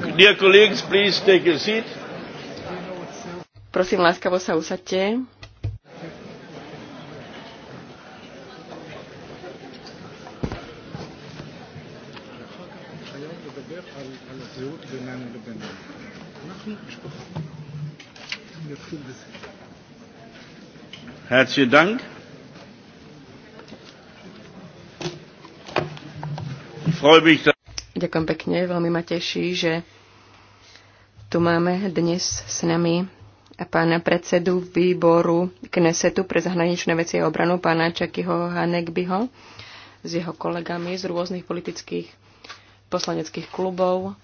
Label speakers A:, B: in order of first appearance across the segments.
A: Dear colleagues, please take your seat.
B: Prosím, láskavo sa usadte. Herzlichen Dank. Ich freue mich, dass Ďakujem pekne, veľmi ma teší, že tu máme dnes s nami pána predsedu výboru Knesetu pre zahraničné veci a obranu, pána Čakyho Hanekbyho, s jeho kolegami z rôznych politických poslaneckých klubov.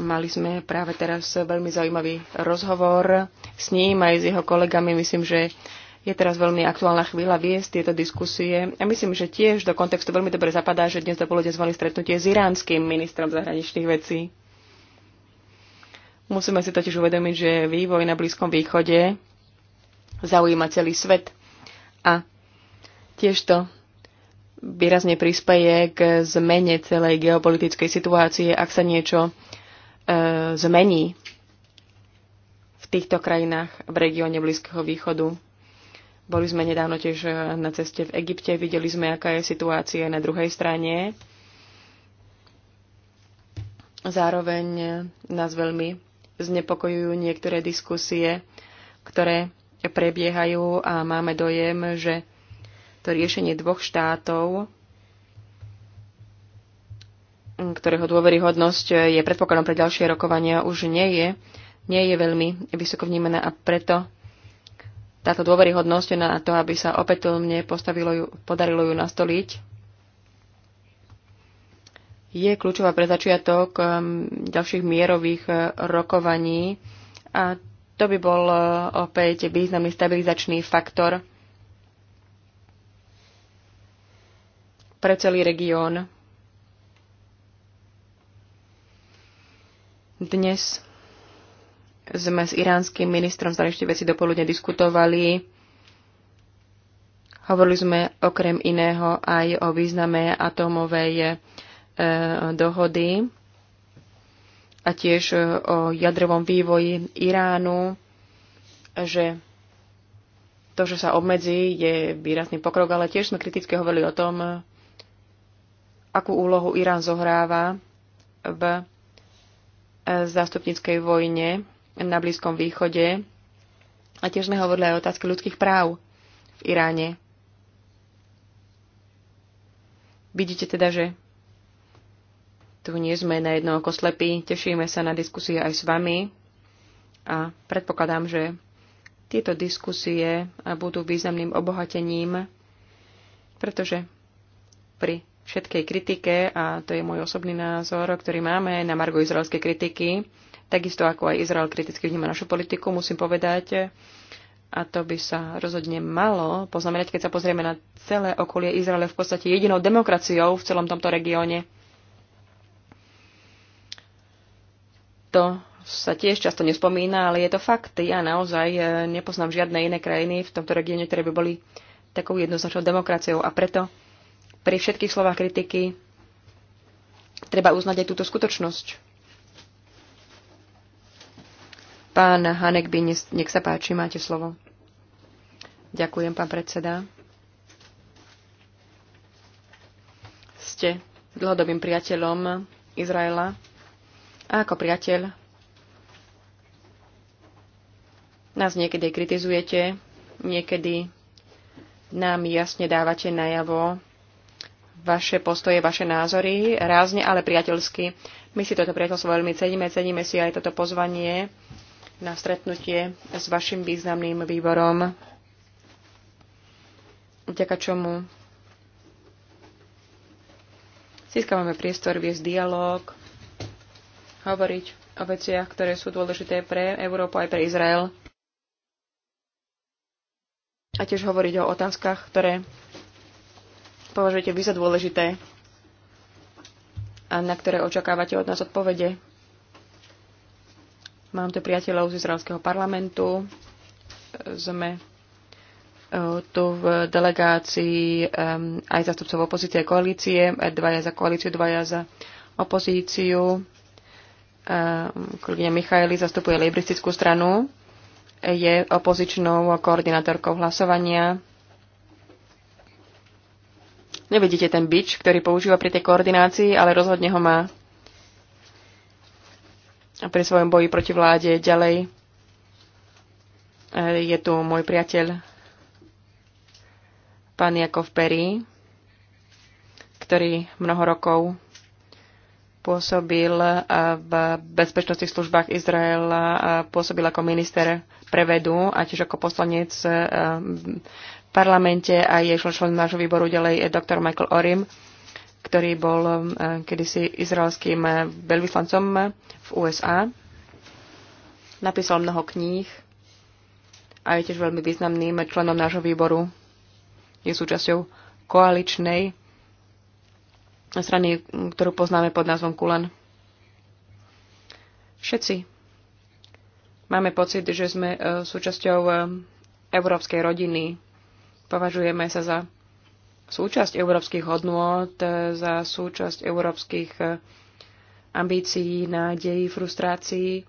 B: Mali sme práve teraz veľmi zaujímavý rozhovor s ním aj s jeho kolegami. Myslím, že je teraz veľmi aktuálna chvíľa viesť tieto diskusie. A myslím, že tiež do kontextu veľmi dobre zapadá, že dnes dopoludne zvali stretnutie s iránskym ministrom zahraničných vecí. Musíme si totiž uvedomiť, že vývoj na Blízkom východe zaujíma celý svet a tiež to výrazne prispieje k zmene celej geopolitickej situácie, ak sa niečo e, zmení v týchto krajinách v regióne Blízkeho východu. Boli sme nedávno tiež eh, na ceste v Egypte, videli sme, aká je situácia na druhej strane. Zároveň eh, nás veľmi znepokojujú niektoré diskusie, ktoré prebiehajú a máme dojem, že to riešenie dvoch štátov, ktorého dôveryhodnosť eh, je predpokladom pre ďalšie rokovania, už nie je, nie je veľmi vysoko vnímaná a preto táto dôveryhodnosť na to, aby sa opätovne postavilo ju, podarilo ju nastoliť, je kľúčová pre začiatok um, ďalších mierových uh, rokovaní a to by bol uh, opäť významný stabilizačný faktor pre celý región. Dnes sme s iránskym ministrom zahraničných veci dopoludne diskutovali. Hovorili sme okrem iného aj o význame atómovej e, dohody a tiež e, o jadrovom vývoji Iránu, že to, že sa obmedzí, je výrazný pokrok, ale tiež sme kriticky hovorili o tom, akú úlohu Irán zohráva v e, zástupníckej vojne na Blízkom východe. A tiež sme hovorili aj o otázke ľudských práv v Iráne. Vidíte teda, že tu nie sme na jedno oko slepí. Tešíme sa na diskusie aj s vami a predpokladám, že tieto diskusie budú významným obohatením, pretože pri všetkej kritike, a to je môj osobný názor, ktorý máme na margo izraelskej kritiky, takisto ako aj Izrael kriticky vníma našu politiku, musím povedať, a to by sa rozhodne malo poznamenať, keď sa pozrieme na celé okolie Izraela v podstate jedinou demokraciou v celom tomto regióne. To sa tiež často nespomína, ale je to fakt. Ja naozaj e, nepoznám žiadne iné krajiny v tomto regióne, ktoré by boli takou jednoznačnou demokraciou. A preto pri všetkých slovách kritiky treba uznať aj túto skutočnosť. Pán Hanek, by nech sa páči, máte slovo. Ďakujem, pán predseda. Ste dlhodobým priateľom Izraela a ako priateľ nás niekedy kritizujete, niekedy nám jasne dávate najavo vaše postoje, vaše názory, rázne, ale priateľsky. My si toto priateľstvo veľmi ceníme, ceníme si aj toto pozvanie na stretnutie s vašim významným výborom, vďaka čomu získavame priestor viesť dialog, hovoriť o veciach, ktoré sú dôležité pre Európu aj pre Izrael. A tiež hovoriť o otázkach, ktoré považujete vy za dôležité a na ktoré očakávate od nás odpovede. Mám tu priateľov z izraelského parlamentu. Sme e, tu v delegácii e, aj zastupcov opozície a koalície, e, dvaja za koalíciu, dvaja za opozíciu. Kolegyňa Michaeli zastupuje libristickú stranu, je opozičnou koordinátorkou hlasovania. Nevidíte ten bič, ktorý používa pri tej koordinácii, ale rozhodne ho má pri svojom boji proti vláde. Ďalej e, je tu môj priateľ pán Jakov Perry, ktorý mnoho rokov pôsobil e, v bezpečnostných službách Izraela, e, pôsobil ako minister prevedu a tiež ako poslanec v parlamente a je člen nášho výboru ďalej doktor Michael Orim, ktorý bol eh, kedysi izraelským eh, veľvyslancom eh, v USA. Napísal mnoho kníh a je tiež veľmi významným členom nášho výboru. Je súčasťou koaličnej strany, ktorú poznáme pod názvom Kulan. Všetci máme pocit, že sme súčasťou európskej rodiny. Považujeme sa za súčasť európskych hodnôt, za súčasť európskych eh, ambícií, nádejí, frustrácií.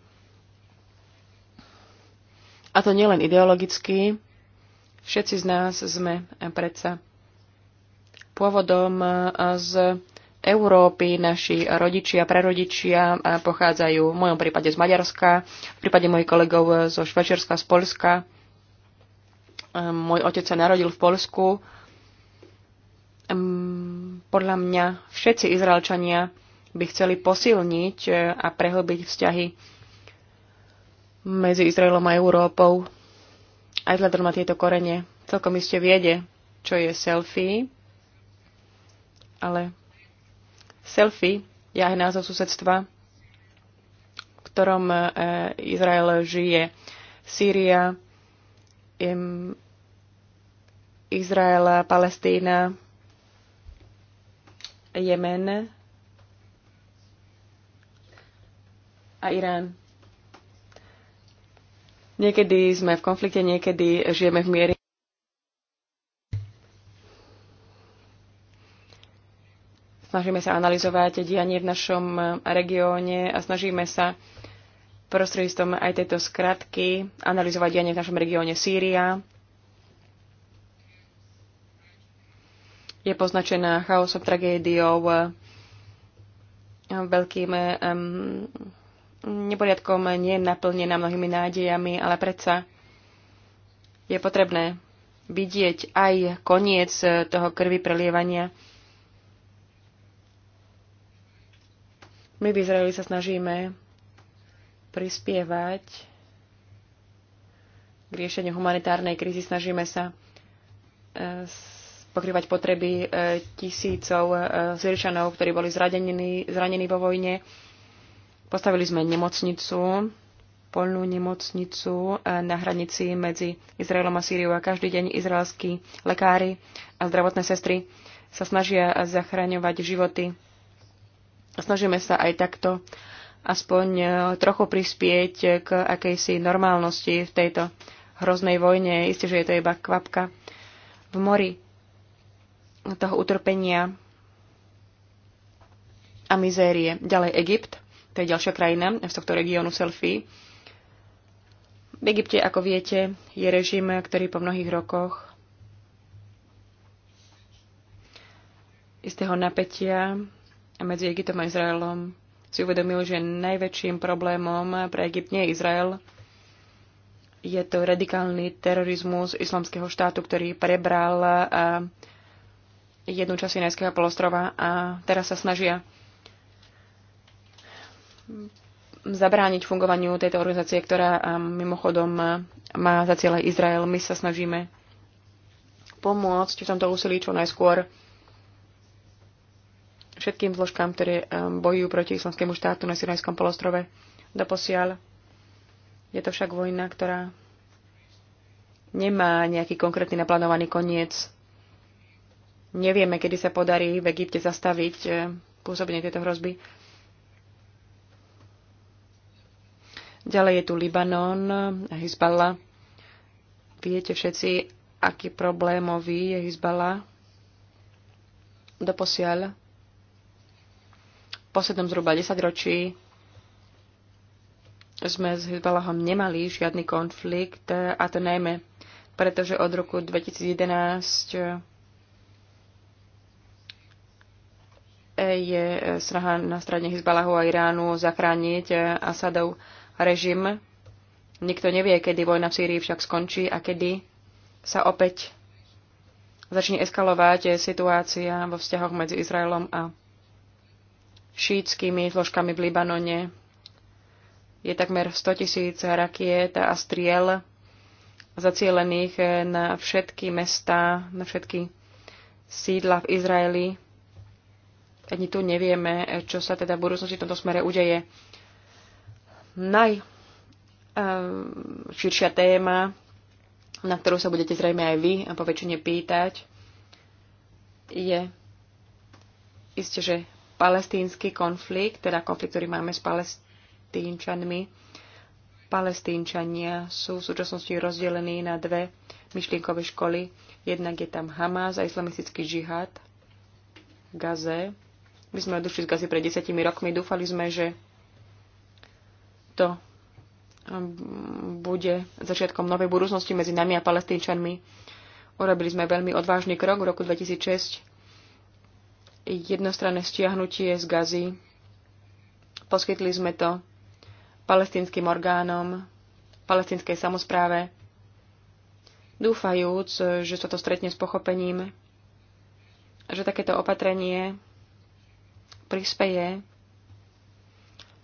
B: A to nielen ideologicky. Všetci z nás sme predsa pôvodom eh, z Európy, naši rodičia, prerodičia eh, pochádzajú v mojom prípade z Maďarska, v prípade mojich kolegov zo Švečerska, z Polska. Môj otec sa narodil v Polsku, podľa mňa všetci Izraelčania by chceli posilniť e, a prehlbiť vzťahy medzi Izraelom a Európou, aj vzhľadom na tieto korene. Celkom iste viede, čo je selfie, ale selfie je aj názov susedstva, v ktorom e, Izrael žije. Sýria, Izrael, Palestína, Jemen a Irán. Niekedy sme v konflikte, niekedy žijeme v miery. Snažíme sa analyzovať dianie v našom regióne a snažíme sa prostredníctvom aj tejto skratky analyzovať dianie v našom regióne Sýria, je poznačená chaosom, tragédiou, e, veľkým um, neporiadkom, nie naplnená mnohými nádejami, ale predsa je potrebné vidieť aj koniec e, toho krvi prelievania. My v Izraeli sa snažíme prispievať k riešeniu humanitárnej krízy, snažíme sa pokrývať potreby e, tisícov e, Syričanov, ktorí boli zranení, zranení vo vojne. Postavili sme nemocnicu, polnú nemocnicu e, na hranici medzi Izraelom a Sýriou a každý deň izraelskí lekári a zdravotné sestry sa snažia zachraňovať životy. Snažíme sa aj takto aspoň trochu prispieť k akejsi normálnosti v tejto hroznej vojne. Isté, že je to iba kvapka v mori toho utrpenia a mizérie. Ďalej Egypt, to je ďalšia krajina z tohto regiónu Selfie. V Egypte, ako viete, je režim, ktorý po mnohých rokoch istého napätia medzi Egyptom a Izraelom si uvedomil, že najväčším problémom pre Egypt nie je Izrael, je to radikálny terorizmus islamského štátu, ktorý prebral jednu časť Sinajského polostrova a teraz sa snažia zabrániť fungovaniu tejto organizácie, ktorá mimochodom má za cieľ Izrael. My sa snažíme pomôcť v tomto úsilí čo najskôr všetkým zložkám, ktoré um, bojujú proti islamskému štátu na Sinajskom polostrove. Doposiaľ je to však vojna, ktorá nemá nejaký konkrétny naplánovaný koniec. Nevieme, kedy sa podarí v Egypte zastaviť e, pôsobenie tejto hrozby. Ďalej je tu Libanon, Hezbollah. Viete všetci, aký problémový je Hezbollah doposiaľ. V poslednom zhruba 10 ročí sme s Hezbollahom nemali žiadny konflikt, e, a to najmä pretože od roku 2011 E je e, snaha na strane Hezbalahu a Iránu zachrániť e, Asadov režim. Nikto nevie, kedy vojna v Sýrii však skončí a kedy sa opäť začne eskalovať situácia vo vzťahoch medzi Izraelom a šítskými zložkami v Libanone. Je takmer 100 tisíc rakiet a striel zacielených na všetky mesta, na všetky sídla v Izraeli ani tu nevieme, čo sa teda v budúcnosti v tomto smere udeje. Najširšia eh, téma, na ktorú sa budete zrejme aj vy a po väčšine pýtať, je isté, že palestínsky konflikt, teda konflikt, ktorý máme s palestínčanmi. Palestínčania sú v súčasnosti rozdelení na dve myšlienkové školy. Jednak je tam Hamas a islamistický žihad v Gaze. My sme odišli z gazy pred desiatimi rokmi. Dúfali sme, že to um, bude začiatkom novej budúcnosti medzi nami a palestínčanmi. Urobili sme veľmi odvážny krok v roku 2006. Jednostranné stiahnutie z gazy. Poskytli sme to palestínskym orgánom, palestínskej samozpráve, dúfajúc, že sa to stretne s pochopením, že takéto opatrenie prispeje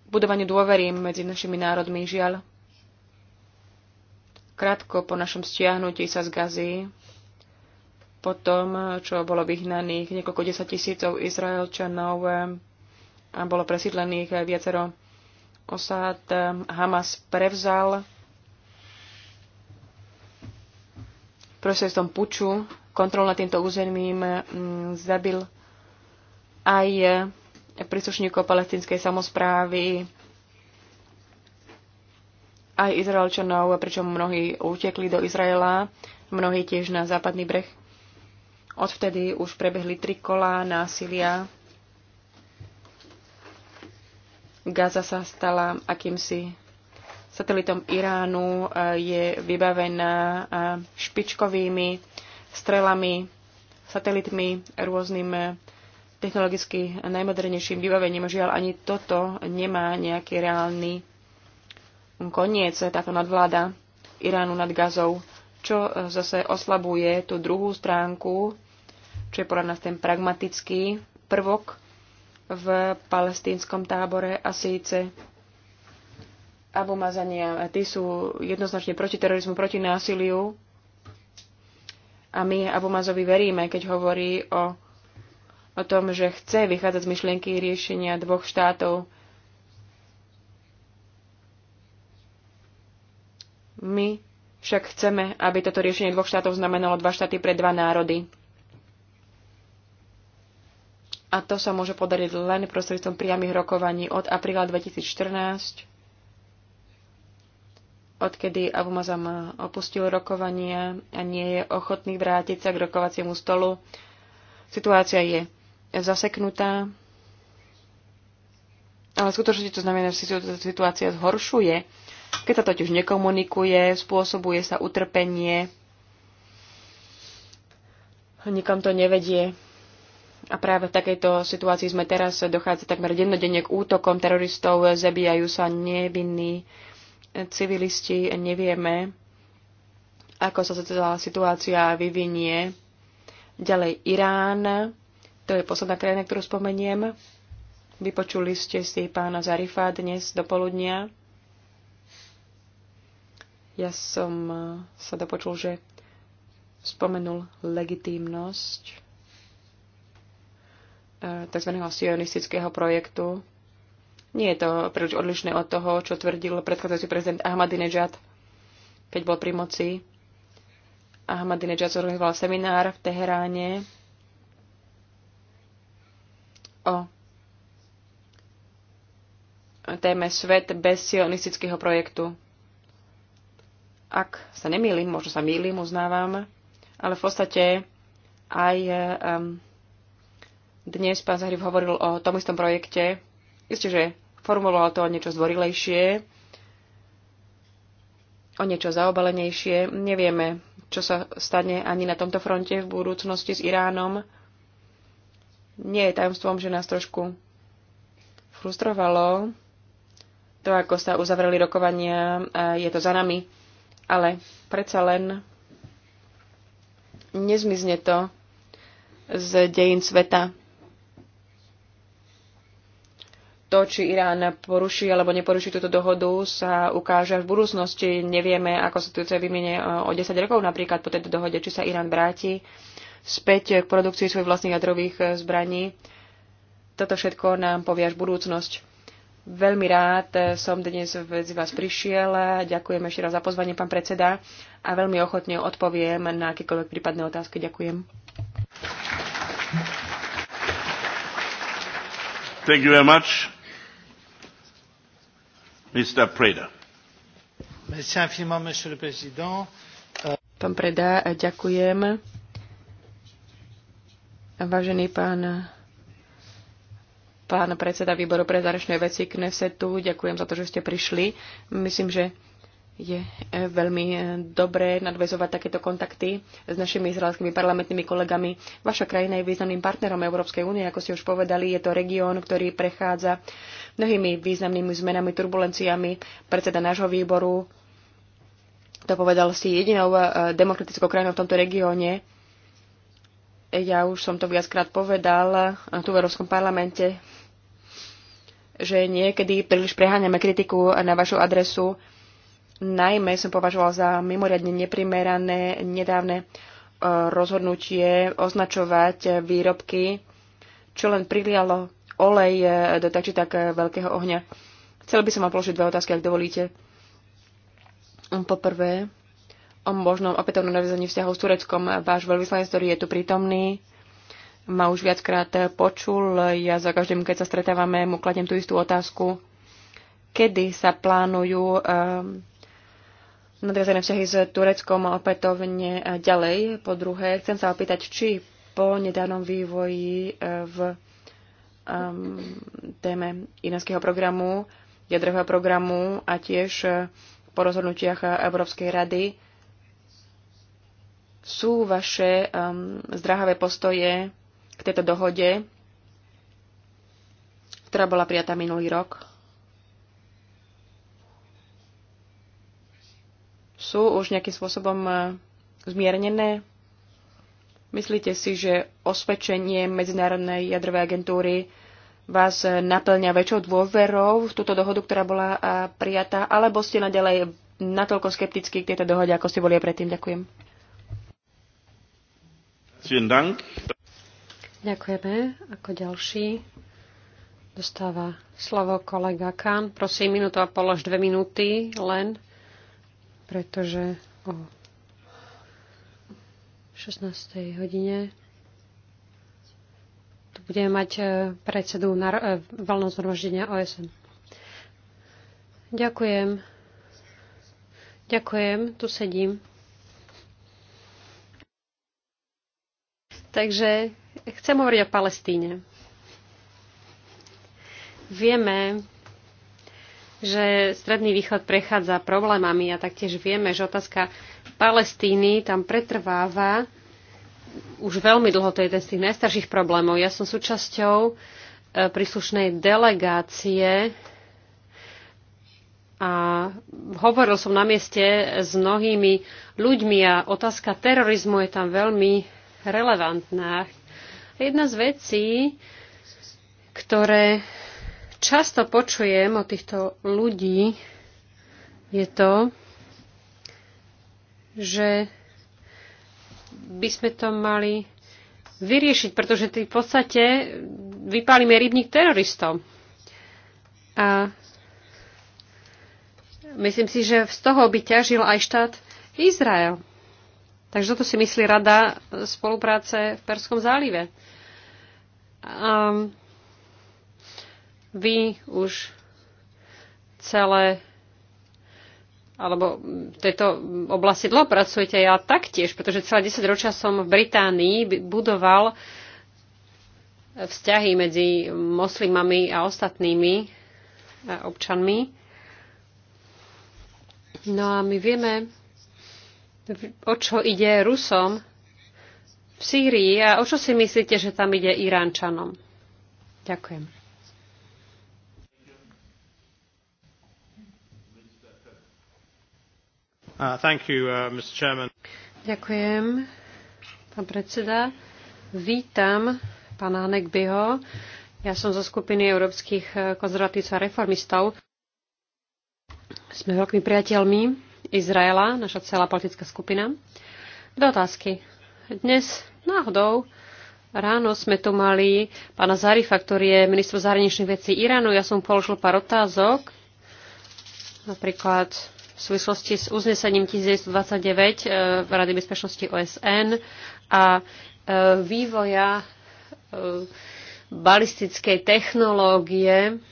B: budovaniu dôvery medzi našimi národmi. Žiaľ, krátko po našom stiahnutí sa z Gazy, po tom, čo bolo vyhnaných niekoľko desať tisícov Izraelčanov a bolo presídlených viacero osád, Hamas prevzal prostredstvom puču kontrol nad týmto územím, zabil aj príslušníkov palestinskej samozprávy, aj Izraelčanov, pričom mnohí utekli do Izraela, mnohí tiež na západný breh. Odvtedy už prebehli tri kola násilia. Gaza sa stala akýmsi satelitom Iránu, eh, je vybavená eh, špičkovými strelami, satelitmi, rôznym eh, technologicky najmodernejším vybavením. Žiaľ, ani toto nemá nejaký reálny koniec, táto nadvláda Iránu nad Gazou, čo e, zase oslabuje tú druhú stránku, čo je podľa nás ten pragmatický prvok v palestínskom tábore a síce Abu Mazania, tí sú jednoznačne proti terorizmu, proti násiliu. A my Abu Mazovi veríme, keď hovorí o o tom, že chce vychádzať z myšlienky riešenia dvoch štátov. My však chceme, aby toto riešenie dvoch štátov znamenalo dva štáty pre dva národy. A to sa môže podariť len prostredstvom priamých rokovaní od apríla 2014, odkedy Abumazam opustil rokovania a nie je ochotný vrátiť sa k rokovaciemu stolu. Situácia je zaseknutá. Ale v skutočnosti to znamená, že situácia zhoršuje. Keď sa totiž nekomunikuje, spôsobuje sa utrpenie, nikam to nevedie. A práve v takejto situácii sme teraz, dochádza takmer dennodenne k útokom teroristov, zabíjajú sa nevinní civilisti, nevieme, ako sa celá situácia vyvinie. Ďalej Irán, to je posledná krajina, ktorú spomeniem. Vypočuli ste si pána Zarifa dnes do poludnia. Ja som e, sa dopočul, že spomenul legitímnosť e, tzv. sionistického projektu. Nie je to príliš odlišné od toho, čo tvrdil predchádzajúci prezident Ahmadinejad, keď bol pri moci. Ahmadinejad zorganizoval seminár v Teheráne o téme Svet bez sionistického projektu. Ak sa nemýlim, možno sa mýlim, uznávam, ale v podstate aj um, dnes pán Zahriv hovoril o tom istom projekte. Isté, že formuloval to o niečo zdvorilejšie, o niečo zaobalenejšie. Nevieme, čo sa stane ani na tomto fronte v budúcnosti s Iránom nie je tajomstvom, že nás trošku frustrovalo to, ako sa uzavreli rokovania. Je to za nami, ale predsa len nezmizne to z dejín sveta. To, či Irán poruší alebo neporuší túto dohodu, sa ukáže v budúcnosti. Nevieme, ako sa tu vymenie o 10 rokov napríklad po tejto dohode, či sa Irán vráti späť k produkcii svojich vlastných jadrových eh, zbraní. Toto všetko nám povie až budúcnosť. Veľmi rád eh, som dnes medzi vás prišiel. Ďakujem ešte raz za pozvanie, pán predseda, a veľmi ochotne odpoviem na akékoľvek prípadné otázky. Ďakujem.
A: Thank you very much. Mr. Preda.
B: Merci infiniment, monsieur le président. Pán Preda, eh, ďakujem. Vážený pán pán predseda výboru pre zárečné veci Knesetu. Ďakujem za to, že ste prišli. Myslím, že je e, veľmi e, dobré nadvezovať takéto kontakty s našimi izraelskými parlamentnými kolegami. Vaša krajina je významným partnerom Európskej únie, ako ste už povedali. Je to región, ktorý prechádza mnohými významnými zmenami, turbulenciami. Predseda nášho výboru to povedal si jedinou e, demokratickou krajinou v tomto regióne ja už som to viackrát povedal eh, tu v Európskom parlamente, že niekedy príliš preháňame kritiku na vašu adresu. Najmä som považoval za mimoriadne neprimerané nedávne eh, rozhodnutie označovať výrobky, čo len prilialo olej eh, do tak či tak veľkého ohňa. Chcel by som vám položiť dve otázky, ak dovolíte. Poprvé, o možnom opätovnom navizaní vzťahov s Tureckom. Váš veľvyslanec, ktorý je tu prítomný, ma už viackrát počul. Ja za každým, keď sa stretávame, mu kladem tú istú otázku. Kedy sa plánujú um, ehm, nadviazané vzťahy s Tureckom opätovne ďalej? Po druhé, chcem sa opýtať, či po nedávnom vývoji e, v um, téme inánskeho programu, jadrového programu a tiež e, po rozhodnutiach Európskej rady sú vaše um, zdrahavé postoje k tejto dohode, ktorá bola prijatá minulý rok? Sú už nejakým spôsobom uh, zmiernené? Myslíte si, že osvedčenie Medzinárodnej jadrovej agentúry vás naplňa väčšou dôverou v túto dohodu, ktorá bola uh, prijatá, alebo ste naďalej natoľko skeptickí k tejto dohode, ako ste boli aj predtým? Ďakujem.
C: Ďakujeme. Ako ďalší dostáva slovo kolega Kán. Prosím, minútu a pol až dve minúty len, pretože o 16. hodine tu budeme mať e, predsedu na e, voľnom zhromaždenia OSN. Ďakujem. Ďakujem, tu sedím. Takže chcem hovoriť o Palestíne. Vieme, že Stredný východ prechádza problémami a taktiež vieme, že otázka Palestíny tam pretrváva už veľmi dlho, to je jeden z tých najstarších problémov. Ja som súčasťou e, príslušnej delegácie a hovoril som na mieste s mnohými ľuďmi a otázka terorizmu je tam veľmi relevantná. Jedna z vecí, ktoré často počujem od týchto ľudí, je to, že by sme to mali vyriešiť, pretože v podstate vypálime rybník teroristom. A myslím si, že z toho by ťažil aj štát Izrael. Takže toto si myslí Rada spolupráce v Perskom zálive. Um, vy už celé alebo v tejto oblasti dlho pracujete, ja taktiež, pretože celé 10 ročia som v Británii budoval vzťahy medzi moslimami a ostatnými e, občanmi. No a my vieme, o čo ide Rusom v Sýrii a o čo si myslíte, že tam ide Iránčanom? Ďakujem.
A: Uh, thank you, uh, Mr. Chairman.
C: Ďakujem, pán predseda. Vítam pána Hanekbyho. Ja som zo skupiny európskych uh, konzervatívcov a reformistov. Sme veľkými priateľmi Izraela, naša celá politická skupina. Dve otázky. Dnes náhodou ráno sme tu mali pána Zarifa, ktorý je ministro zahraničných vecí Iránu. Ja som položil pár otázok, napríklad v súvislosti s uznesením 1929 v eh, Rady bezpečnosti OSN a eh, vývoja eh, balistickej technológie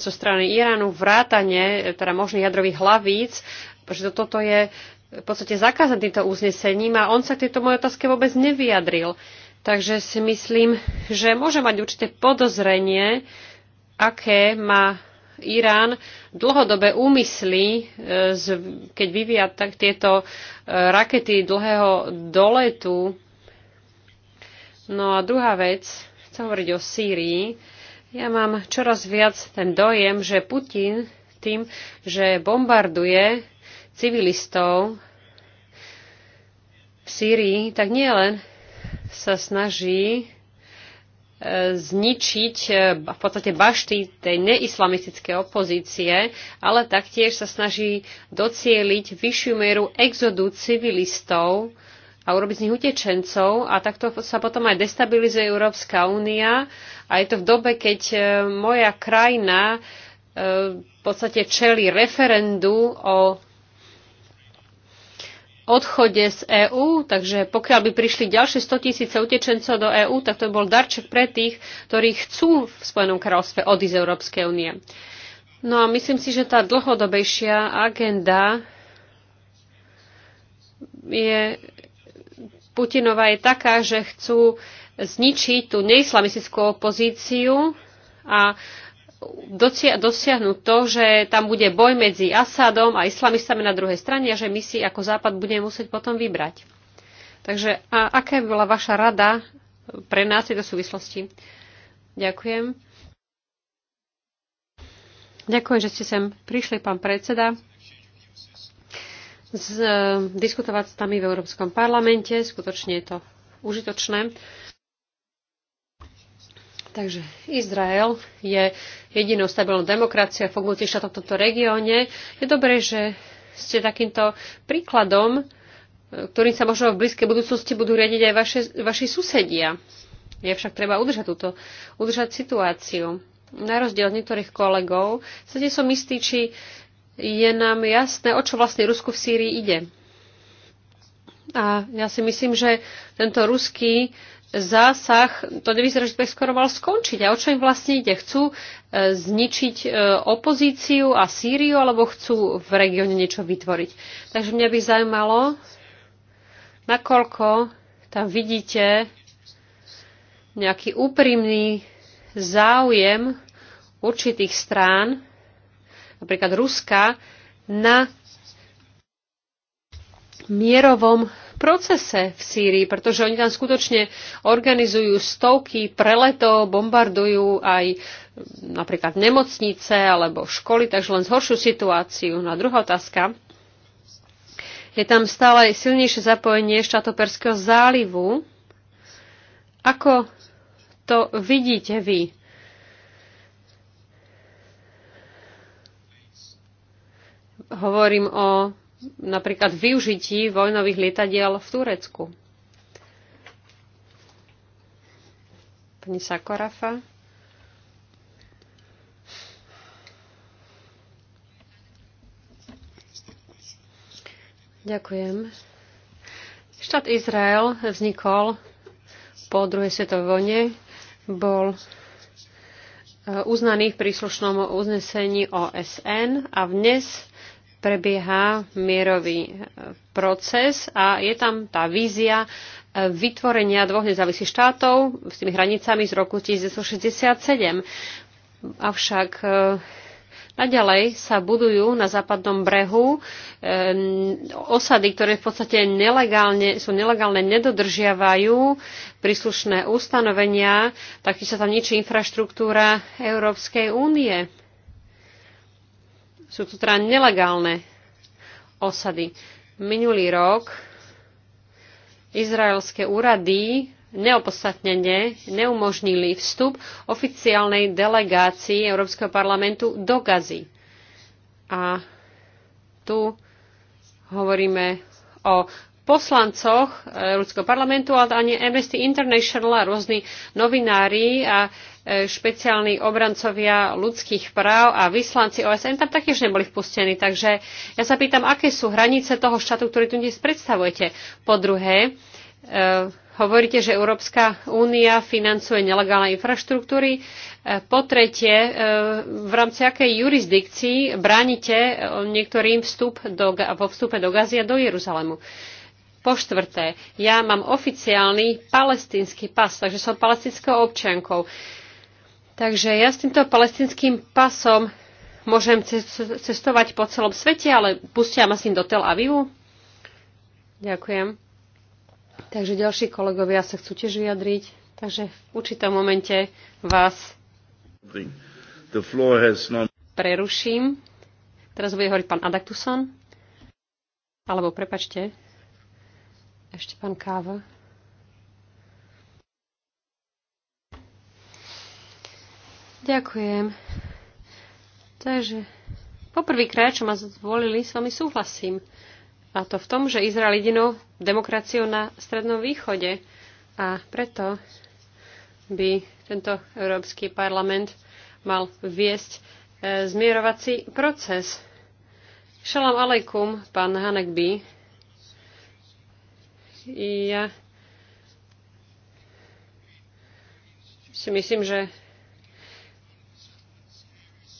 C: zo strany Iránu vrátane teda možných jadrových hlavíc pretože toto je v podstate zakázané týmto uznesením a on sa k tejto mojej otázke vôbec nevyjadril. Takže si myslím, že môže mať určité podozrenie, aké má Irán dlhodobé úmysly, e, keď vyvíja tak tieto e, rakety dlhého doletu. No a druhá vec, chcem hovoriť o Sýrii. Ja mám čoraz viac ten dojem, že Putin tým, že bombarduje civilistov v Sýrii, tak nielen sa snaží e, zničiť e, v podstate bašty tej neislamistické opozície, ale taktiež sa snaží docieliť vyššiu mieru exodu civilistov a urobiť z nich utečencov a takto sa potom aj destabilizuje Európska únia a je to v dobe, keď e, moja krajina v podstate čeli referendu o odchode z EÚ, takže pokiaľ by prišli ďalšie 100 tisíce utečencov do EÚ, tak to by bol darček pre tých, ktorí chcú v Spojenom kráľovstve odísť z Európskej únie. No a myslím si, že tá dlhodobejšia agenda je, Putinova je taká, že chcú zničiť tú neislamistickú opozíciu a dosiahnuť to, že tam bude boj medzi Asadom a islamistami na druhej strane a že my si ako Západ budeme musieť potom vybrať. Takže a aká by bola vaša rada pre nás v tejto súvislosti? Ďakujem. Ďakujem, že ste sem prišli, pán predseda, z, e, diskutovať s nami v Európskom parlamente. Skutočne je to užitočné. Takže Izrael je jedinou stabilnou demokraciou fungujúcich štátov v tomto regióne. Je dobré, že ste takýmto príkladom, e, ktorým sa možno v blízkej budúcnosti budú riadiť aj vaše, vaši susedia. Je však treba udržať, túto, udržať situáciu. Na rozdiel od niektorých kolegov sa nie som istý, či je nám jasné, o čo vlastne Rusku v Sýrii ide. A ja si myslím, že tento ruský zásah, to nevyzerá, že by skoro mal skončiť. A o čo im vlastne ide? Chcú e, zničiť e, opozíciu a Sýriu, alebo chcú v regióne niečo vytvoriť? Takže mňa by zaujímalo, nakoľko tam vidíte nejaký úprimný záujem určitých strán, napríklad Ruska, na mierovom procese v Sýrii, pretože oni tam skutočne organizujú stovky preletov, bombardujú aj e, napríklad nemocnice alebo školy, takže len zhoršujú situáciu. No a druhá otázka. Je tam stále silnejšie zapojenie štátoperského Perského zálivu. Ako to vidíte vy? hovorím o napríklad využití vojnových lietadiel v Turecku. Pani Sakorafa. Ďakujem. Štát Izrael vznikol po druhej svetovej vojne, bol e, uznaný v príslušnom uznesení OSN a dnes prebieha mierový e, proces a je tam tá vízia e, vytvorenia dvoch nezávislých štátov s tými hranicami z roku 1967. Avšak e, Naďalej sa budujú na západnom brehu osady, ktoré v podstate nelegálne, sú nelegálne, nedodržiavajú príslušné ustanovenia, taktiež sa tam ničí infraštruktúra Európskej únie sú to teda nelegálne osady. Minulý rok izraelské úrady neopodstatnene neumožnili vstup oficiálnej delegácii Európskeho parlamentu do Gazy. A tu hovoríme o poslancoch e, Európskeho parlamentu, ale ani Amnesty International a rôzni novinári a e, špeciálni obrancovia ľudských práv a vyslanci OSN tam taktiež neboli vpustení. Takže ja sa pýtam, aké sú hranice toho štátu, ktorý tu dnes predstavujete. Po druhé, e, hovoríte, že Európska únia financuje nelegálne infraštruktúry. Po tretie, v rámci akej jurisdikcii bránite niektorým vstup do, vo vstupe do Gazy a do Jeruzalému. Po štvrté, ja mám oficiálny palestínsky pas, takže som palestinskou občiankou. Takže ja s týmto palestinským pasom môžem cestovať po celom svete, ale pustia ma s ním do Tel Avivu. Ďakujem. Takže ďalší kolegovia sa chcú tiež vyjadriť. Takže v určitom momente vás preruším. Teraz bude hovoriť pán Adaktuson. Alebo prepačte, ešte pán Káva. Ďakujem. Takže poprvýkrát, čo ma zvolili, s vami súhlasím. A to v tom, že Izrael jedinou demokraciou na Strednom východe. A preto by tento Európsky parlament mal viesť e, zmierovací proces. Šalam alejkum, pán B. Ja si myslím, že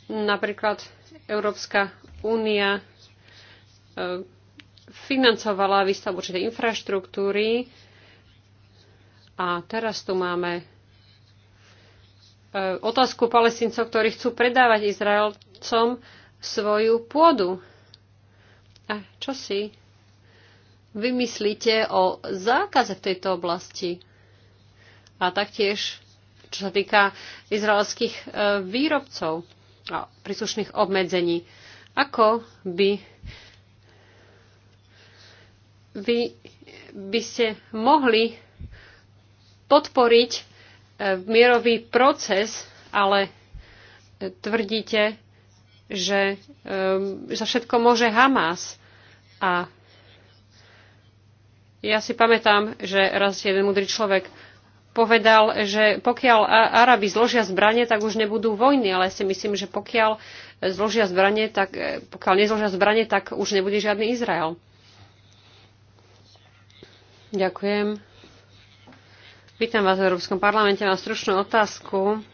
C: napríklad Európska únia e, financovala výstavbu určitej infraštruktúry a teraz tu máme e, otázku palestincov, ktorí chcú predávať Izraelcom svoju pôdu. A čo si vymyslíte o zákaze v tejto oblasti? A taktiež, čo sa týka izraelských e, výrobcov a príslušných obmedzení, ako by vy by ste mohli podporiť e, mierový proces, ale tvrdíte, že za e, všetko môže Hamas. A ja si pamätám, že raz jeden múdry človek povedal, že pokiaľ Arabi zložia zbranie, tak už nebudú vojny, ale si myslím, že pokiaľ zložia zbranie, tak e, pokiaľ nezložia zbranie, tak už nebude žiadny Izrael. Ďakujem. Vítam vás v Európskom parlamente. Mám stručnú otázku.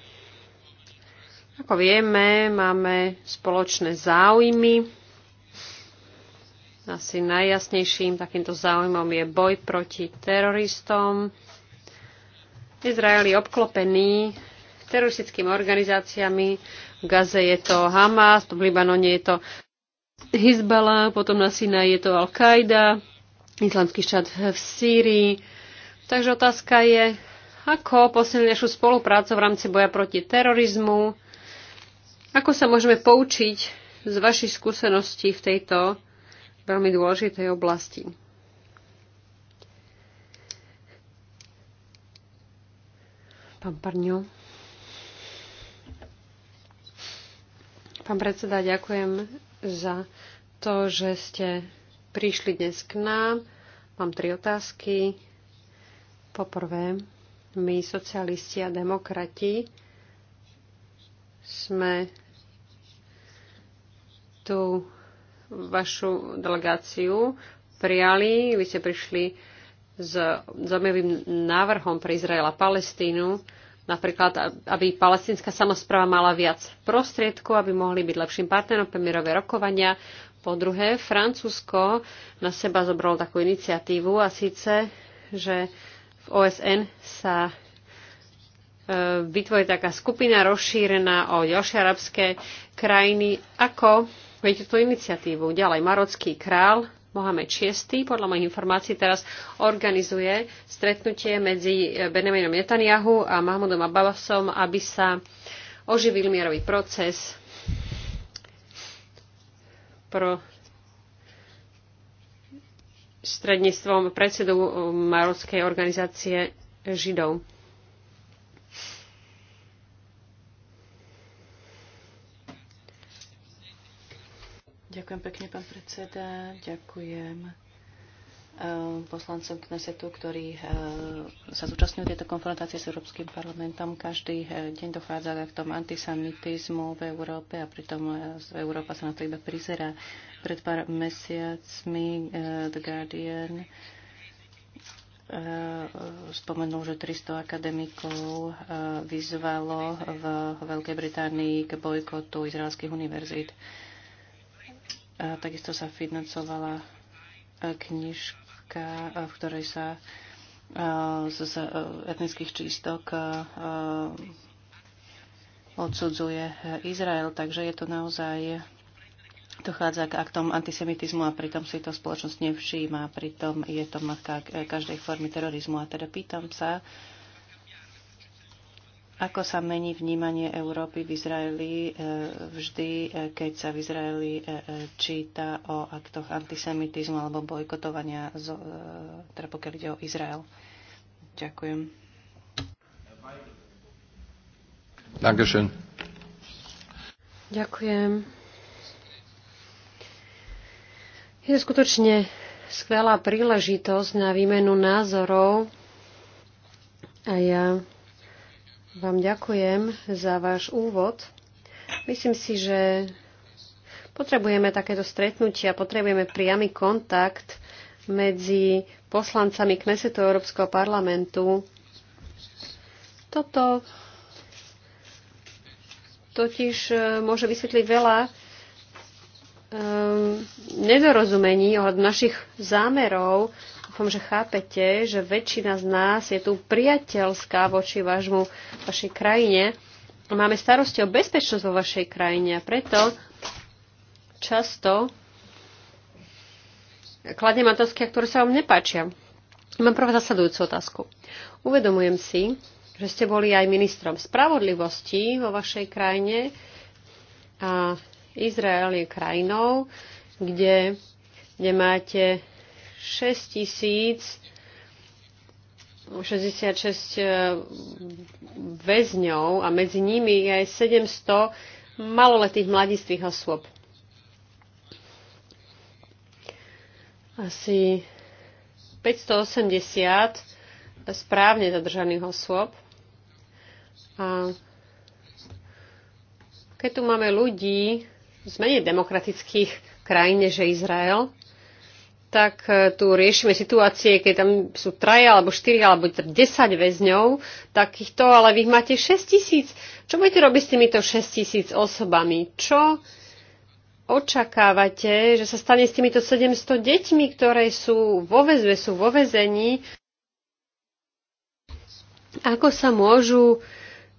C: Ako vieme, máme spoločné záujmy asi najjasnejším takýmto záujmom je boj proti teroristom. Izrael je obklopený teroristickými organizáciami. V Gaze je to Hamas, v Libanone je to Hezbollah, potom na Sinaj je to Al-Qaida, islamský štát v Sýrii. Takže otázka je, ako posilniť našu spoluprácu v rámci boja proti terorizmu, ako sa môžeme poučiť z vašich skúseností v tejto veľmi dôležitej oblasti. Pán Parňo. Pán predseda, ďakujem za to, že ste prišli dnes k nám. Mám tri otázky. Poprvé, my, socialisti a demokrati, sme tu vašu delegáciu prijali. Vy ste prišli s zaujímavým návrhom pre Izrael a Palestínu, napríklad, aby palestinská samozpráva mala viac prostriedkov, aby mohli byť lepším partnerom pre mierové rokovania. Po druhé, Francúzsko na seba zobralo takú iniciatívu a síce, že v OSN sa e, vytvorí taká skupina rozšírená o ďalšie arabské krajiny, ako Viete túto iniciatívu. Ďalej, marocký král Mohamed VI podľa mojich informácií teraz organizuje stretnutie medzi eh, Benjaminom Netanyahu a Mahmudom Abbasom, aby sa oživil mierový proces pro stredníctvom predsedu Marockej organizácie Židov.
D: Ďakujem pekne, pán predseda. Ďakujem eh, poslancom Knesetu, ktorí eh, sa zúčastňujú tieto konfrontácie s Európskym parlamentom. Každý eh, deň dochádza k tomu antisemitizmu v Európe a pritom Európa sa na to iba prizera. Pred pár mesiacmi The Guardian spomenul, že 300 akademikov vyzvalo v Veľkej Británii k bojkotu izraelských univerzít. Takisto sa financovala e, knižka, e, v ktorej sa e, z etnických čistok odsudzuje Izrael, takže je to naozaj dochádza k aktom antisemitizmu a pritom si to spoločnosť nevšíma, pritom je to matka každej formy terorizmu. A teda pýtam sa, ako sa mení vnímanie Európy v Izraeli e, vždy, e, keď sa v Izraeli e, číta o aktoch antisemitizmu alebo bojkotovania, teda pokiaľ ide o Izrael? Ďakujem.
C: Dankeschön. Ďakujem. Je skutočne skvelá príležitosť na výmenu názorov a ja vám ďakujem za váš úvod. Myslím si, že potrebujeme takéto stretnutia, potrebujeme priamy kontakt medzi poslancami Knesetu Európskeho parlamentu. Toto totiž e, môže vysvetliť veľa um, nedorozumení od našich zámerov Dúfam, že chápete, že väčšina z nás je tu priateľská voči vašmu, vašej krajine. Máme starosti o bezpečnosť vo vašej krajine a preto často kladiem otázky, ktoré sa vám nepáčia. Mám prvá zasadujúcu otázku. Uvedomujem si, že ste boli aj ministrom spravodlivosti vo vašej krajine a Izrael je krajinou, kde, kde máte 66 eh, väzňov a medzi nimi je aj 700 maloletých mladistvých osôb. Asi 580 správne zadržaných osôb. A keď tu máme ľudí z menej demokratických krajín než Izrael, tak e, tu riešime situácie, keď tam sú traja, alebo štyria, alebo 10 väzňov takýchto, ale vy máte 6 tisíc. Čo budete robiť s týmito 6 tisíc osobami? Čo očakávate, že sa stane s týmito 700 deťmi, ktoré sú vo väzbe, sú vo väzení? Ako sa môžu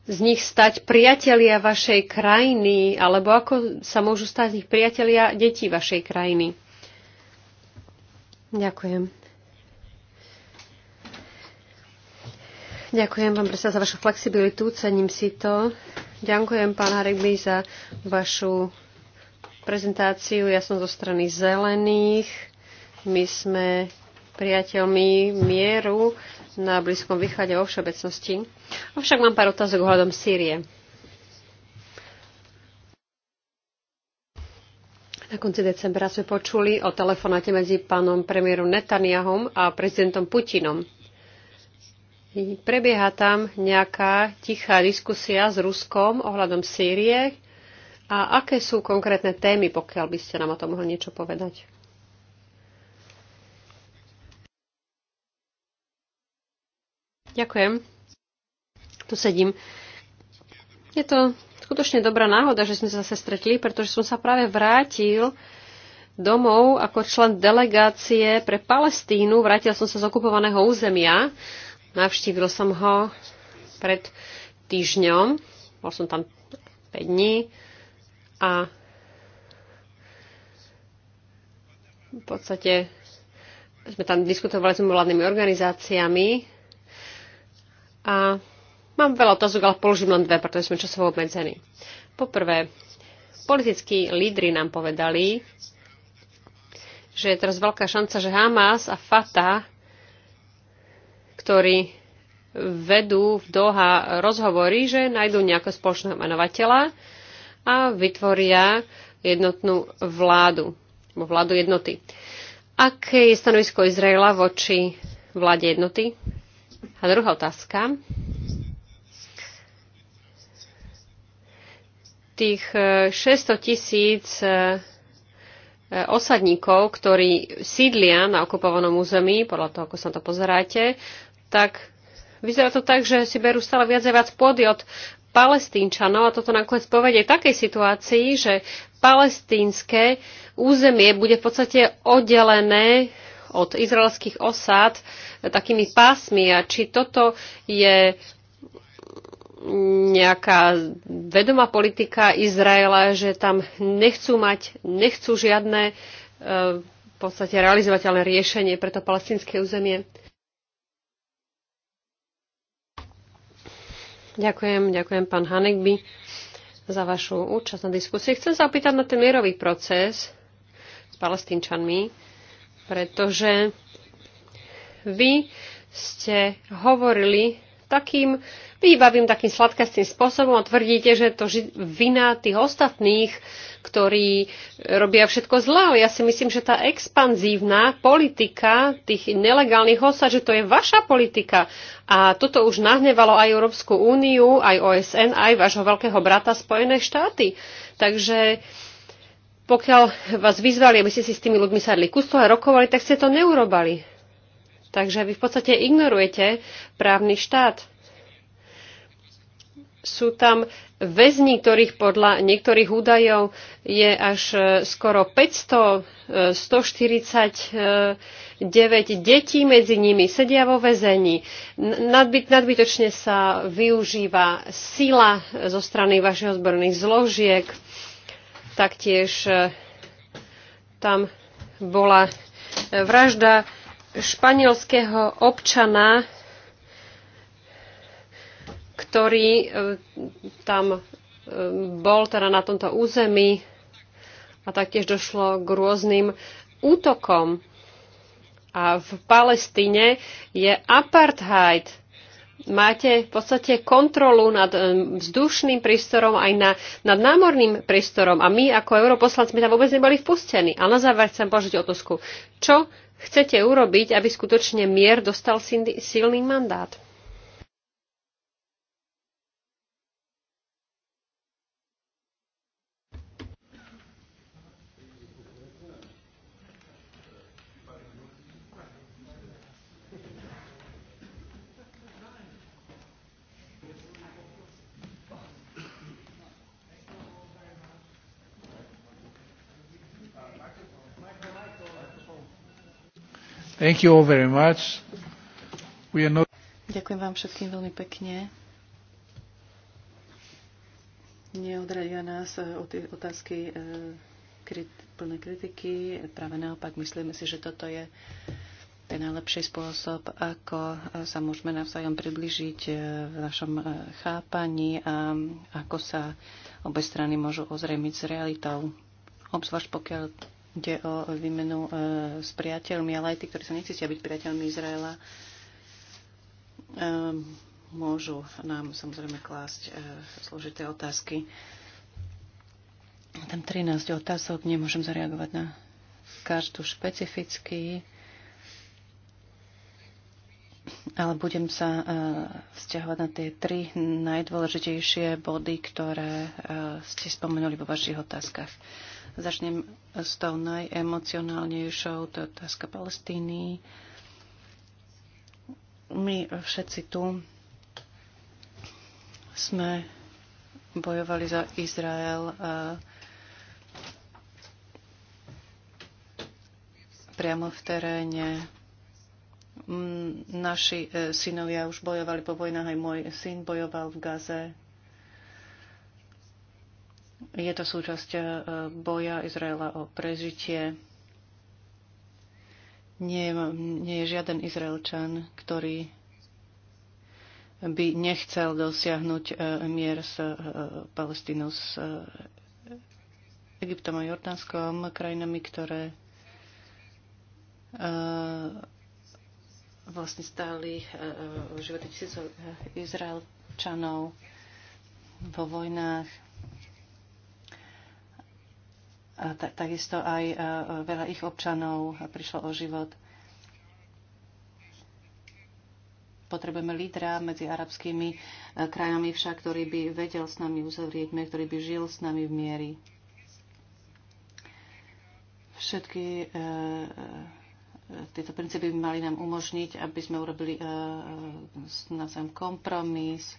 C: z nich stať priatelia vašej krajiny, alebo ako sa môžu stať z nich priatelia detí vašej krajiny? Ďakujem. Ďakujem vám predsa za vašu flexibilitu, cením si to. Ďakujem pán Haregby za vašu prezentáciu. Ja som zo strany zelených. My sme priateľmi mieru na Blízkom východe vo všeobecnosti. Avšak mám pár otázok ohľadom Sýrie. Na konci decembra sme počuli o telefonáte medzi pánom premiérom Netanyahom a prezidentom Putinom. Prebieha tam nejaká tichá diskusia s Ruskom ohľadom Sýrie. A aké sú konkrétne témy, pokiaľ by ste nám o tom mohli niečo povedať? Ďakujem. Tu sedím. Je to skutočne dobrá náhoda, že sme sa zase stretli, pretože som sa práve vrátil domov ako člen delegácie pre Palestínu. Vrátil som sa z okupovaného územia. Navštívil som ho pred týždňom. Bol som tam 5 dní a v podstate sme tam diskutovali s mimovládnymi organizáciami a Mám veľa otázok, ale položím len dve, pretože sme časovo obmedzení. Poprvé, politickí lídry nám povedali, že je teraz veľká šanca, že Hamas a Fata, ktorí vedú v Doha rozhovory, že nájdú nejakého spoločného menovateľa a vytvoria jednotnú vládu, alebo vládu jednoty. Aké je stanovisko Izraela voči vláde jednoty? A druhá otázka. tých 600 e, tisíc e, e, osadníkov, ktorí sídlia na okupovanom území, podľa toho, ako sa to pozeráte, tak vyzerá to tak, že si berú stále viac a viac pôdy od palestínčanov a toto nakoniec povedie takej situácii, že palestínske územie bude v podstate oddelené od izraelských osád takými pásmi a či toto je nejaká vedomá politika Izraela, že tam nechcú mať, nechcú žiadne e, v podstate realizovateľné riešenie pre to palestinské územie. Ďakujem, ďakujem pán Hanekby za vašu účasť na diskusii. Chcem sa opýtať na ten mierový proces s palestínčanmi, pretože vy ste hovorili takým, výbavým takým sladkastým spôsobom a tvrdíte, že to vina tých ostatných, ktorí robia všetko zlé. ja si myslím, že tá expanzívna politika tých nelegálnych osad, že to je vaša politika. A toto už nahnevalo aj Európsku úniu, aj OSN, aj vášho veľkého brata Spojené štáty. Takže pokiaľ vás vyzvali, aby ste si s tými ľuďmi sadli ku a rokovali, tak ste to neurobali. Takže vy v podstate ignorujete právny štát. Sú tam väzni, ktorých podľa niektorých údajov je až e, skoro 500, 149 e, e, detí medzi nimi sedia vo väzení. nadbytočne sa využíva sila zo strany vašich odborných zložiek. Taktiež tam bola vražda španielského občana, ktorý e, tam e, bol teda na tomto území a taktiež došlo k rôznym útokom. A v Palestíne je apartheid. Máte v podstate kontrolu nad e, vzdušným prístorom aj na, nad námorným prístorom. A my ako europoslanci sme tam vôbec neboli vpustení. A na záver chcem požiť otázku. Čo chcete urobiť, aby skutočne mier dostal silný mandát?
A: Thank you all very much. We are not...
D: Ďakujem vám všetkým veľmi pekne. Neodradia nás eh, od otázky eh, krit, plné kritiky. Práve naopak, myslíme si, že toto je ten najlepší spôsob, ako eh, sa môžeme navzájom približiť v našom chápaní a ako sa obe strany môžu ozrejmiť s realitou. Obzvlášť pokiaľ Ide o výmenu e, s priateľmi, ale aj tí, ktorí sa nechcítia byť priateľmi Izraela, e, môžu nám samozrejme klásť e, zložité otázky. Tam 13 otázok, nemôžem zareagovať na každú špecificky, ale budem sa vzťahovať na tie tri najdôležitejšie body, ktoré ste spomenuli vo vašich otázkach. Začnem s tou najemocionálnejšou, to je otázka Palestíny. My všetci tu sme bojovali za Izrael priamo v teréne. Naši e, synovia už bojovali po vojnách, aj môj syn bojoval v Gaze. Je to súčasť e, boja Izraela o prežitie. Nie, nie je žiaden Izraelčan, ktorý by nechcel dosiahnuť e, mier s e, Palestínou, s Egyptom a Jordánskom, krajinami, ktoré vlastne stáli životy tisícov Izraelčanov vo vojnách takisto aj e, veľa ich občanov prišlo o život. Potrebujeme lídra medzi arabskými e, krajami však, ktorý by vedel s nami uzavrieť mier, ktorý by žil s nami v miery. Všetky e, tieto princípy by mali nám umožniť, aby sme urobili e, kompromis,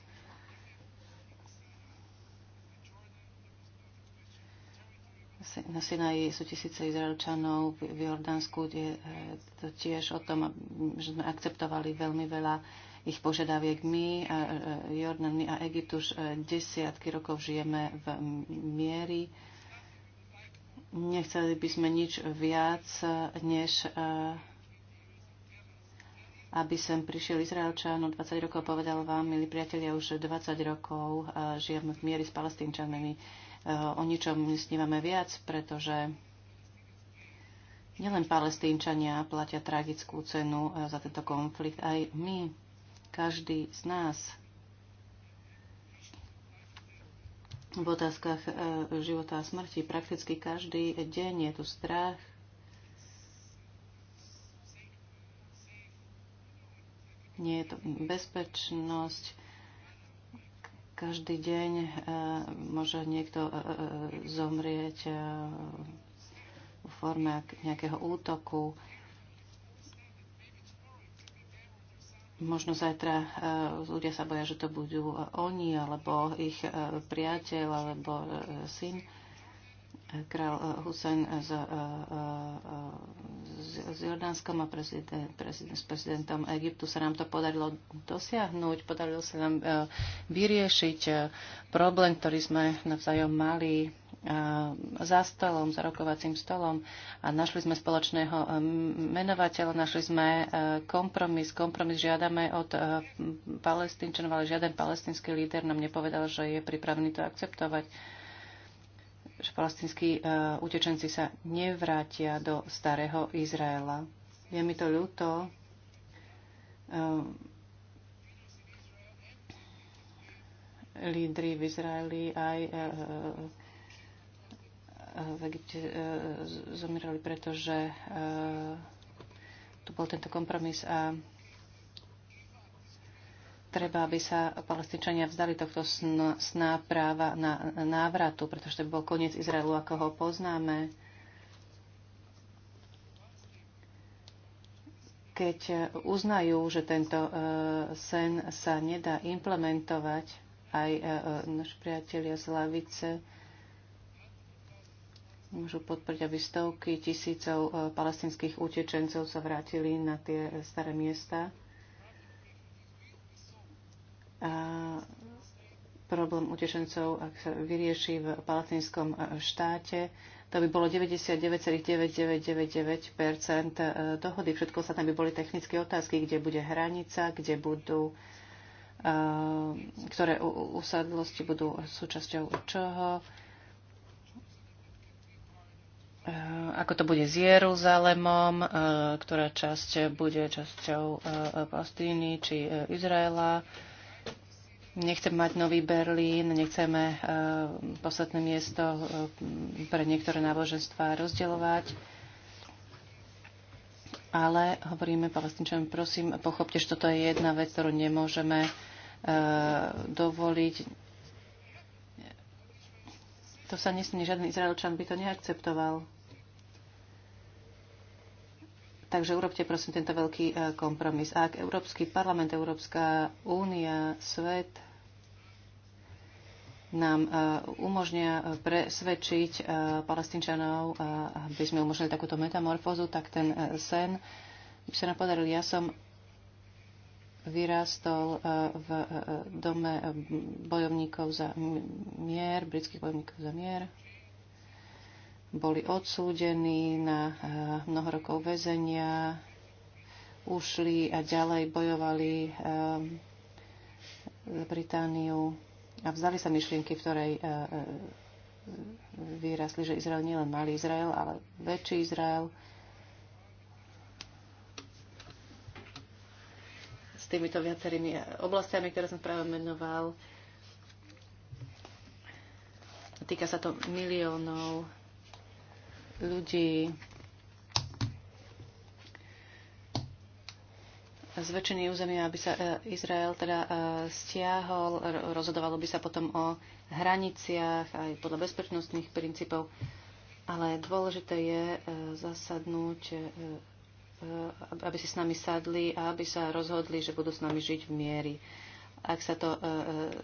D: na Sinaji sú tisíce Izraelčanov, v Jordánsku je e, to tiež o tom, že sme akceptovali veľmi veľa ich požiadaviek. My, a e, e, Jordán, my a Egypt už desiatky rokov žijeme v miery. Nechceli by sme nič viac, než aby sem prišiel Izraelčan 20 no, rokov povedal vám, milí priatelia, už 20 rokov žijeme v miery s palestínčanmi Eh, o ničom snívame viac, pretože nielen palestínčania platia tragickú cenu eh, za tento konflikt, aj my, každý z nás v otázkach eh, života a smrti. Prakticky každý deň je tu strach. Nie je to bezpečnosť. Každý deň e, môže niekto e, e, zomrieť v forme nejakého útoku. možno zajtra ľudia sa boja, že to budú oni, alebo ich priateľ, alebo syn král eh, Hussein s, eh, eh, s Jordánskom a prezident, prezident, s prezidentom Egyptu sa nám to podarilo dosiahnuť. Podarilo sa nám vyriešiť problém, ktorý sme navzájom mali za stolom, za rokovacím stolom a našli sme spoločného menovateľa, našli sme kompromis. Kompromis žiadame od palestínčanov, ale žiaden palestínsky líder nám nepovedal, že je pripravený to akceptovať že palestinskí e, utečenci sa nevrátia do starého Izraela. Je mi to ľúto. Ehm, lídry v Izraeli aj e, e, v Egypte zomierali, pretože tu bol tento kompromis a treba, aby sa palestinčania vzdali tohto sná práva na návratu, pretože to bol koniec Izraelu, ako ho poznáme. Keď uznajú, že tento e, sen sa nedá implementovať, aj e, e, naši priatelia z lavice môžu podporiť, aby stovky tisícov palestinských utečencov sa vrátili na tie staré miesta problém utečencov, ak sa vyrieši v palestinskom e, štáte, to by bolo 99,9999% e, dohody. Všetko sa tam by boli technické otázky, kde bude hranica, kde budú, e, ktoré usadlosti budú súčasťou čoho, ako to bude s Jeruzalemom, ktorá časť bude časťou Palestíny či Izraela Nechcem mať nový Berlín, nechceme eh, posledné miesto eh, pre niektoré náboženstva rozdeľovať. Ale hovoríme palestinčanom, prosím, pochopte, že toto je jedna vec, ktorú nemôžeme eh, dovoliť. To sa nesmí, žiadny Izraelčan by to neakceptoval. Takže urobte prosím tento veľký e, kompromis. A ak Európsky parlament, Európska únia, svet nám e, umožnia e, presvedčiť palestinčanov, aby sme umožnili takúto metamorfózu, tak ten sen by sa nám podaril. Ja som vyrástol v dome bojovníkov za mier, britských bojovníkov za mier boli odsúdení na eh, mnoho rokov väzenia, ušli a ďalej bojovali eh, za Britániu a vzdali sa myšlienky, v ktorej eh, vyrasli, že Izrael nie len malý Izrael, ale väčší Izrael. S týmito viacerými oblastiami, ktoré som práve menoval. Týka sa to miliónov ľudí z väčšiny územia, aby sa e, Izrael teda e, stiahol, rozhodovalo by sa potom o hraniciach aj podľa bezpečnostných princípov. Ale dôležité je e, zasadnúť, aby si s nami sadli a aby sa rozhodli, že budú s nami žiť v miery. Ak sa to e, e,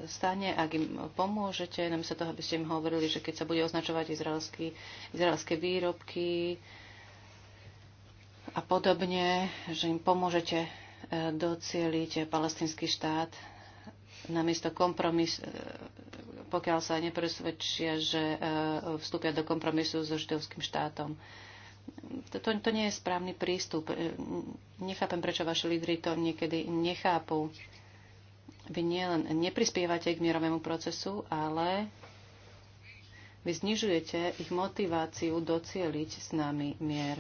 D: stane, ak im pomôžete, namiesto toho, aby ste im hovorili, že keď sa bude označovať izraelský, izraelské výrobky a podobne, že im pomôžete e, docieliť palestinský štát, namiesto kompromis, pokiaľ sa nepresvedčia, že vstúpia do kompromisu so židovským štátom. To, to nie je správny prístup. Nechápem, prečo vaši lídry to niekedy nechápu vy nielen neprispievate k mierovému procesu, ale vy znižujete ich motiváciu docieliť s nami mier.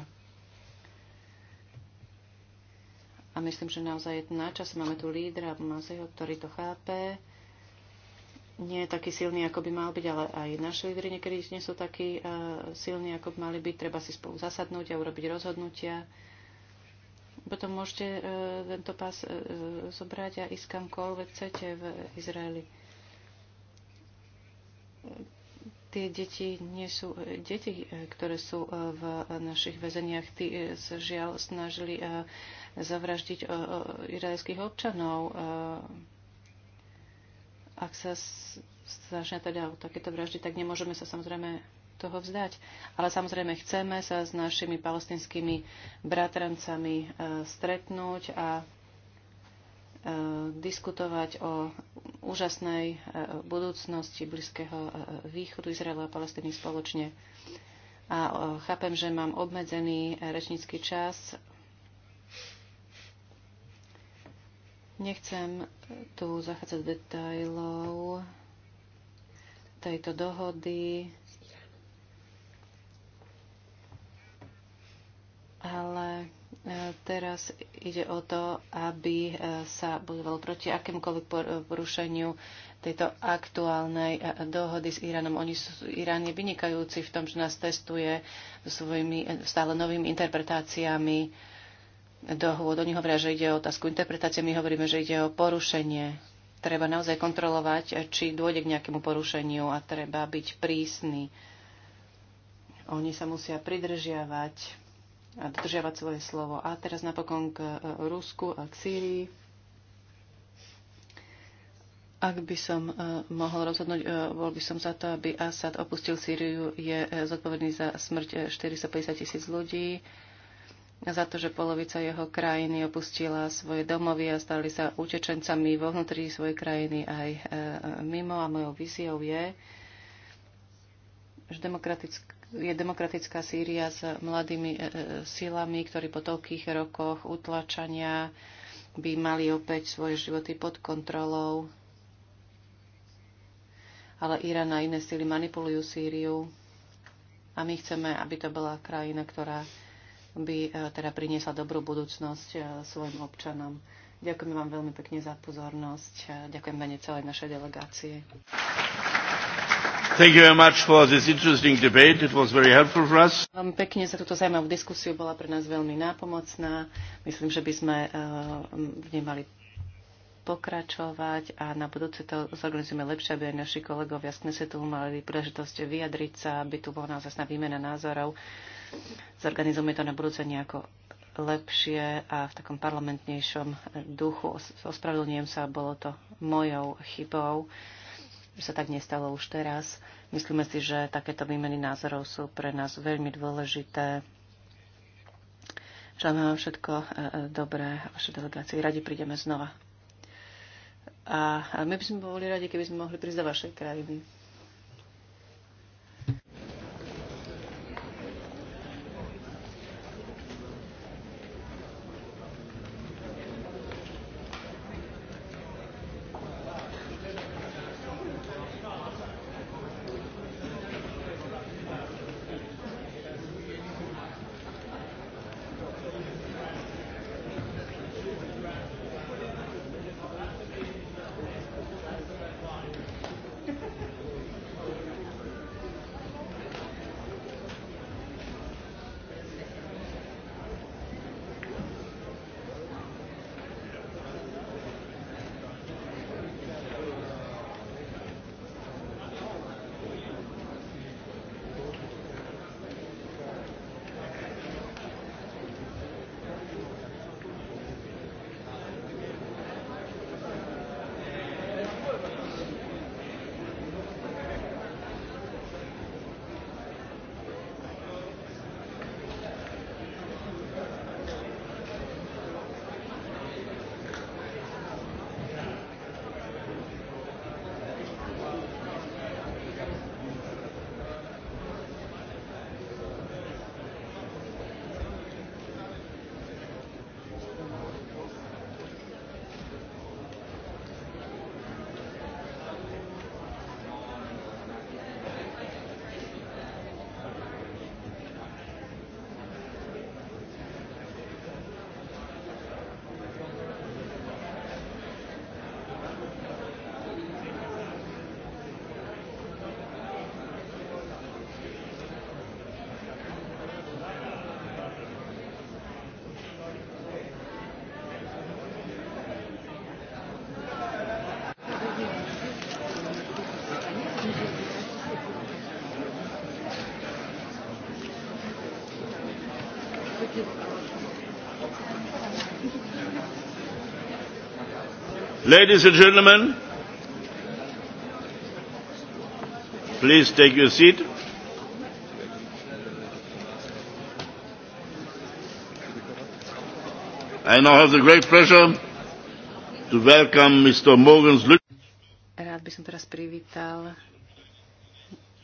D: A myslím, že naozaj je na čase. Máme tu lídra Mazeho, ktorý to chápe. Nie je taký silný, ako by mal byť, ale aj naši lídry niekedy nie sú takí uh, silní, ako by mali byť. Treba si spolu zasadnúť a urobiť rozhodnutia. Potom môžete e, tento pás e, e, zobrať a ísť kamkoľvek chcete v Izraeli. Tie deti nie sú deti, ktoré sú v našich väzeniach. Tí sa žiaľ snažili zavraždiť izraelských občanov. Ak sa snažia teda o takéto vraždy, tak nemôžeme sa samozrejme toho vzdať. Ale samozrejme chceme sa s našimi palestinskými bratrancami e, stretnúť a e, diskutovať o úžasnej e, budúcnosti Blízkeho východu Izraela a Palestiny spoločne. A chápem, že mám obmedzený rečnícky čas. Nechcem tu zachádzať detailov tejto dohody. ale e, teraz ide o to, aby e, sa bojovalo proti akémukoľvek porušeniu tejto aktuálnej e, dohody s Iránom. Oni sú, Irán je vynikajúci v tom, že nás testuje svojimi stále novými interpretáciami dohôd. Oni hovoria, že ide o otázku interpretácie, my hovoríme, že ide o porušenie. Treba naozaj kontrolovať, či dôjde k nejakému porušeniu a treba byť prísny. Oni sa musia pridržiavať a dodržiavať svoje slovo. A teraz napokon k e, Rusku a k Sýrii. Ak by som e, mohol rozhodnúť, e, bol by som za to, aby Assad opustil Sýriu. Je zodpovedný za smrť 450 tisíc ľudí, za to, že polovica jeho krajiny opustila svoje domovy a stali sa utečencami vo vnútri svojej krajiny aj mimo. A mojou víziou je, že demokratické je demokratická Sýria s mladými e, e, silami, ktorí po toľkých rokoch utlačania by mali opäť svoje životy pod kontrolou. Ale Irán a iné sily manipulujú Sýriu a my chceme, aby to bola krajina, ktorá by e, teda priniesla dobrú budúcnosť e, svojim občanom. Ďakujem vám veľmi pekne za pozornosť. Ďakujem mene celej našej delegácie.
A: Thank you very much for this interesting debate. It was very helpful for us.
D: Vám pekne za túto zaujímavú diskusiu, bola pre nás veľmi nápomocná. Myslím, že by sme eh, v nej mali pokračovať a na budúce to zorganizujeme lepšie, aby aj naši kolegovia z Knesetu mali príležitosť vyjadriť sa, aby tu bola naozaj výmena názorov. Zorganizujeme to na budúce nejako lepšie a v takom parlamentnejšom duchu. Ospravedlňujem sa, bolo to mojou chybou že sa tak nestalo už teraz. Myslíme si, že takéto výmeny názorov sú pre nás veľmi dôležité. Želáme vám všetko e, e, dobré a vaše delegácie. Radi prídeme znova. A my by sme boli radi, keby sme mohli prísť do vašej krajiny.
A: Ladies and gentlemen, please take your seat. I now have the great pleasure to welcome Mr. Morgan's
D: Rád by som teraz privítal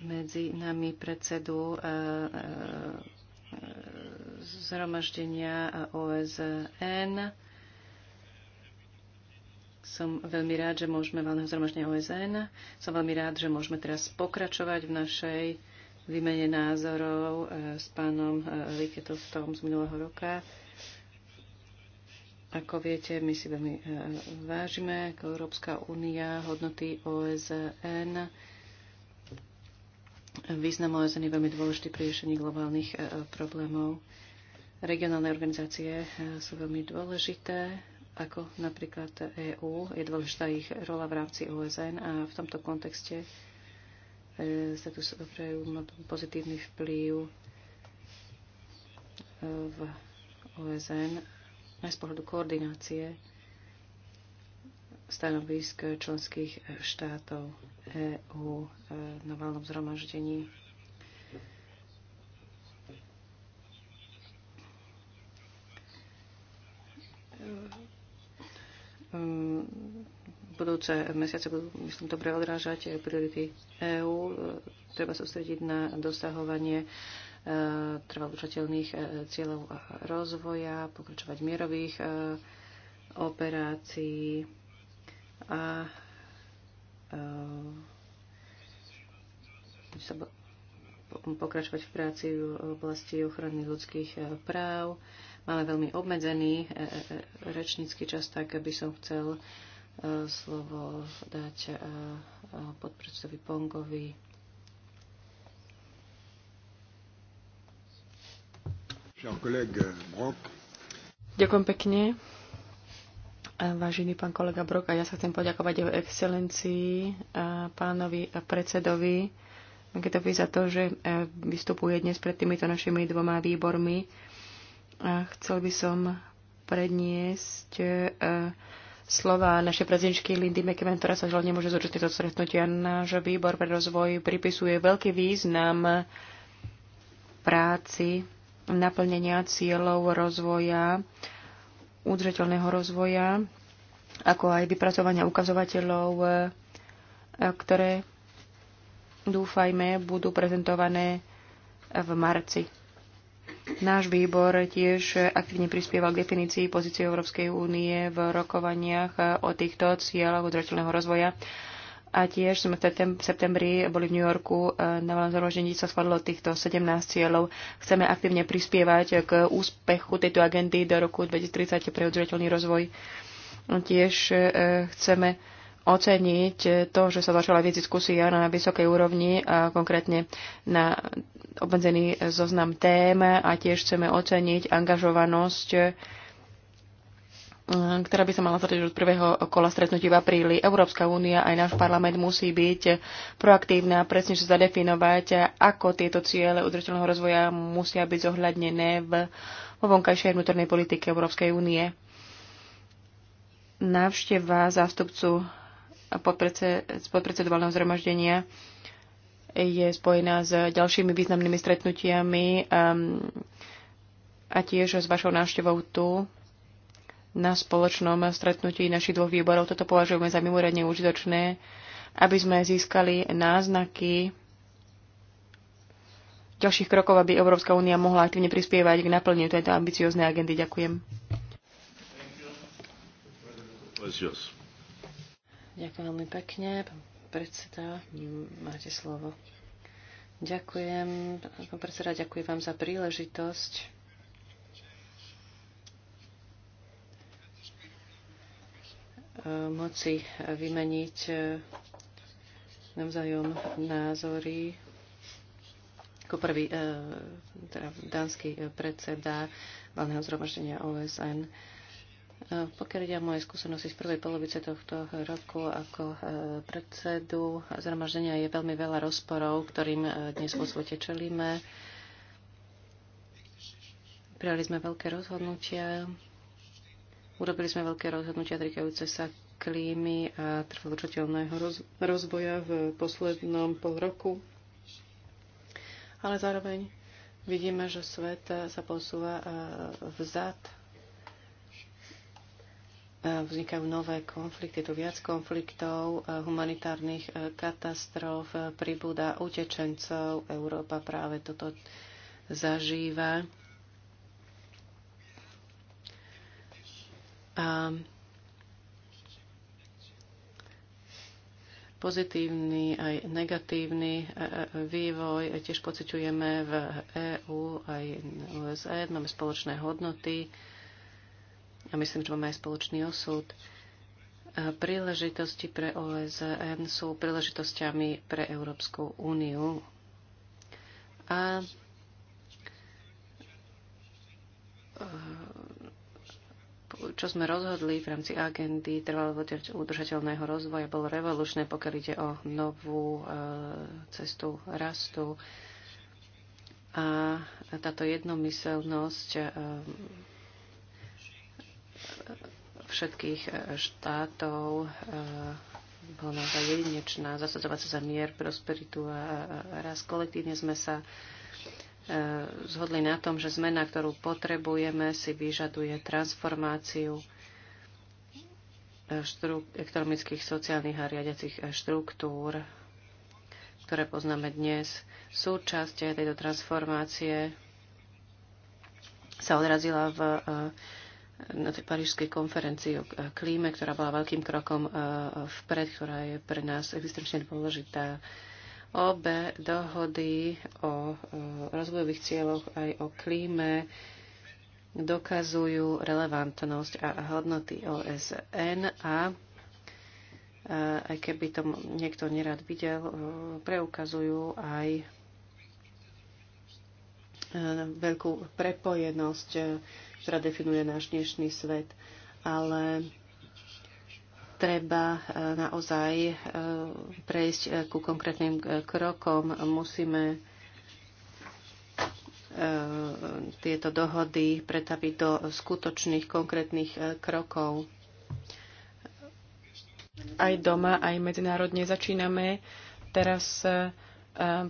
D: medzi nami predsedu eh, eh, zhromaždenia OSN som veľmi rád, že môžeme valného zhromaždenia OSN. Som veľmi rád, že môžeme teraz pokračovať v našej výmene názorov eh, s pánom eh, Liketovstom z minulého roka. Ako viete, my si veľmi eh, vážime ako Európska únia hodnoty OSN. Význam OSN je veľmi dôležitý pri riešení globálnych problémov. Regionálne organizácie sú veľmi dôležité ako napríklad EÚ. Je dôležitá ich rola v rámci OSN a v tomto kontexte sa tu prejú pozitívny vplyv e, v OSN aj z pohľadu koordinácie stanovisk členských štátov EÚ e, na valnom zhromaždení. Uh, Mm, budúce mesiace budú, myslím, dobre odrážať priority EÚ. Treba sústrediť na dosahovanie e, trvalúčateľných e, cieľov rozvoja, pokračovať mierových e, operácií a pokračovať v práci v oblasti ochrany ľudských práv. Máme veľmi obmedzený e, e, e, rečnícky čas, tak by som chcel slovo dať podpredsedovi Pongovi.
A: Euh,
B: Ďakujem pekne. Vážený pán kolega Brok, a ja sa chcem poďakovať jeho excelencii, pánovi predsedovi za to, že vystupuje dnes pred týmito našimi dvoma výbormi a chcel by som predniesť e, slova našej prezidentky Lindy McEwen, ktorá sa žiaľ nemôže zúčastniť od stretnutia. Náš výbor pre rozvoj pripisuje veľký význam práci naplnenia cieľov rozvoja, udržateľného rozvoja, ako aj vypracovania ukazovateľov, e, ktoré dúfajme budú prezentované v marci Náš výbor tiež aktívne prispieval k definícii pozície Európskej únie v rokovaniach o týchto cieľoch udržateľného rozvoja. A tiež sme v septembri boli v New Yorku e, na valnom založení sa schválilo týchto 17 cieľov. Chceme aktívne prispievať k úspechu tejto agendy do roku 2030 pre udržateľný rozvoj. Tiež e, chceme oceniť to, že sa začala viac diskusia na vysokej úrovni, a konkrétne na obmedzený zoznam tém a tiež chceme oceniť angažovanosť, eh, ktorá by sa mala začať od prvého kola stretnutí v apríli. Európska únia aj náš parlament musí byť proaktívna, presne sa zadefinovať, ako tieto ciele udržateľného rozvoja musia byť zohľadnené v, vonkajšej vnútornej politike Európskej únie. Návšteva zástupcu podpredsedu valného zhromaždenia je spojená s ďalšími významnými stretnutiami um, a tiež s vašou návštevou tu na spoločnom stretnutí našich dvoch výborov. Toto považujeme za mimoriadne užitočné, aby sme získali náznaky ďalších krokov, aby Európska únia mohla aktívne prispievať k naplneniu tejto ambicioznej agendy. Ďakujem.
D: Ďakujem veľmi pekne. Pán predseda, máte slovo. Ďakujem, pán predseda, ďakujem vám za príležitosť. moci vymeniť eh, navzájom názory. Ako prvý eh, teda dánsky predseda valného zhromaždenia OSN Eh, pokiaľ ide o moje skúsenosti z prvej polovice tohto roku ako eh, predsedu zhromaždenia je veľmi veľa rozporov, ktorým eh, dnes vo svete čelíme. Prijali sme veľké rozhodnutia, urobili sme veľké rozhodnutia týkajúce sa klímy a trvalúčateľného rozvoja v poslednom pol roku. Ale zároveň vidíme, že svet sa posúva vzad E, vznikajú nové konflikty, tu viac konfliktov, e, humanitárnych e, katastrof, pribúda utečencov. Európa práve toto zažíva. A pozitívny aj negatívny vývoj tiež pociťujeme v EÚ aj v OSN. Máme spoločné hodnoty a myslím, že máme aj spoločný osud. Príležitosti pre OSN sú príležitosťami pre Európsku úniu. A e, čo sme rozhodli v rámci agendy trvalo udržateľného rozvoja, bolo revolučné, pokiaľ ide o novú e, cestu rastu. A táto jednomyselnosť e, všetkých e, štátov e, bola naozaj jedinečná, zasadzovať sa za mier, prosperitu a raz kolektívne sme sa e, zhodli na tom, že zmena, ktorú potrebujeme, si vyžaduje transformáciu ekonomických, sociálnych a riadiacich štruktúr, ktoré poznáme dnes. Súčasť tejto transformácie sa odrazila v uh, na tej parížskej konferencii o klíme, ktorá bola veľkým krokom e, vpred, ktorá je pre nás existenčne dôležitá. Obe dohody o e, rozvojových cieľoch aj o klíme dokazujú relevantnosť a hodnoty OSN a e, aj keby to niekto nerad videl, preukazujú aj veľkú prepojenosť ktorá definuje náš dnešný svet. Ale treba e, naozaj e, prejsť e, ku konkrétnym krokom. Musíme tieto dohody pretaviť do skutočných konkrétnych
B: krokov. Aj doma, aj medzinárodne začíname teraz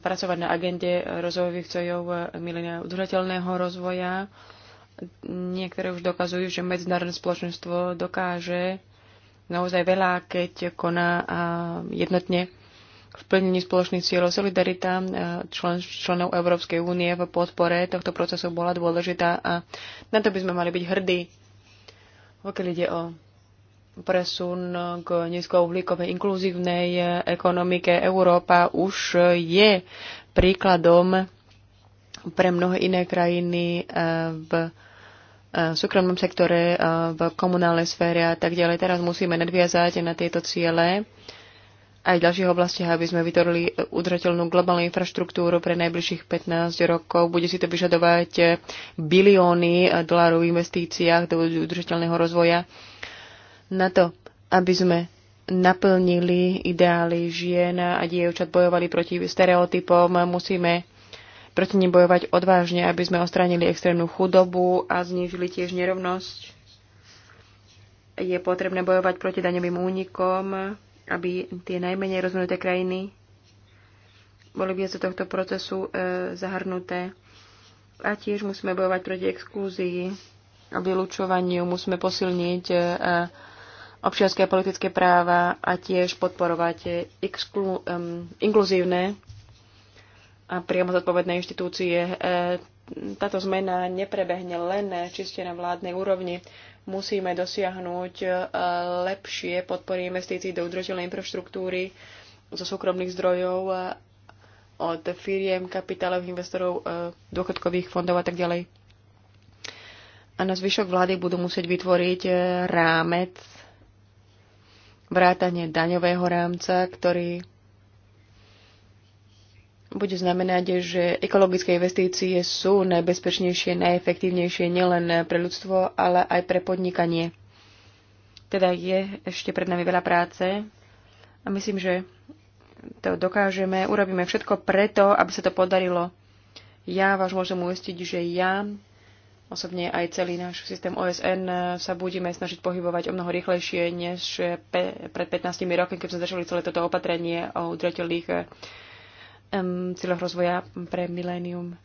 B: pracovať na agende rozvojových cojov milenia udržateľného rozvoja Niektoré už dokazujú, že medzinárodné spoločenstvo dokáže naozaj veľa, keď koná jednotne v plnení spoločných cieľov solidarita e, člen, členov Európskej únie v podpore tohto procesu bola dôležitá a na to by sme mali byť hrdí, pokiaľ ide o presun k nízkouhlíkovej inkluzívnej ekonomike. Európa už je príkladom pre mnohé iné krajiny e, v v súkromnom sektore, eh, v komunálnej sfére a tak ďalej. Teraz musíme nadviazať na tieto ciele aj v ďalších oblastiach, aby sme vytvorili udržateľnú globálnu infraštruktúru pre najbližších 15 rokov. Bude si to vyžadovať bilióny dolárov v investíciách do udržateľného rozvoja na to, aby sme naplnili ideály žien a dievčat, bojovali proti stereotypom, musíme proti nim bojovať odvážne, aby sme ostránili extrémnu chudobu a znížili tiež nerovnosť. Je potrebné bojovať proti daňovým únikom, aby tie najmenej rozvinuté krajiny boli viac do tohto procesu e, zahrnuté. A tiež musíme bojovať proti exkluzii a vylúčovaniu, musíme posilniť e, e občianské a politické práva a tiež podporovať e, exklu, e, inkluzívne a priamo zodpovedné inštitúcie. E, táto zmena neprebehne len čiste na vládnej úrovni. Musíme dosiahnuť e, lepšie podpory investícií do udržateľnej infraštruktúry zo súkromných zdrojov e, od firiem, kapitálových investorov, dôchodkových fondov a tak ďalej. A na zvyšok vlády budú musieť vytvoriť rámec vrátanie daňového rámca, ktorý bude znamenať, že ekologické investície sú najbezpečnejšie, najefektívnejšie nielen pre ľudstvo, ale aj pre podnikanie. Teda je ešte pred nami veľa práce a myslím, že to dokážeme. Urobíme všetko preto, aby sa to podarilo. Ja vás môžem uistiť, že ja osobne aj celý náš systém OSN sa budeme snažiť pohybovať o mnoho rýchlejšie než pred 15 rokmi, keď sme začali celé toto opatrenie o udržateľných um, cieľoch rozvoja pre milénium.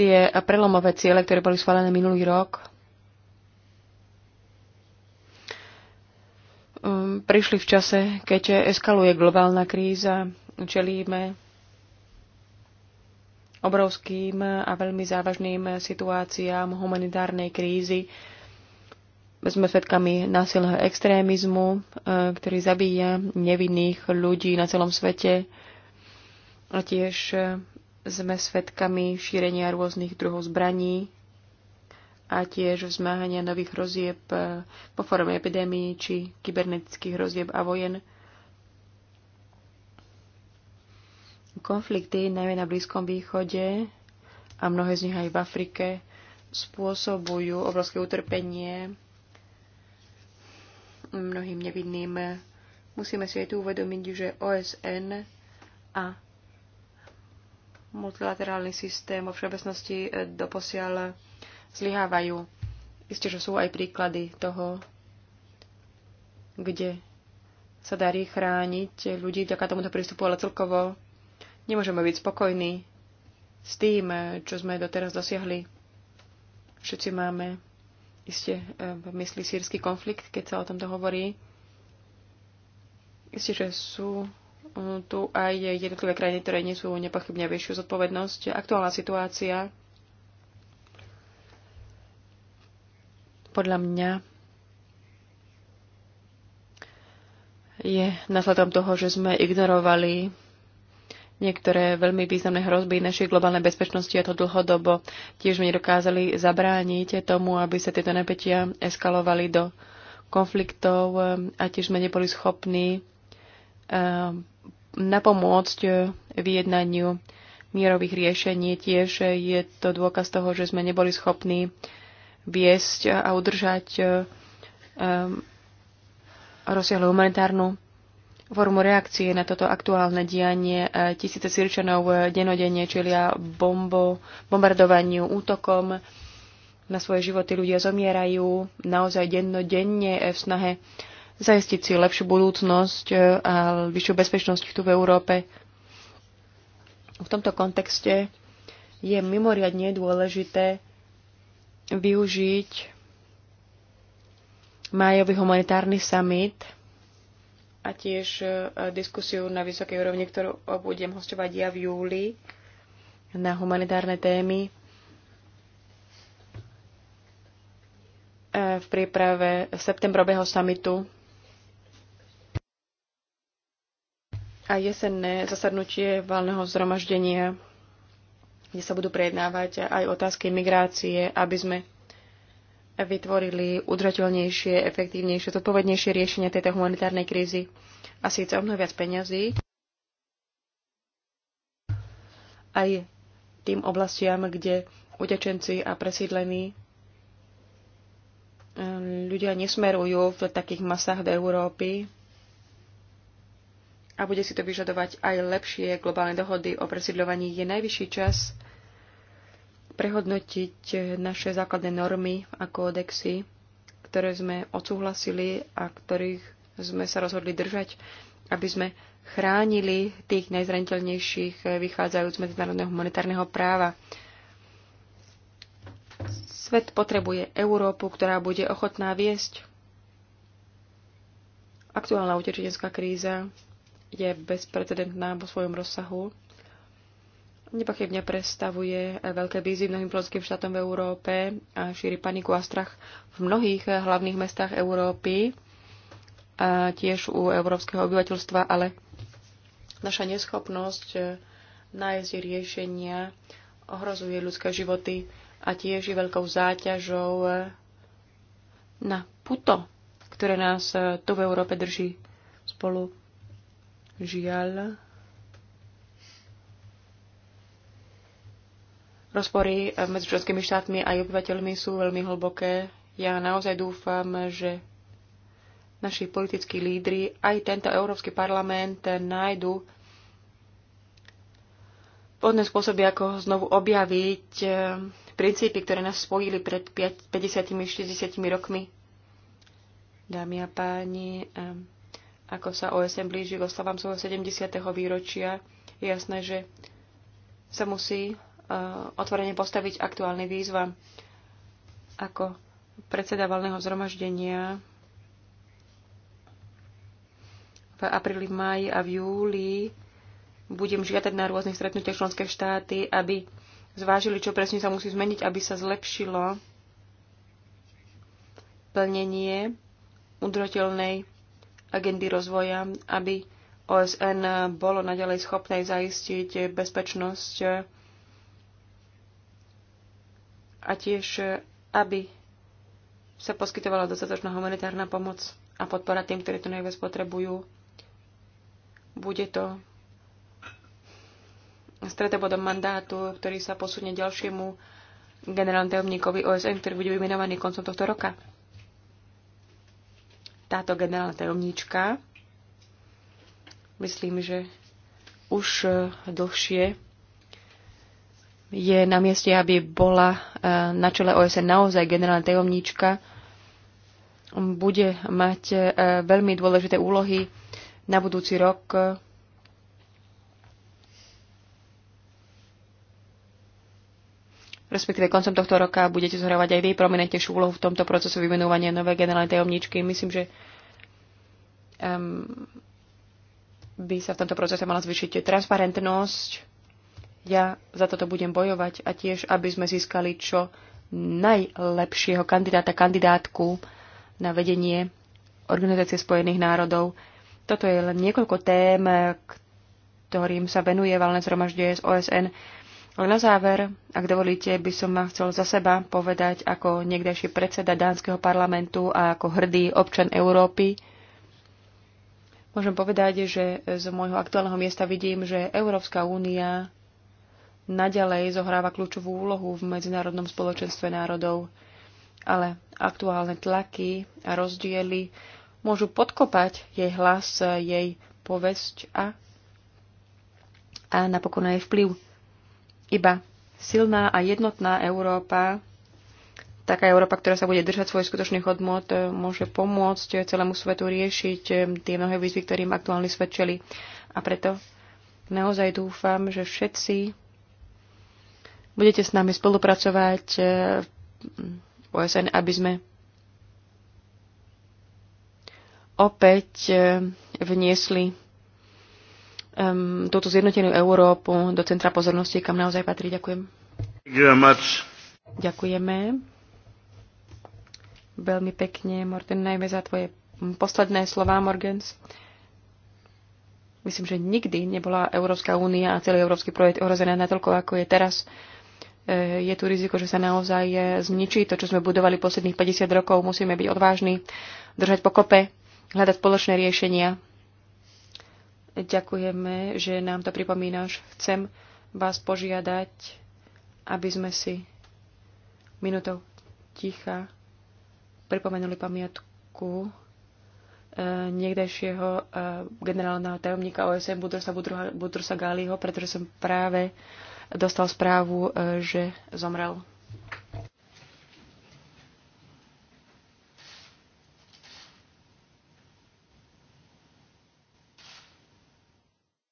B: Tie prelomové ciele, ktoré boli schválené minulý rok, prišli v čase, keď eskaluje globálna kríza, čelíme obrovským a veľmi závažným situáciám humanitárnej krízy. Sme svedkami násilného extrémizmu, e, ktorý zabíja nevinných ľudí na celom svete. A tiež e, sme svedkami šírenia rôznych druhov zbraní a tiež vzmáhania nových hrozieb e, po forme epidémií či kybernetických hrozieb a vojen. Konflikty, najmä na Blízkom východe a mnohé z nich aj v Afrike, spôsobujú obrovské utrpenie mnohým nevinným. Musíme si aj tu uvedomiť, že OSN a multilaterálny systém vo všeobecnosti e, doposiaľ zlyhávajú. Isté, že sú aj príklady toho, kde sa darí chrániť ľudí vďaka tomuto prístupu, ale celkovo Nemôžeme byť spokojní s tým, eh, čo sme doteraz dosiahli. Všetci máme iste eh, v mysli sírsky konflikt, keď sa o tomto hovorí. Isté, že sú eh, tu aj jednotlivé krajiny, ktoré nie sú nepochybne vyššiu zodpovednosť. Aktuálna situácia podľa mňa je následom toho, že sme ignorovali niektoré veľmi významné hrozby našej globálnej bezpečnosti a to dlhodobo tiež sme nedokázali zabrániť tomu, aby sa tieto napätia eskalovali do konfliktov eh, a tiež sme neboli schopní eh, napomôcť eh, vyjednaniu mierových riešení. Tiež je to dôkaz toho, že sme neboli schopní viesť a udržať rozsiahlu humanitárnu formu reakcie na toto aktuálne dianie. E, tisíce sirčanov e, denodenne čelia bombo, bombardovaniu, útokom na svoje životy. Ľudia zomierajú naozaj dennodenne e, v snahe zajistiť si lepšiu budúcnosť a vyššiu bezpečnosť tu v Európe. V tomto kontexte je mimoriadne dôležité využiť májový humanitárny summit a tiež e, diskusiu na vysokej úrovni, ktorú budem hostovať ja v júli na humanitárne témy. E, v príprave septembrového samitu a jesenné zasadnutie valného zhromaždenia, kde sa budú prejednávať aj otázky migrácie, aby sme vytvorili udržateľnejšie, efektívnejšie, zodpovednejšie riešenie tejto humanitárnej krízy a síce o mnoho viac peňazí aj tým oblastiam, kde utečenci a presídlení ehm, ľudia nesmerujú v takých masách do Európy a bude si to vyžadovať aj lepšie globálne dohody o presídľovaní. Je najvyšší čas prehodnotiť naše základné normy a kódexy, ktoré sme odsúhlasili a ktorých sme sa rozhodli držať, aby sme chránili tých najzraniteľnejších vychádzajúc z medzinárodného humanitárneho práva. Svet potrebuje Európu, ktorá bude ochotná viesť. Aktuálna utečenecká kríza je bezprecedentná vo svojom rozsahu nepochybne predstavuje veľké výzvy mnohým členským štátom v Európe a šíri paniku a strach v mnohých hlavných mestách Európy a tiež u európskeho obyvateľstva, ale naša neschopnosť e, nájsť riešenia ohrozuje ľudské životy a tiež je veľkou záťažou e, na puto, ktoré nás e, tu v Európe drží spolu. Žiaľ, Rozpory eh, medzi členskými štátmi a obyvateľmi sú veľmi hlboké. Ja naozaj dúfam, že naši politickí lídry aj tento Európsky parlament eh, nájdu vhodné spôsoby, ako znovu objaviť eh, princípy, ktoré nás spojili pred 50-60 rokmi. Dámy a páni, ako sa OSM blíži k oslavám svojho 70. výročia, je jasné, že sa musí otvorene postaviť aktuálne výzva. Ako predseda valného zhromaždenia v apríli, v máji a v júli budem žiadať na rôznych stretnutiach členské štáty, aby zvážili, čo presne sa musí zmeniť, aby sa zlepšilo plnenie udrotelnej agendy rozvoja, aby OSN bolo naďalej schopné zaistiť bezpečnosť a tiež, e, aby sa poskytovala dostatočná humanitárna pomoc a podpora tým, ktorí to najviac potrebujú. Bude to stredobodom mandátu, ktorý sa posunie ďalšiemu generálnemu tajomníkovi OSN, ktorý bude vymenovaný koncom tohto roka. Táto generálna tajomníčka, myslím, že už e, dlhšie je na mieste, aby bola e, na čele OSN naozaj generálna tajomníčka, bude mať e, veľmi dôležité úlohy na budúci rok. respektíve koncom tohto roka budete zohrávať aj vy prominentnejšiu úlohu v tomto procesu vymenovania novej generálnej tajomničky. Myslím, že um, by sa v tomto procese mala zvýšiť transparentnosť ja za toto budem bojovať a tiež, aby sme získali čo najlepšieho kandidáta, kandidátku na vedenie Organizácie spojených národov. Toto je len niekoľko tém, ktorým sa venuje valné zhromaždenie z OSN. Ale na záver, ak dovolíte, by som vám chcel za seba povedať ako niekdajší predseda Dánskeho parlamentu a ako hrdý občan Európy. Môžem povedať, že z môjho aktuálneho miesta vidím, že Európska únia naďalej zohráva kľúčovú úlohu v medzinárodnom spoločenstve národov, ale aktuálne tlaky a rozdiely môžu podkopať jej hlas, jej povesť a, a napokon aj vplyv. Iba silná a jednotná Európa, taká Európa, ktorá sa bude držať svojich skutočných hodnot, môže pomôcť celému svetu riešiť tie mnohé výzvy, ktorým aktuálne svedčili. A preto naozaj dúfam, že všetci budete s nami spolupracovať eh, v OSN, aby sme opäť eh, vniesli um, túto zjednotenú Európu do centra pozornosti, kam naozaj patrí. Ďakujem. Ďakujeme. Veľmi pekne, Morten, najmä za tvoje posledné slova, Morgens. Myslím, že nikdy nebola Európska únia a celý európsky projekt ohrozená natoľko, ako je teraz. E, je tu riziko, že sa naozaj e, zničí to, čo sme budovali posledných 50 rokov. Musíme byť odvážni, držať pokope, hľadať spoločné riešenia. Ďakujeme, že nám to pripomínaš. Chcem vás požiadať, aby sme si minutou ticha pripomenuli pamiatku e, niekdejšieho generálneho tajomníka OSM Budrosa Budrusa Gáliho, pretože som práve dostal správu, e, že zomrel.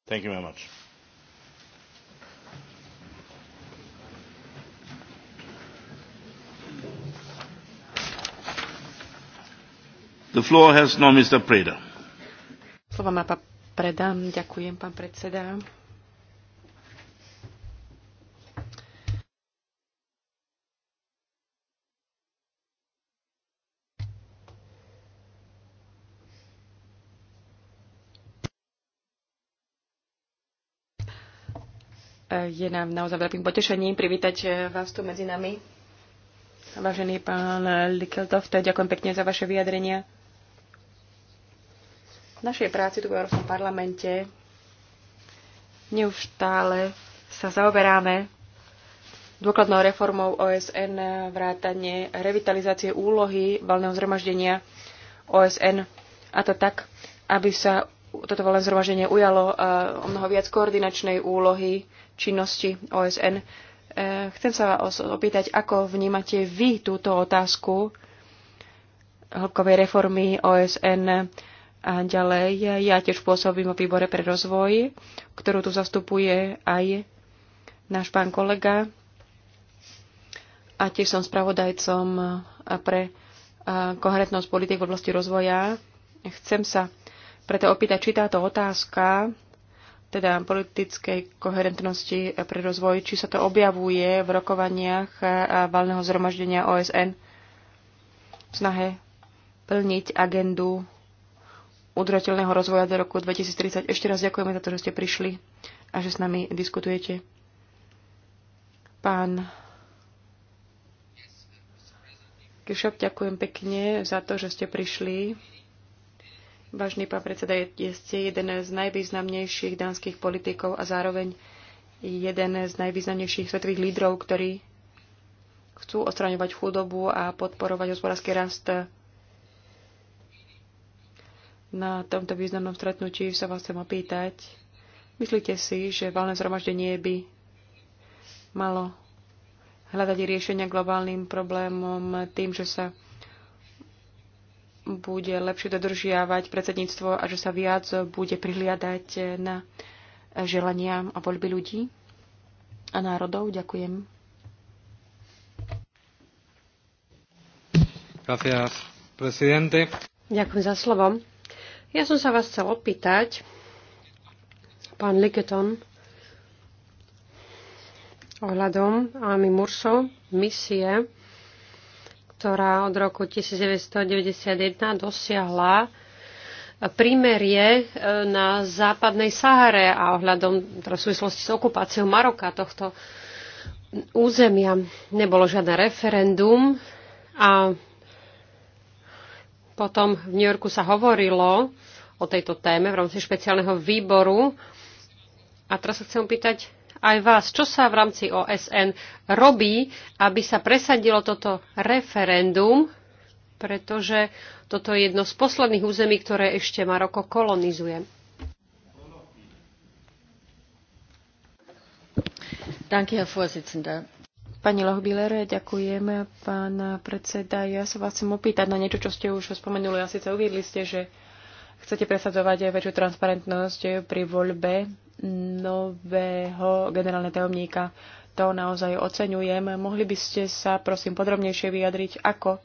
A: Thank you very much. The floor has no Mr. Preda.
B: Slovo má pán Preda. Ďakujem, pán predseda. Je nám naozaj veľkým potešením privítať vás tu medzi nami. Vážený pán Likeltoft, ďakujem pekne za vaše vyjadrenia. V našej práci tu v Európskom parlamente neustále sa zaoberáme dôkladnou reformou OSN vrátanie revitalizácie úlohy valného zhromaždenia OSN a to tak, aby sa toto volené zhromaždenie ujalo eh, o mnoho viac koordinačnej úlohy činnosti OSN. Eh, chcem sa vás opýtať, ako vnímate vy túto otázku hĺbkovej reformy OSN a ďalej. Ja tiež pôsobím o výbore pre rozvoj, ktorú tu zastupuje aj náš pán kolega. A tiež som spravodajcom eh, pre koherentnosť politik v oblasti rozvoja. Chcem sa preto opýtať, či táto otázka teda politickej koherentnosti pre rozvoj, či sa to objavuje v rokovaniach valného zhromaždenia OSN v snahe plniť agendu udržateľného rozvoja do roku 2030. Ešte raz ďakujeme za to, že ste prišli a že s nami diskutujete. Pán Kišok, ďakujem pekne za to, že ste prišli. Vážny pán predseda, je, ste jeden z najvýznamnejších dánskych politikov a zároveň jeden z najvýznamnejších svetových lídrov, ktorí chcú odstraňovať chudobu a podporovať hospodársky rast. Na tomto významnom stretnutí sa vás chcem opýtať. Myslíte si, že valné zhromaždenie by malo hľadať riešenia globálnym problémom tým, že sa bude lepšie dodržiavať predsedníctvo a že sa viac bude prihliadať na želania a voľby ľudí a národov. Ďakujem.
A: Gracias, presidente.
C: Ďakujem za slovo. Ja som sa vás chcel opýtať, pán Liketon, ohľadom Ami Murso, misie ktorá od roku 1991 dosiahla prímerie e, na západnej Sahare a ohľadom teda v súvislosti s okupáciou Maroka tohto územia. Nebolo žiadne referendum a potom v New Yorku sa hovorilo o tejto téme v rámci špeciálneho výboru. A teraz sa chcem pýtať, aj vás, čo sa v rámci OSN robí, aby sa presadilo toto referendum, pretože toto je jedno z posledných území, ktoré ešte Maroko kolonizuje. Danke,
B: Herr Vorsitzender. Pani Lohbiller, ďakujem, pán predseda. Ja sa vás chcem opýtať na niečo, čo ste už spomenuli a síce uviedli ste, že chcete presadzovať aj väčšiu transparentnosť pri voľbe nového generálneho tajomníka. To naozaj oceňujem. Mohli by ste sa, prosím, podrobnejšie vyjadriť, ako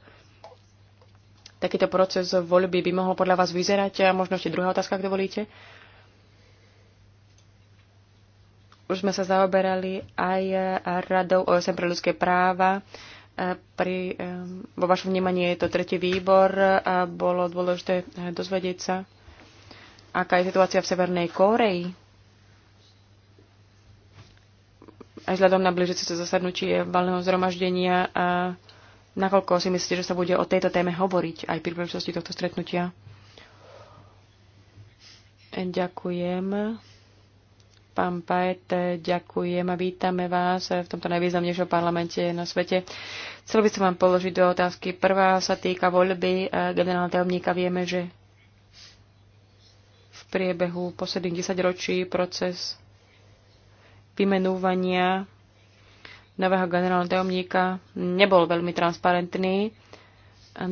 B: takýto proces voľby by mohol podľa vás vyzerať? A možno ešte druhá otázka, ak dovolíte. Už sme sa zaoberali aj Radou OSM pre ľudské práva pri, eh, vo vašom vnímaní je to tretí výbor a bolo dôležité eh, dozvedieť sa, aká je situácia v Severnej Kóreji. Aj vzhľadom na blížiace sa zasadnutie valného zhromaždenia, eh, nakoľko si myslíte, že sa bude o tejto téme hovoriť aj pri príležitosti tohto stretnutia? Ďakujem. Pán Paet, ďakujem a vítame vás v tomto najvýznamnejšom parlamente na svete. Chcel by som vám položiť do otázky. Prvá sa týka voľby eh, generálneho tajomníka. Vieme, že v priebehu posledných 10 ročí proces vymenúvania nového generálneho tajomníka nebol veľmi transparentný.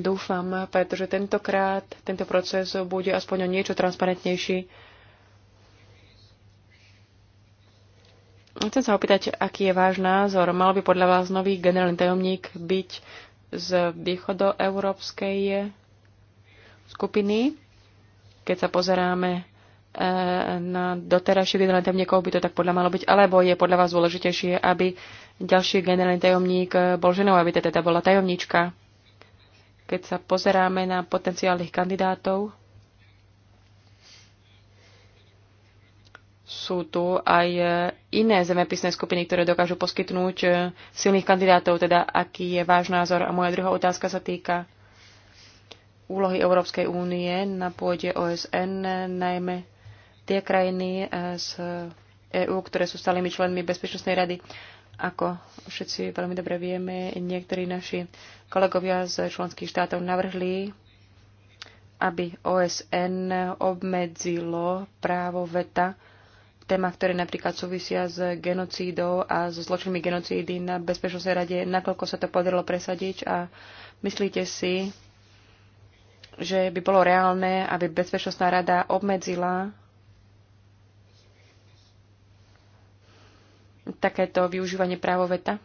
B: Dúfam, pretože tentokrát tento proces bude aspoň o niečo transparentnejší Chcem sa opýtať, aký je váš názor. Mal by podľa vás nový generálny tajomník byť z východoeurópskej skupiny? Keď sa pozeráme e, na doterajšie generálne tajomníkov by to tak podľa malo byť, alebo je podľa vás dôležitejšie, aby ďalší generálny tajomník bol ženou, aby teda bola tajomníčka. Keď sa pozeráme na potenciálnych kandidátov, sú tu aj e, iné zemepisné skupiny, ktoré dokážu poskytnúť e, silných kandidátov. Teda aký je váš názor? A moja druhá otázka sa týka úlohy Európskej únie na pôde OSN, najmä tie krajiny e, z EÚ, ktoré sú stálymi členmi Bezpečnostnej rady. Ako všetci veľmi dobre vieme, niektorí naši kolegovia z členských štátov navrhli aby OSN obmedzilo právo veta témach, ktoré napríklad súvisia s genocídou a so zločinmi genocídy na Bezpečnostnej rade, nakoľko sa to podarilo presadiť a myslíte si, že by bolo reálne, aby Bezpečnostná rada obmedzila takéto využívanie právoveta?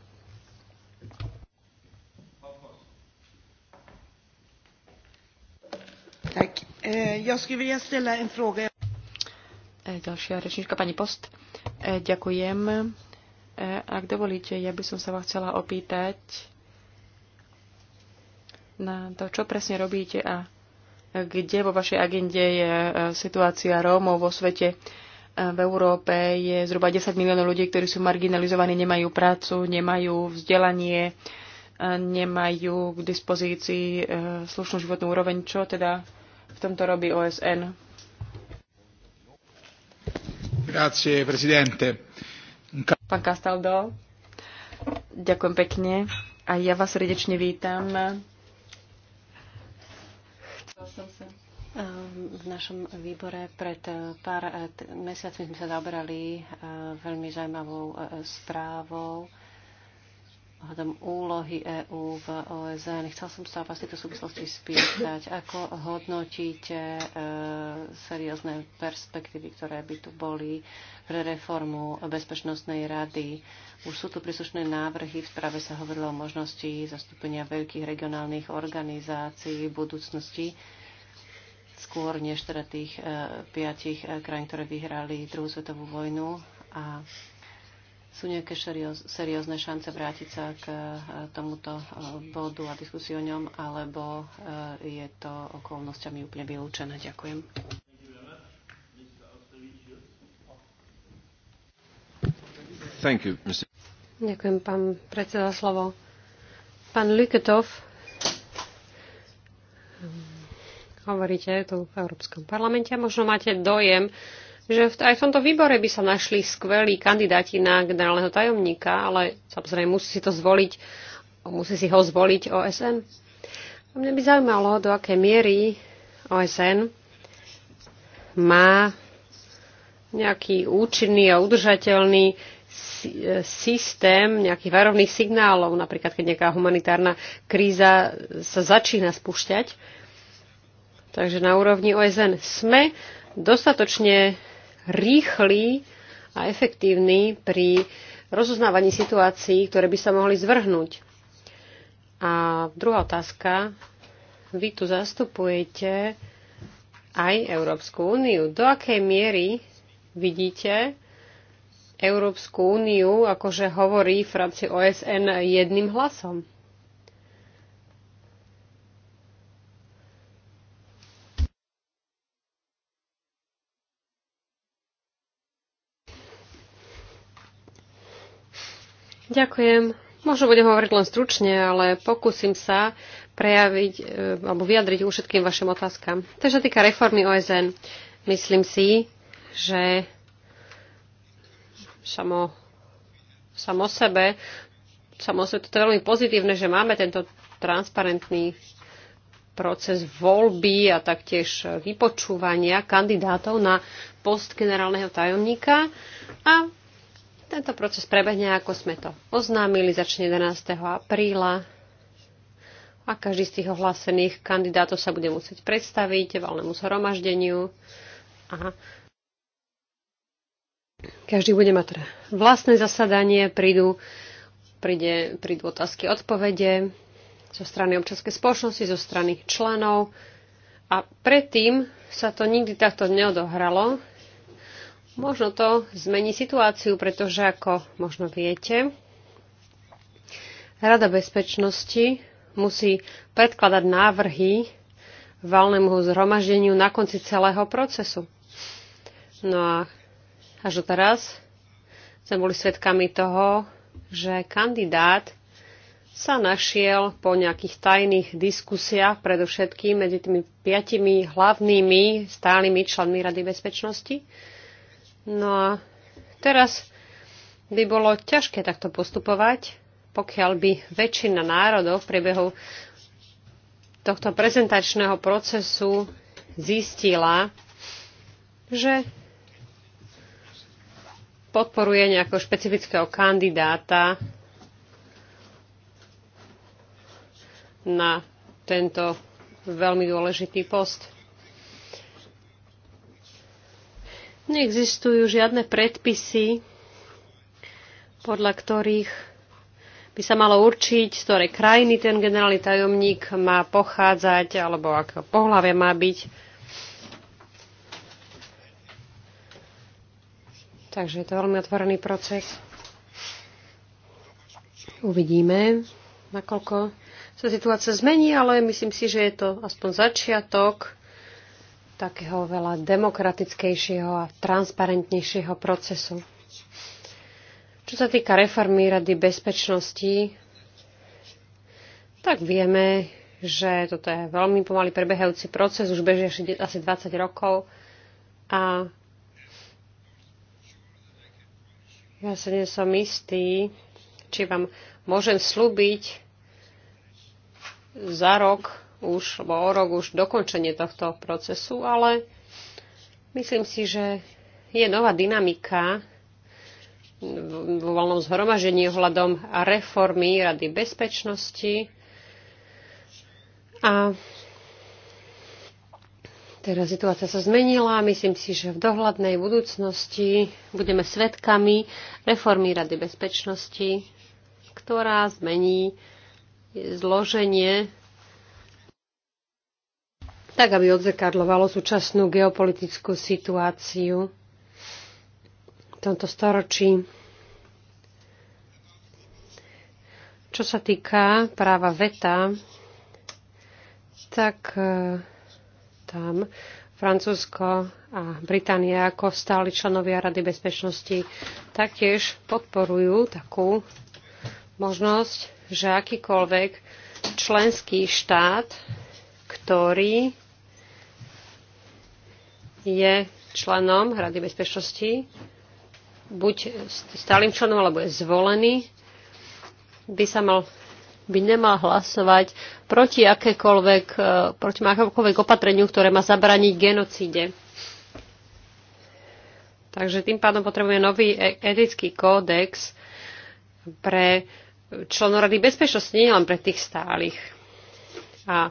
B: Tak, eh, ja skulle vilja ställa en fråga. E, ďalšia rečnička, pani Post. E, ďakujem. E, ak dovolíte, ja by som sa vás chcela opýtať na to, čo presne robíte a kde vo vašej agende je situácia Rómov vo svete. V Európe je zhruba 10 miliónov ľudí, ktorí sú marginalizovaní, nemajú prácu, nemajú vzdelanie, nemajú k dispozícii slušnú životnú úroveň. Čo teda v tomto robí OSN? Pán Castaldo, ďakujem pekne. A ja vás srdečne vítam.
D: Chcel som sa... Ehm, v našom výbore pred eh, pár eh, mesiacmi sme sa zaoberali eh, veľmi zaujímavou správou ohľadom úlohy EÚ v OSN. Chcel som sa vás v tejto súvislosti spýtať, ako hodnotíte e, seriózne perspektívy, ktoré by tu boli pre reformu Bezpečnostnej rady. Už sú tu príslušné návrhy, v správe sa hovorilo o možnosti zastúpenia veľkých regionálnych organizácií v budúcnosti skôr než teda tých e, piatich e, krajín, ktoré vyhrali druhú svetovú vojnu. A sú nejaké seriózne šance vrátiť sa k e, tomuto e, bodu a diskusiu o ňom, alebo e, je to okolnosťami úplne vylúčené. Ďakujem.
C: Thank you, Mr. Ďakujem, pán predseda, slovo. Pán Liketov, hovoríte tu v Európskom parlamente, možno máte dojem, že aj v tomto výbore by sa našli skvelí kandidáti na generálneho tajomníka, ale samozrejme musí si to zvoliť, musí si ho zvoliť OSN. A mňa by zaujímalo, do aké miery OSN má nejaký účinný a udržateľný systém nejakých varovných signálov, napríklad keď nejaká humanitárna kríza sa začína spúšťať. Takže na úrovni OSN sme dostatočne rýchly a efektívny pri rozoznávaní situácií, ktoré by sa mohli zvrhnúť. A druhá otázka. Vy tu zastupujete aj Európsku úniu. Do akej miery vidíte Európsku úniu, akože hovorí v rámci OSN jedným hlasom? Ďakujem. Možno budem hovoriť len stručne, ale pokúsim sa prejaviť e, alebo vyjadriť všetkým vašim otázkam. Takže sa týka reformy OSN. Myslím si, že samo, samo sebe, samo sebe, to je veľmi pozitívne, že máme tento transparentný proces voľby a taktiež vypočúvania kandidátov na post generálneho tajomníka a tento proces prebehne, ako sme to oznámili, začne 11. apríla a každý z tých ohlásených kandidátov sa bude musieť predstaviť valnému zhromaždeniu a každý bude mať teda vlastné zasadanie, prídu, príde, prídu otázky, odpovede zo strany občanskej spoločnosti, zo strany členov a predtým sa to nikdy takto neodohralo, Možno to zmení situáciu, pretože ako možno viete, Rada bezpečnosti musí predkladať návrhy valnému zhromaždeniu na konci celého procesu. No a až do teraz sme boli svedkami toho, že kandidát sa našiel po nejakých tajných diskusiách, predovšetkým medzi tými piatimi hlavnými stálymi členmi Rady bezpečnosti. No a teraz by bolo ťažké takto postupovať, pokiaľ by väčšina národov v priebehu tohto prezentačného procesu zistila, že podporuje nejakého špecifického kandidáta na tento veľmi dôležitý post. Neexistujú žiadne predpisy, podľa ktorých by sa malo určiť, z ktorej krajiny ten generálny tajomník má pochádzať, alebo ako pohľave má byť. Takže je to veľmi otvorený proces. Uvidíme, nakoľko sa situácia zmení, ale myslím si, že je to aspoň začiatok takého veľa demokratickejšieho a transparentnejšieho procesu. Čo sa týka reformy Rady bezpečnosti, tak vieme, že toto je veľmi pomaly prebehajúci proces, už beží asi 20 rokov a ja sa nie som istý, či vám môžem slúbiť za rok, už, alebo o rok už dokončenie tohto procesu, ale myslím si, že je nová dynamika vo voľnom zhromažení ohľadom reformy Rady bezpečnosti. A teraz situácia sa zmenila. Myslím si, že v dohľadnej budúcnosti budeme svetkami reformy Rady bezpečnosti, ktorá zmení zloženie tak aby odzrkadlovalo súčasnú geopolitickú situáciu v tomto storočí. Čo sa týka práva veta, tak e, tam Francúzsko a Británia ako stáli členovia Rady bezpečnosti taktiež podporujú takú možnosť, že akýkoľvek členský štát, ktorý je členom Rady bezpečnosti, buď stálym členom alebo je zvolený, by sa mal by nemal hlasovať proti, akékoľvek, e, proti akékoľvek opatreniu, ktoré má zabraniť genocíde. Takže tým pádom potrebuje nový e- etický kódex pre členov Rady bezpečnosti, nie len pre tých stálych. A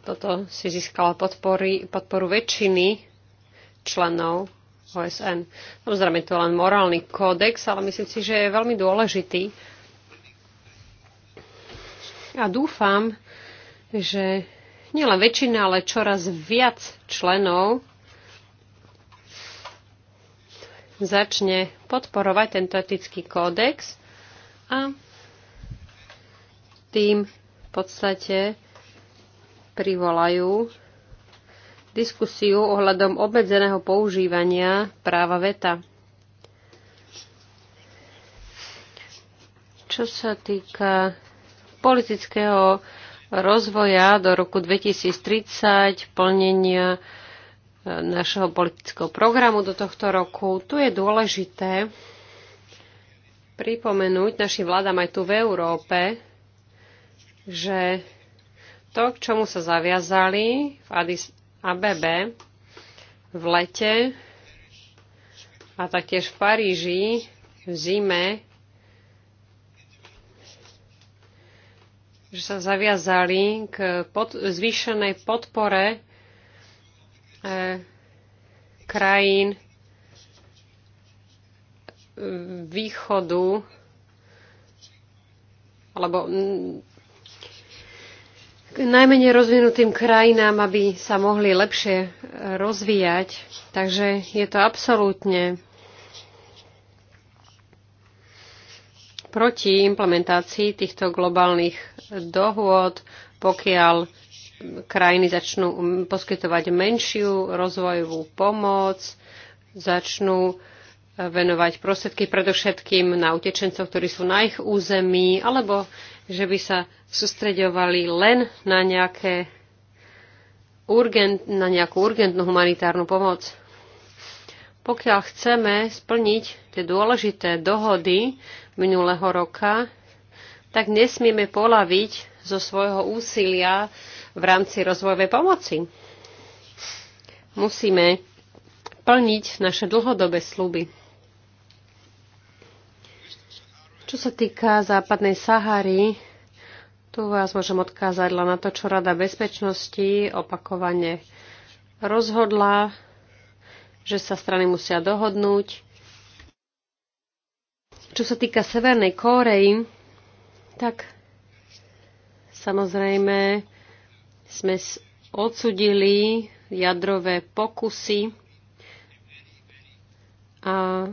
C: toto si získalo podporu väčšiny členov OSN. Samozrejme, to je len morálny kódex, ale myslím si, že je veľmi dôležitý. A dúfam, že nielen väčšina, ale čoraz viac členov začne podporovať tento etický kódex a tým v podstate privolajú diskusiu ohľadom obmedzeného používania práva veta. Čo sa týka politického rozvoja do roku 2030, plnenia e, našeho politického programu do tohto roku, tu je dôležité pripomenúť našim vládam aj tu v Európe, že to, k čomu sa zaviazali v Addis ABB v lete a taktiež v Paríži v zime, že sa zaviazali k pod, zvýšenej podpore e, krajín e, východu alebo najmenej rozvinutým krajinám, aby sa mohli lepšie e, rozvíjať. Takže je to absolútne proti implementácii týchto globálnych dohôd, pokiaľ krajiny začnú poskytovať menšiu rozvojovú pomoc, začnú e, venovať prostriedky predovšetkým na utečencov, ktorí sú na ich území, alebo že by sa sústreďovali len na, nejaké urgent, na nejakú urgentnú humanitárnu pomoc. Pokiaľ chceme splniť tie dôležité dohody minulého roka, tak nesmieme polaviť zo svojho úsilia v rámci rozvojovej pomoci. Musíme plniť naše dlhodobé sluby. Čo sa týka západnej Sahary, tu vás môžem odkázať len na to, čo Rada bezpečnosti opakovane rozhodla, že sa strany musia dohodnúť. Čo sa týka Severnej Kórei, tak samozrejme sme odsudili jadrové pokusy a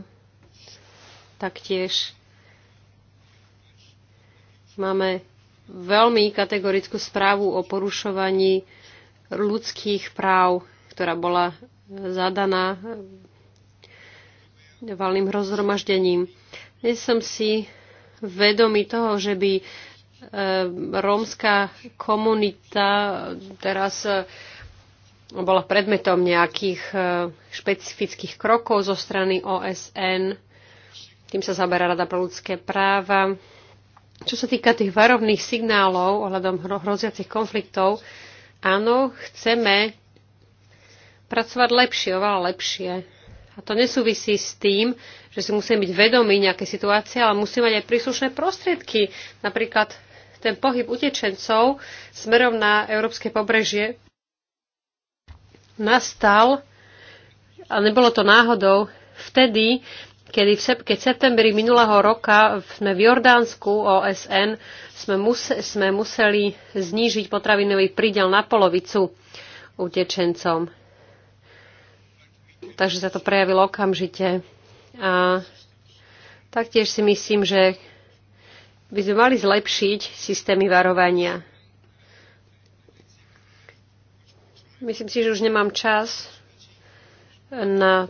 C: taktiež Máme veľmi kategorickú správu o porušovaní ľudských práv, ktorá bola zadaná valným rozhromaždením. Nie som si vedomý toho, že by e, rómska komunita teraz e, bola predmetom nejakých e, špecifických krokov zo strany OSN. Tým sa zaberá Rada pre ľudské práva. Čo sa týka tých varovných signálov ohľadom hroziacich konfliktov, áno, chceme pracovať lepšie, oveľa lepšie. A to nesúvisí s tým, že si musíme byť vedomí nejaké situácie, ale musíme mať aj príslušné prostriedky. Napríklad ten pohyb utečencov smerom na európske pobrežie nastal, a nebolo to náhodou, vtedy, kedy v sep- keď v septembri minulého roka sme v Jordánsku OSN sme, muse- sme museli znížiť potravinový prídel na polovicu utečencom. Takže sa to prejavilo okamžite. A taktiež si myslím, že by sme mali zlepšiť systémy varovania. Myslím si, že už nemám čas na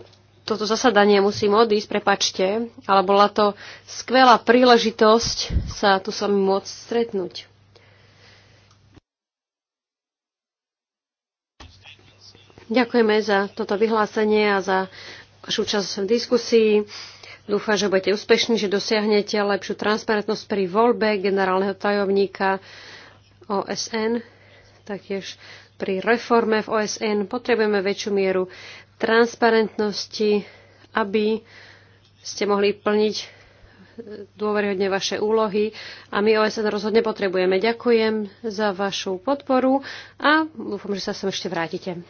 C: toto zasadanie musím odísť, prepačte, ale bola to skvelá príležitosť sa tu s vami môcť stretnúť. Ďakujeme za toto vyhlásenie a za vašu časť v diskusii. Dúfam, že budete úspešní, že dosiahnete lepšiu transparentnosť pri voľbe generálneho tajomníka OSN, taktiež pri reforme v OSN potrebujeme väčšiu mieru transparentnosti, aby ste mohli plniť e, dôveryhodne vaše úlohy a my OSN rozhodne potrebujeme. Ďakujem za vašu podporu a dúfam, že sa sem ešte vrátite.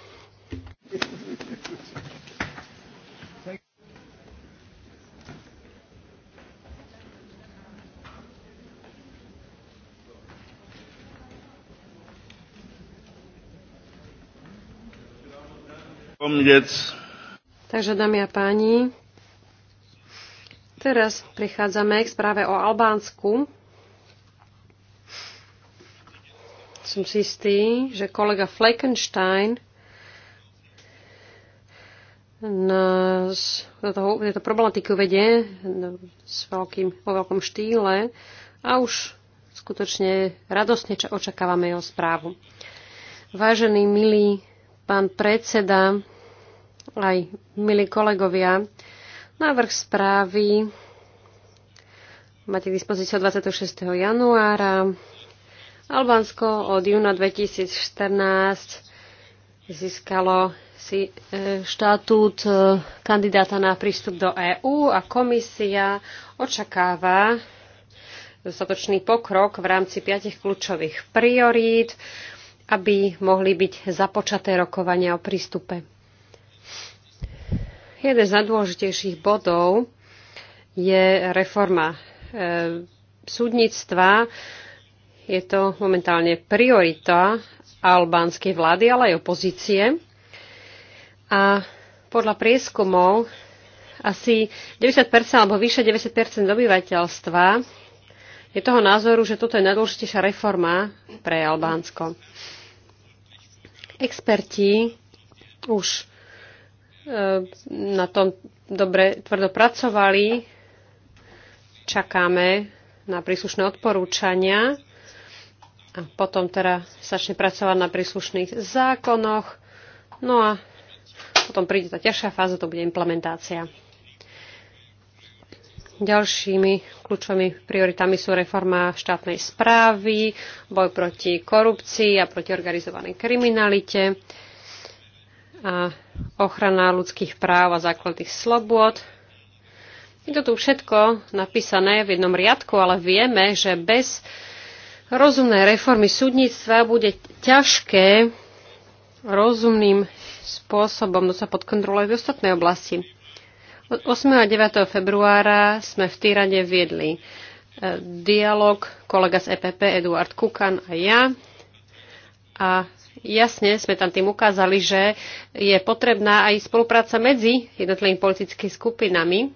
C: Takže, dámy a páni, teraz prichádzame k správe o Albánsku. Som si istý, že kolega Fleckenstein nás toho, tejto problematiky vedie s veľkým, vo veľkom štýle a už skutočne radosne očakávame jeho správu. Vážený milý pán predseda, aj milí kolegovia. Návrh správy máte k dispozícii 26. januára. Albánsko od júna 2014 získalo si e, štatút e, kandidáta na prístup do EÚ a komisia očakáva dostatočný pokrok v rámci piatich kľúčových priorít, aby mohli byť započaté rokovania o prístupe. Jeden z najdôležitejších bodov je reforma e, súdnictva. Je to momentálne priorita albánskej vlády, ale aj opozície. A podľa prieskumov asi 90% alebo vyše 90% obyvateľstva je toho názoru, že toto je najdôležitejšia reforma pre Albánsko. Experti už Ehm, na tom dobre tvrdo pracovali. Čakáme na príslušné odporúčania a potom teda začne pracovať na príslušných zákonoch. No a potom príde tá ťažšia fáza, to bude implementácia. Ďalšími kľúčovými prioritami sú reforma štátnej správy, boj proti korupcii a proti organizovanej kriminalite a ochrana ľudských práv a základných slobôd. Je to tu všetko napísané v jednom riadku, ale vieme, že bez rozumnej reformy súdnictva bude ťažké rozumným spôsobom dostať no pod kontrolou aj v ostatnej oblasti. Od 8. a 9. februára sme v Týrade viedli e, dialog kolega z EPP Eduard Kukan a ja a jasne sme tam tým ukázali, že je potrebná aj spolupráca medzi jednotlivými politickými skupinami,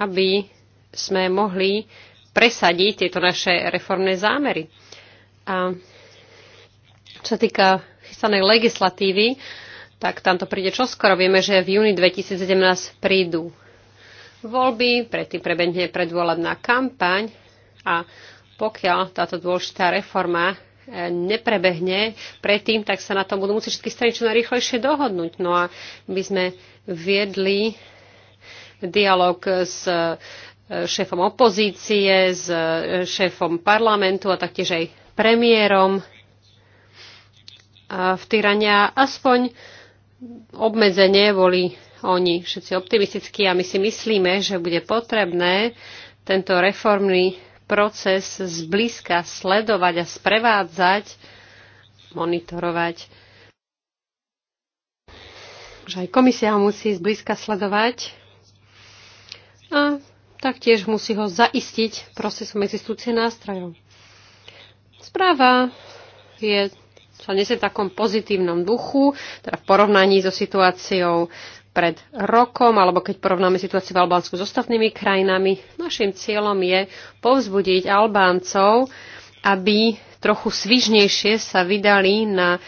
C: aby sme mohli presadiť tieto naše reformné zámery. A čo sa týka chystanej legislatívy, tak tam to príde čoskoro. Vieme, že v júni 2017 prídu voľby, predtým prebehne predvolebná kampaň a pokiaľ táto dôležitá reforma eh, neprebehne predtým, tak sa na tom budú musieť všetky strany čo najrýchlejšie dohodnúť. No a my sme viedli dialog s eh, šéfom opozície, s eh, šéfom parlamentu a taktiež aj premiérom v Tyrania. Aspoň obmedzenie boli oni všetci optimistickí a my si myslíme, že bude potrebné tento reformný proces zblízka sledovať a sprevádzať, monitorovať. Že aj komisia ho musí zblízka sledovať a taktiež musí ho zaistiť procesom existúcie nástrojov. Správa je sa nesie v takom pozitívnom duchu, teda v porovnaní so situáciou pred rokom, alebo keď porovnáme situáciu v Albánsku s ostatnými krajinami, našim cieľom je povzbudiť Albáncov, aby trochu svižnejšie sa vydali na e,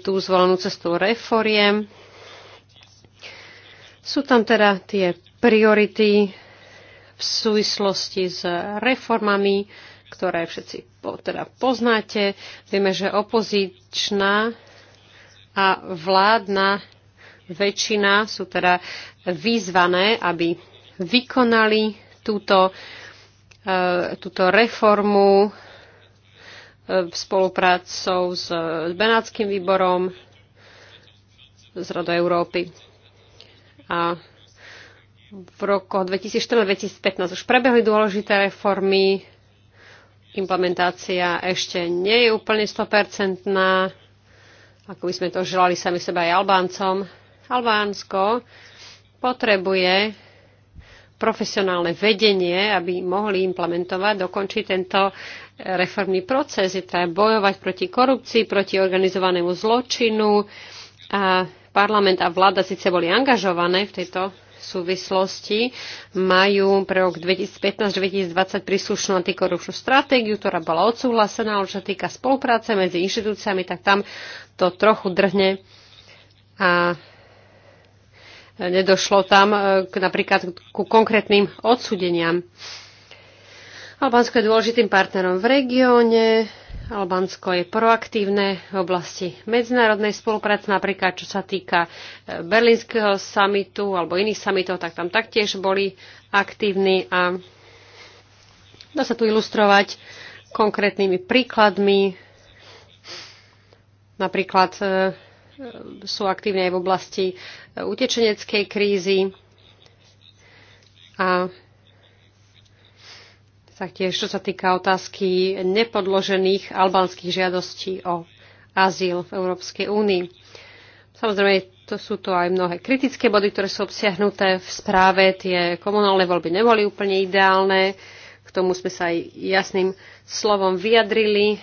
C: tú zvolenú cestu reforiem. Sú tam teda tie priority v súvislosti s reformami, ktoré všetci teda poznáte. Vieme, že opozičná a vládna väčšina sú teda vyzvané, aby vykonali túto, e, túto reformu e, spoluprácou s Benátským výborom z Rado Európy. A v roku 2014-2015 už prebehli dôležité reformy, implementácia ešte nie je úplne 100%, ako by sme to želali sami sebe aj Albáncom, Albánsko potrebuje profesionálne vedenie, aby mohli implementovať, dokončiť tento eh, reformný proces. Je treba bojovať proti korupcii, proti organizovanému zločinu. A parlament a vláda síce boli angažované v tejto súvislosti, majú pre rok 2015-2020 príslušnú antikorupčnú stratégiu, ktorá bola odsúhlasená, ale čo sa týka spolupráce medzi inštitúciami, tak tam to trochu drhne a nedošlo tam e, k, napríklad ku konkrétnym odsudeniam. Albánsko je dôležitým partnerom v regióne. Albánsko je proaktívne v oblasti medzinárodnej spolupráce, napríklad čo sa týka e, berlínskeho samitu alebo iných samitov, tak tam taktiež boli aktívni a dá sa tu ilustrovať konkrétnymi príkladmi. Napríklad e, sú aktívne aj v oblasti eh, utečeneckej krízy a taktiež čo sa týka otázky nepodložených albánskych žiadostí o azyl v Európskej únii. Samozrejme, to sú to aj mnohé kritické body, ktoré sú obsiahnuté v správe. Tie komunálne voľby neboli úplne ideálne. K tomu sme sa aj jasným slovom vyjadrili.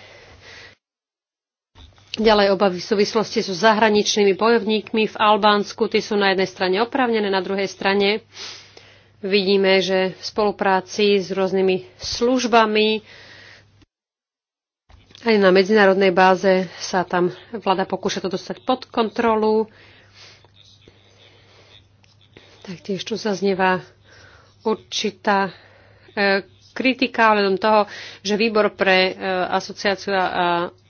C: Ďalej obavy v súvislosti so zahraničnými bojovníkmi v Albánsku. Tí sú na jednej strane opravnené, na druhej strane vidíme, že v spolupráci s rôznymi službami aj na medzinárodnej báze sa tam vláda pokúša to dostať pod kontrolu. Taktiež tu zaznieva určitá e, kritika ohľadom toho, že výbor pre e, asociáciu a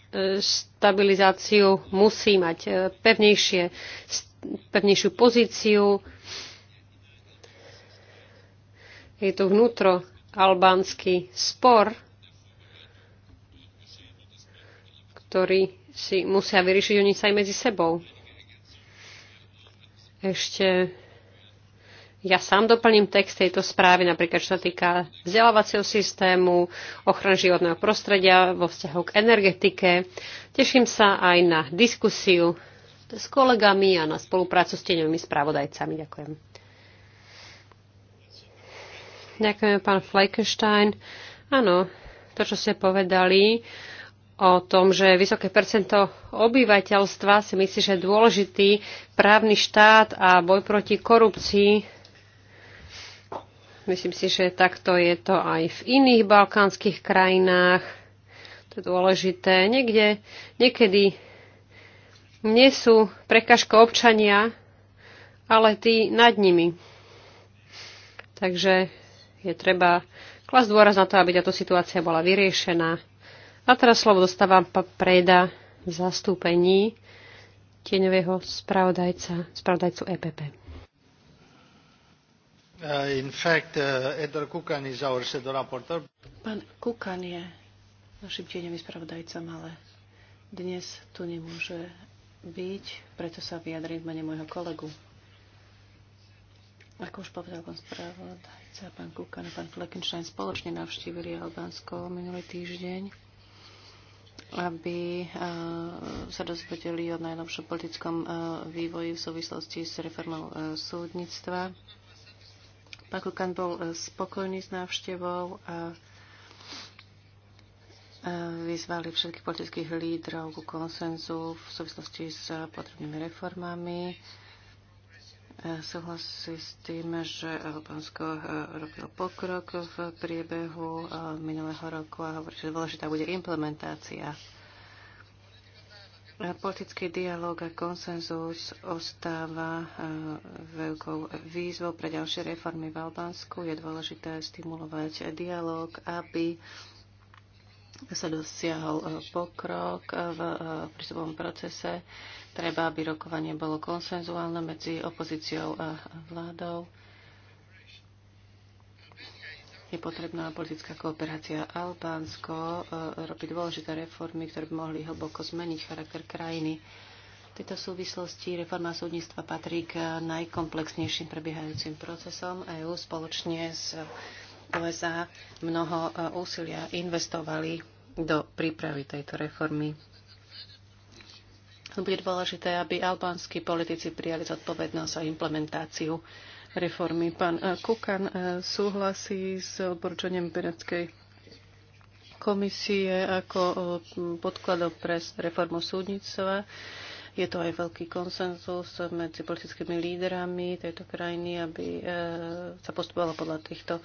C: e, stabilizáciu, musí mať e, pevnejšie, pevnejšiu pozíciu. Je tu vnútro albánsky spor, ktorý si musia vyriešiť oni sa aj medzi sebou. Ešte ja sám doplním text tejto správy, napríklad čo sa týka vzdelávacieho systému, ochran životného prostredia vo vzťahu k energetike. Teším sa aj na diskusiu s kolegami a na spoluprácu s tieňovými správodajcami. Ďakujem. Ďakujeme, pán Fleckenstein. Áno, to, čo ste povedali o tom, že vysoké percento obyvateľstva si myslí, že je dôležitý právny štát a boj proti korupcii Myslím si, že takto je to aj v iných balkánskych krajinách. To je dôležité. Niekde, niekedy nie sú prekažko občania, ale tí nad nimi. Takže je treba klas dôraz na to, aby táto situácia bola vyriešená. A teraz slovo dostávam Preda v zastúpení tieňového spravodajca, spravodajcu EPP.
A: Pán uh, uh,
D: Kukan je našim tieňovým spravodajcom, ale dnes tu nemôže byť, preto sa vyjadrím v mene môjho kolegu. Ako už povedal pán spravodajca, pán Kukan a pán Fleckenstein spoločne navštívili Albánsko minulý týždeň, aby uh, sa dozvedeli o najnovšom politickom vývoji v súvislosti s reformou súdnictva. Pán bol e, spokojný s návštevou a e, vyzvali všetkých politických lídrov ku konsenzu v súvislosti s potrebnými reformami. E, súhlasí s tým, že Albánsko robilo pokrok v priebehu minulého roku a hovorí, že dôležitá bude implementácia Politický dialog a konsenzus ostáva e, veľkou výzvou pre ďalšie reformy v Albánsku. Je dôležité stimulovať dialog, aby sa dosiahol e, pokrok e, v prístupovom procese. Treba, aby rokovanie bolo konsenzuálne medzi opozíciou a vládou je potrebná politická kooperácia. Albánsko e, robí dôležité reformy, ktoré by mohli hlboko zmeniť charakter krajiny. V tejto súvislosti reforma súdnictva patrí k najkomplexnejším prebiehajúcim procesom. EÚ spoločne s USA mnoho e, úsilia investovali do prípravy tejto reformy. Bude dôležité, aby albánsky politici prijali zodpovednosť a implementáciu reformy. Pán eh, Kukan eh, súhlasí s odporúčaním Benátskej komisie ako eh, podkladom pre reformu súdnictva. Je to aj veľký konsenzus medzi politickými lídrami tejto krajiny, aby sa postupovalo podľa týchto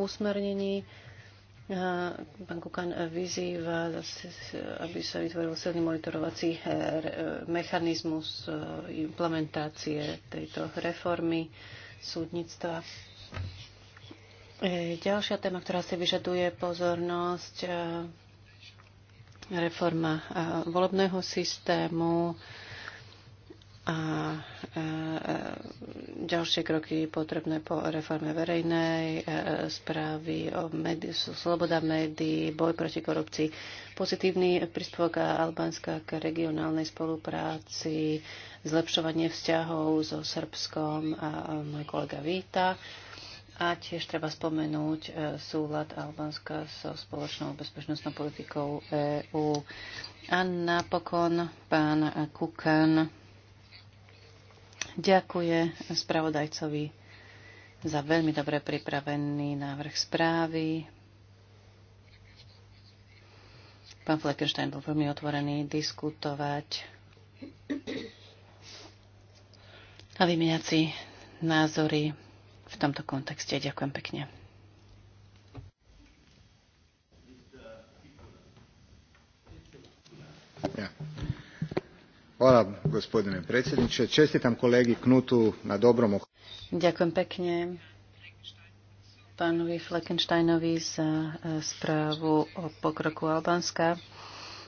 D: úsmernení. Pán Kukan vyzýva, aby sa vytvoril silný monitorovací mechanizmus implementácie tejto reformy súdnictva. E, ďalšia téma, ktorá si vyžaduje pozornosť, e, reforma e, volebného systému, a e, e, ďalšie kroky potrebné po reforme verejnej e, správy o médi- sloboda médií, boj proti korupcii, pozitívny príspevok Albánska k regionálnej spolupráci, zlepšovanie vzťahov so Srbskom a môj kolega Víta. A tiež treba spomenúť súlad Albánska so spoločnou bezpečnostnou politikou EÚ. A napokon pán Kukan ďakuje spravodajcovi za veľmi dobre pripravený návrh správy. Pán Fleckenstein bol veľmi otvorený diskutovať a vymieňať si názory v tomto kontexte. Ďakujem pekne.
A: Yeah gospodine kolegi Knutu na dobrom...
D: Ďakujem pekne pánovi Fleckensteinovi za e, správu o pokroku Albánska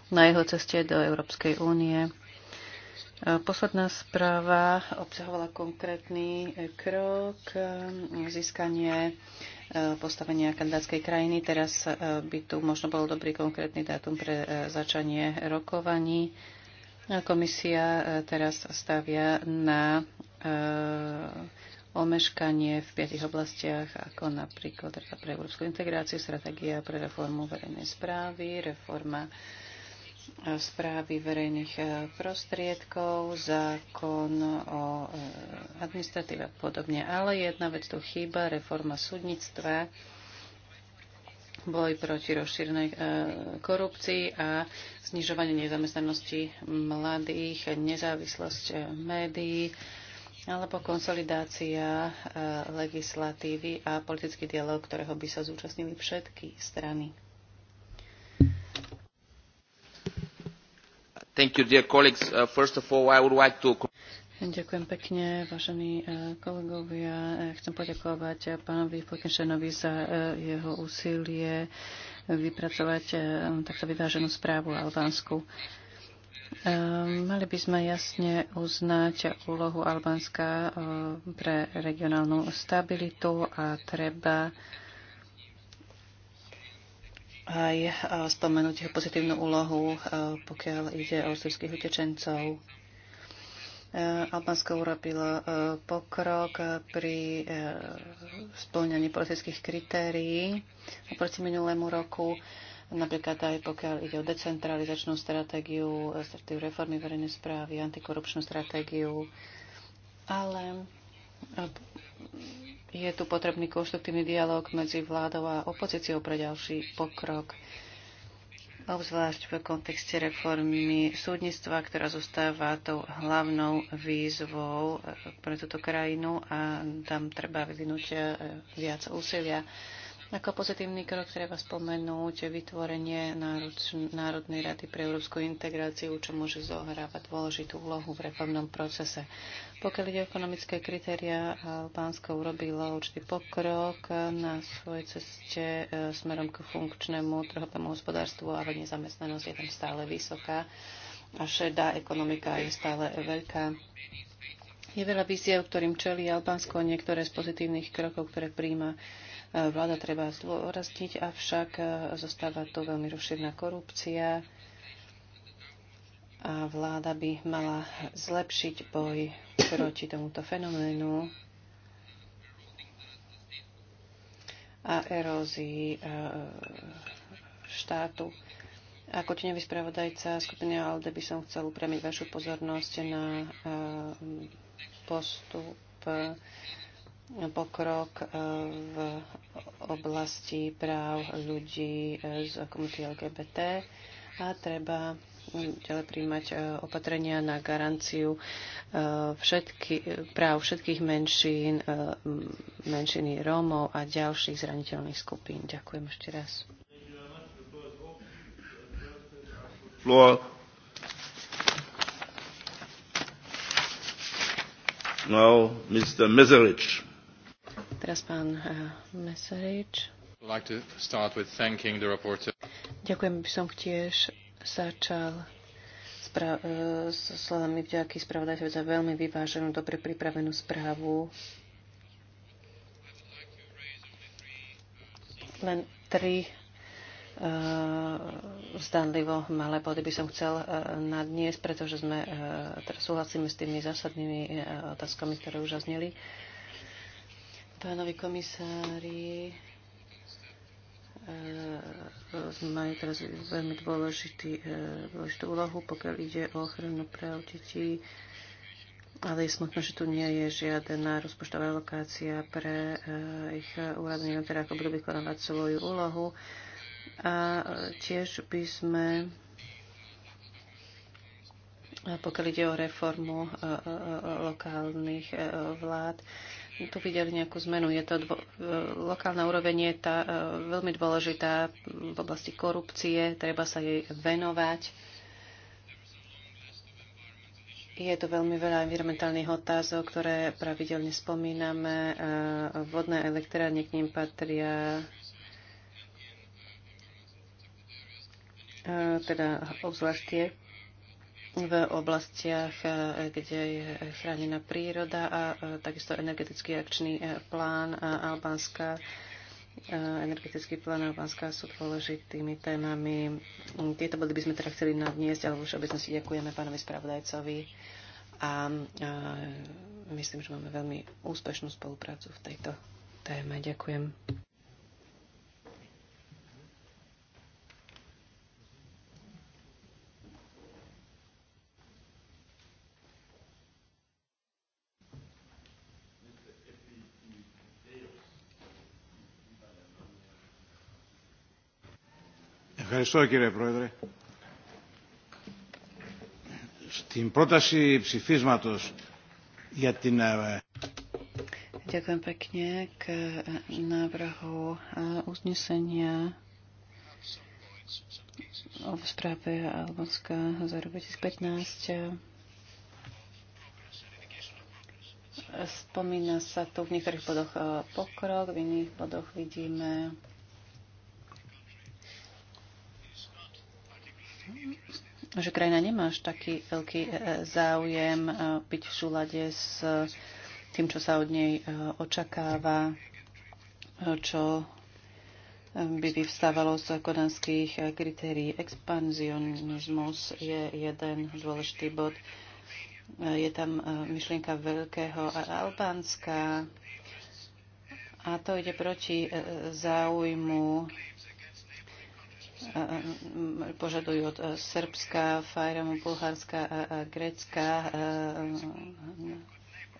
D: na jeho ceste do Európskej únie. E, posledná správa obsahovala konkrétny e, krok získanie postavenia kandidátskej krajiny. Teraz by tu možno bol dobrý konkrétny dátum pre začanie rokovaní. Komisia e, teraz stavia na e, omeškanie v piatich oblastiach, ako napríklad pre európsku integráciu, stratégia pre reformu verejnej správy, reforma e, správy verejných prostriedkov, zákon o administratíve a podobne. Ale jedna vec tu chýba, reforma súdnictva boj proti rozšírenej e, korupcii a znižovanie nezamestnanosti mladých, nezávislosť e, médií alebo konsolidácia e, legislatívy a politický dialog, ktorého by sa zúčastnili všetky strany.
A: Thank you, dear colleagues. Uh, first of all, I would like to
D: Ďakujem pekne, vážení e, kolegovia. E, chcem poďakovať e, pánovi Flekenšenovi za jeho úsilie vypracovať takto vyváženú správu Albánsku. Mali by sme jasne uznať úlohu Albánska pre regionálnu stabilitu a treba aj spomenúť jeho pozitívnu úlohu, pokiaľ ide o sírskych utečencov. Eh, Albánsko urobilo eh, pokrok pri eh, splňaní politických kritérií oproti minulému roku, napríklad aj pokiaľ ide o decentralizačnú stratégiu, stratégiu reformy verejnej správy, antikorupčnú stratégiu, ale je tu potrebný konštruktívny dialog medzi vládou a opozíciou pre ďalší pokrok obzvlášť v kontexte reformy súdnictva, ktorá zostáva tou hlavnou výzvou eh, pre túto krajinu a tam treba vyvinúť eh, viac úsilia. Ako pozitívny krok treba spomenúť vytvorenie Národnej rady pre európsku integráciu, čo môže zohrávať dôležitú úlohu v reformnom procese. Pokiaľ ide o ekonomické kritéria, Albánsko urobilo určitý pokrok na svojej ceste e, smerom k funkčnému trhovému hospodárstvu, ale nezamestnanosť je tam stále vysoká a šedá ekonomika je stále veľká. Je veľa víziev, ktorým čelí Albánsko, niektoré z pozitívnych krokov, ktoré príjma vláda treba zdôrazniť, avšak e, zostáva tu veľmi rozširná korupcia a vláda by mala zlepšiť boj proti tomuto fenoménu a erózii e, štátu. Ako či spravodajca skupiny ALDE by som chcel upremiť vašu pozornosť na e, postup pokrok eh, v oblasti práv ľudí eh, z komunity LGBT a treba mm, ďalej príjmať eh, opatrenia na garanciu všetky, práv všetkých menšín, menšiny Rómov a ďalších zraniteľných skupín. Ďakujem ešte raz.
A: Now, Mr. Meserich.
D: Teraz pán eh, Meserič. Like Ďakujem, by som tiež začal spra- eh, s slovami vďaky spravodajcovi za veľmi vyváženú, dobre pripravenú správu. Len tri eh, zdanlivo malé body by som chcel nadniesť, pretože sme teraz súhlasíme s tými zásadnými otázkami, ktoré už zazneli. Pánovi komisári, eh, majú teraz veľmi dôležitý, eh, dôležitú úlohu, pokiaľ ide o ochranu práv detí. Ale je smutné, že tu nie je žiadna rozpočtová lokácia pre eh, ich úrad, neviem teda, ako budú vykonávať svoju úlohu. A tiež by sme, pokiaľ ide o reformu lokálnych vlád, tu videli nejakú zmenu. Je to dvo- e, lokálna úroveň je tá e, veľmi dôležitá v oblasti korupcie, treba sa jej venovať. Je to veľmi veľa environmentálnych otázok, ktoré pravidelne spomíname. E, vodné elektrárne k ním patria, teda obzvlášť tie v oblastiach, e, kde je chránená príroda a e, takisto energetický akčný e, plán Albánska. Energetický plán Albánska sú dôležitými témami. Tieto body by sme teda chceli nadniesť, ale už obecne si ďakujeme pánovi spravodajcovi a myslím, že máme veľmi úspešnú spoluprácu v tejto téme. Ďakujem.
A: Στην πρόταση ψηφίσματος για την...
D: Ďakujem pekne k návrhu uznesenia o správe Albonska za rok 2015. Spomína sa tu v niektorých bodoch e, pokrok, v iných bodoch vidíme že krajina nemá až taký veľký e, e, záujem e, byť v súlade s tým, čo sa od nej očakáva, čo by vyvstávalo z kodanských kritérií. Expanzionizmus je jeden dôležitý bod. Je tam myšlienka veľkého Albánska a to ide proti záujmu požadujú od e, Srbska, Fajramu, Bulharska a Grécka e,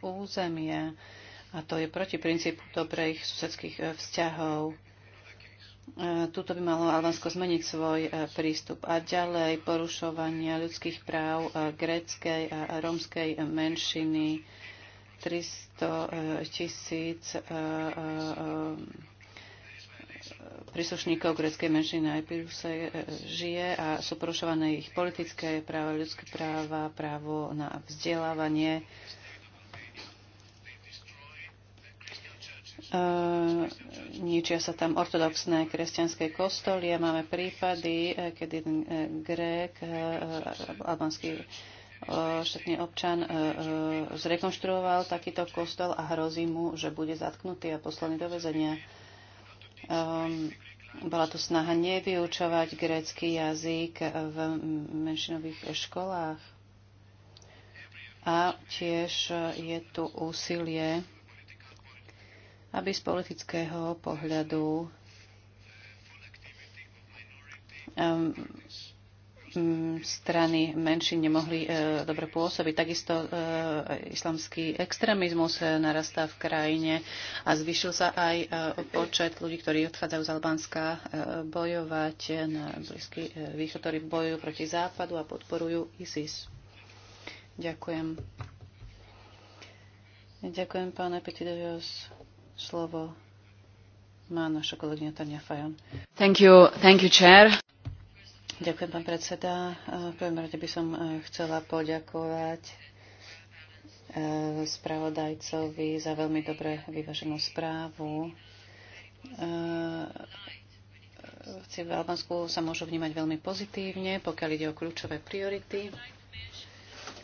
D: územie. A to je proti princípu dobrých susedských e, vzťahov. Tuto by malo Albánsko zmeniť svoj prístup. A ďalej porušovania ľudských práv gréckej a rómskej menšiny. 300 tisíc príslušníkov greckej menšiny na Epiruse e, žije a sú porušované ich politické práva, ľudské práva, právo na vzdelávanie. Uh, ničia sa tam ortodoxné kresťanské kostoly a máme prípady, e, keď jeden grék, albanský štátny občan, zrekonštruoval takýto kostol a hrozí mu, že bude zatknutý a poslaný do väzenia. Um, bola tu snaha nevyučovať grécky jazyk v menšinových školách. A tiež je tu úsilie, aby z politického pohľadu um, Mm, strany menší nemohli e, dobre pôsobiť. Takisto e, islamský extrémizmus e, narastá v krajine a zvyšil sa aj počet ľudí, ktorí odchádzajú z Albánska bojovať na Blízky východ, ktorí bojujú proti západu a podporujú ISIS. Ďakujem. Ďakujem, pána Petidovios. Slovo má naša kolegyňa Tania Fajon.
C: Thank you, thank you, chair.
D: Ďakujem, pán predseda. V prvom rade by som eh, chcela poďakovať eh, spravodajcovi za veľmi dobre vyvaženú správu. Eh, Veci v Albánsku sa môžu vnímať veľmi pozitívne, pokiaľ ide o kľúčové priority.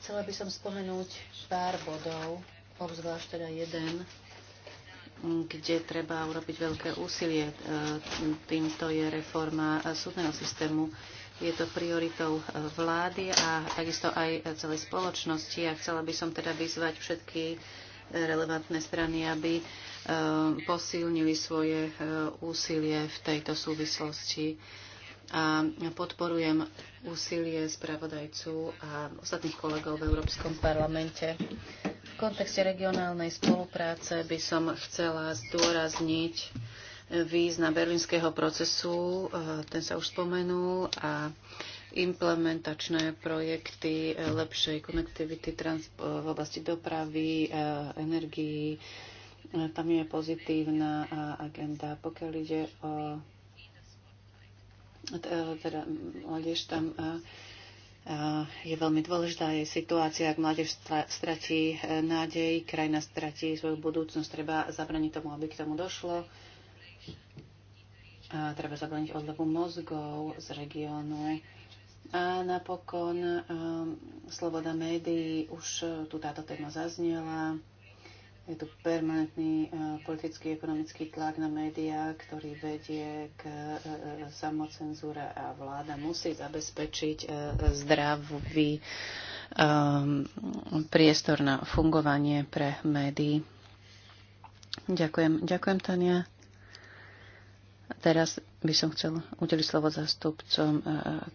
D: Chcela by som spomenúť pár bodov, obzvlášť teda jeden, kde treba urobiť veľké úsilie. Týmto je reforma súdneho systému. Je to prioritou e, vlády a takisto aj e, celej spoločnosti. A chcela by som teda vyzvať všetky e, relevantné strany, aby posilnili svoje úsilie v tejto súvislosti. A podporujem úsilie spravodajcu a ostatných kolegov v Európskom parlamente. V kontexte regionálnej spolupráce by som chcela zdôrazniť význam berlínskeho procesu, e, ten sa už spomenul, a implementačné projekty e, lepšej konektivity e, v oblasti dopravy, energii. Tam je pozitívna agenda. Pokiaľ ide o teda mládež tam je veľmi dôležitá jej situácia. Ak mládež stratí nádej, krajina stratí svoju budúcnosť, treba zabraniť tomu, aby k tomu došlo treba zabraniť odlevu mozgov z regiónu. A napokon um, sloboda médií, už uh, tu táto téma zaznela. Je tu permanentný uh, politický, ekonomický tlak na médiá, ktorý vedie k uh, uh samocenzúre a vláda musí zabezpečiť uh, zdravý um, priestor na fungovanie pre médií. Ďakujem, ďakujem Tania. Teraz by som chcel udeliť slovo zastupcom e,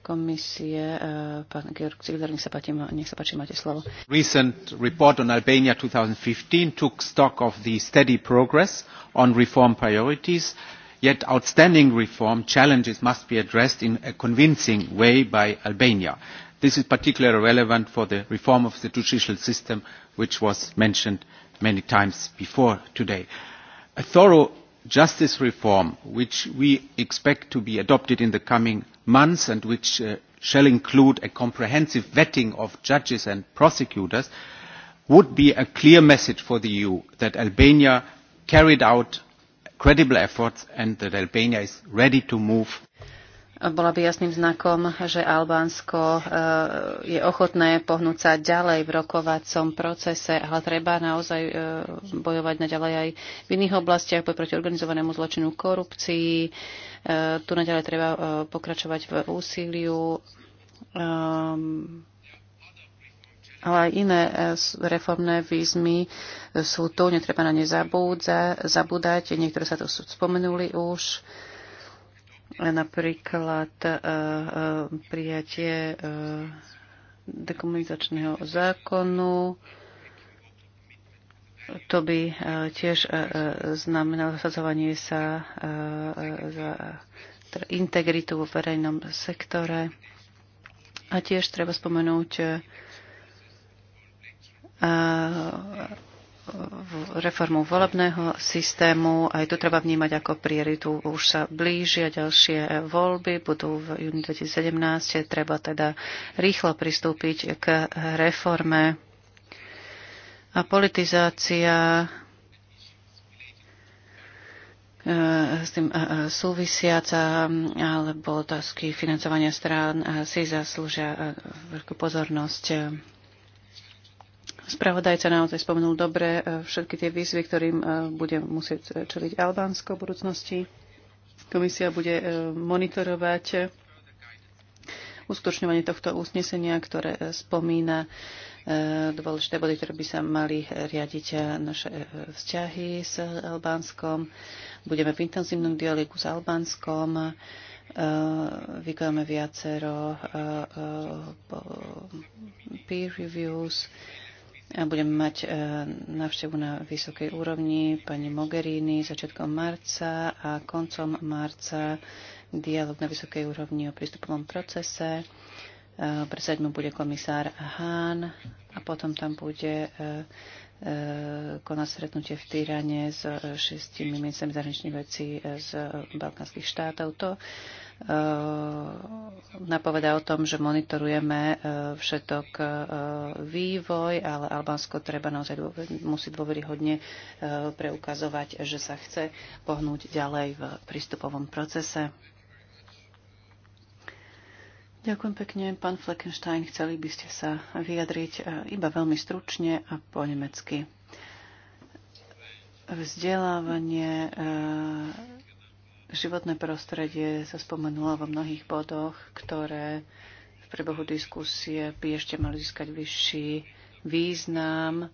D: komisie. E, pán Georg Cigler, nech sa páči, nech sa páči máte
A: slovo. Recent report on Albania 2015 took stock of the steady progress
B: on reform priorities, yet outstanding reform challenges must be addressed in a convincing way by Albania. This is particularly relevant for the reform of the judicial system, which was mentioned many times before today. A thorough justice reform which we expect to be adopted in the
A: coming months and which uh, shall include a comprehensive vetting of judges and prosecutors would be a clear message for the EU that Albania
B: carried out credible efforts and that Albania is ready to move
D: bola by jasným znakom, že Albánsko e, je ochotné pohnúť sa ďalej v rokovacom procese, ale treba naozaj e, bojovať naďalej aj v iných oblastiach, boj proti organizovanému zločinu, korupcii. E, tu naďalej treba pokračovať v úsiliu ehm, ale aj iné reformné výzmy sú tu, netreba na ne zabúdať, niektoré sa tu spomenuli už. Napríklad e, e, prijatie e, dekomunizačného zákonu, to by tiež znamenalo zasadzovanie sa za integritu vo verejnom sektore. A tiež treba spomenúť reformu volebného systému. Aj tu treba vnímať ako prioritu. Už sa blížia ďalšie voľby, budú v júni 2017. Treba teda rýchlo pristúpiť k reforme. A politizácia eh, s tým eh, eh, súvisiaca alebo otázky financovania strán si zaslúžia veľkú pozornosť Spravodajca naozaj spomenul dobre e, všetky tie výzvy, ktorým e, bude musieť e, čeliť Albánsko v budúcnosti. Komisia bude monitorovať uskutočňovanie tohto usnesenia, ktoré spomína dôležité body, ktoré by sa mali riadiť naše vzťahy s Albánskom. Budeme v intenzívnom dialogu s Albánskom vykonáme viacero peer reviews Budeme mať e, návštevu na vysokej úrovni pani Mogherini začiatkom marca a koncom marca dialog na vysokej úrovni o prístupovom procese. E, Predsať mu bude komisár Hahn a potom tam bude e, konať stretnutie v Týrane s šestimi ministrami zahraničných vecí z balkánskych štátov. To Eh, napoveda o tom, že monitorujeme eh, všetok eh, vývoj, ale Albánsko treba naozaj musí dôveryhodne preukazovať, že sa chce pohnúť ďalej v prístupovom procese. Ďakujem pekne. Pán Fleckenstein, chceli by ste sa vyjadriť iba veľmi stručne a po nemecky. Vzdelávanie Životné prostredie sa spomenulo vo mnohých bodoch, ktoré v prebohu diskusie by ešte mali získať vyšší význam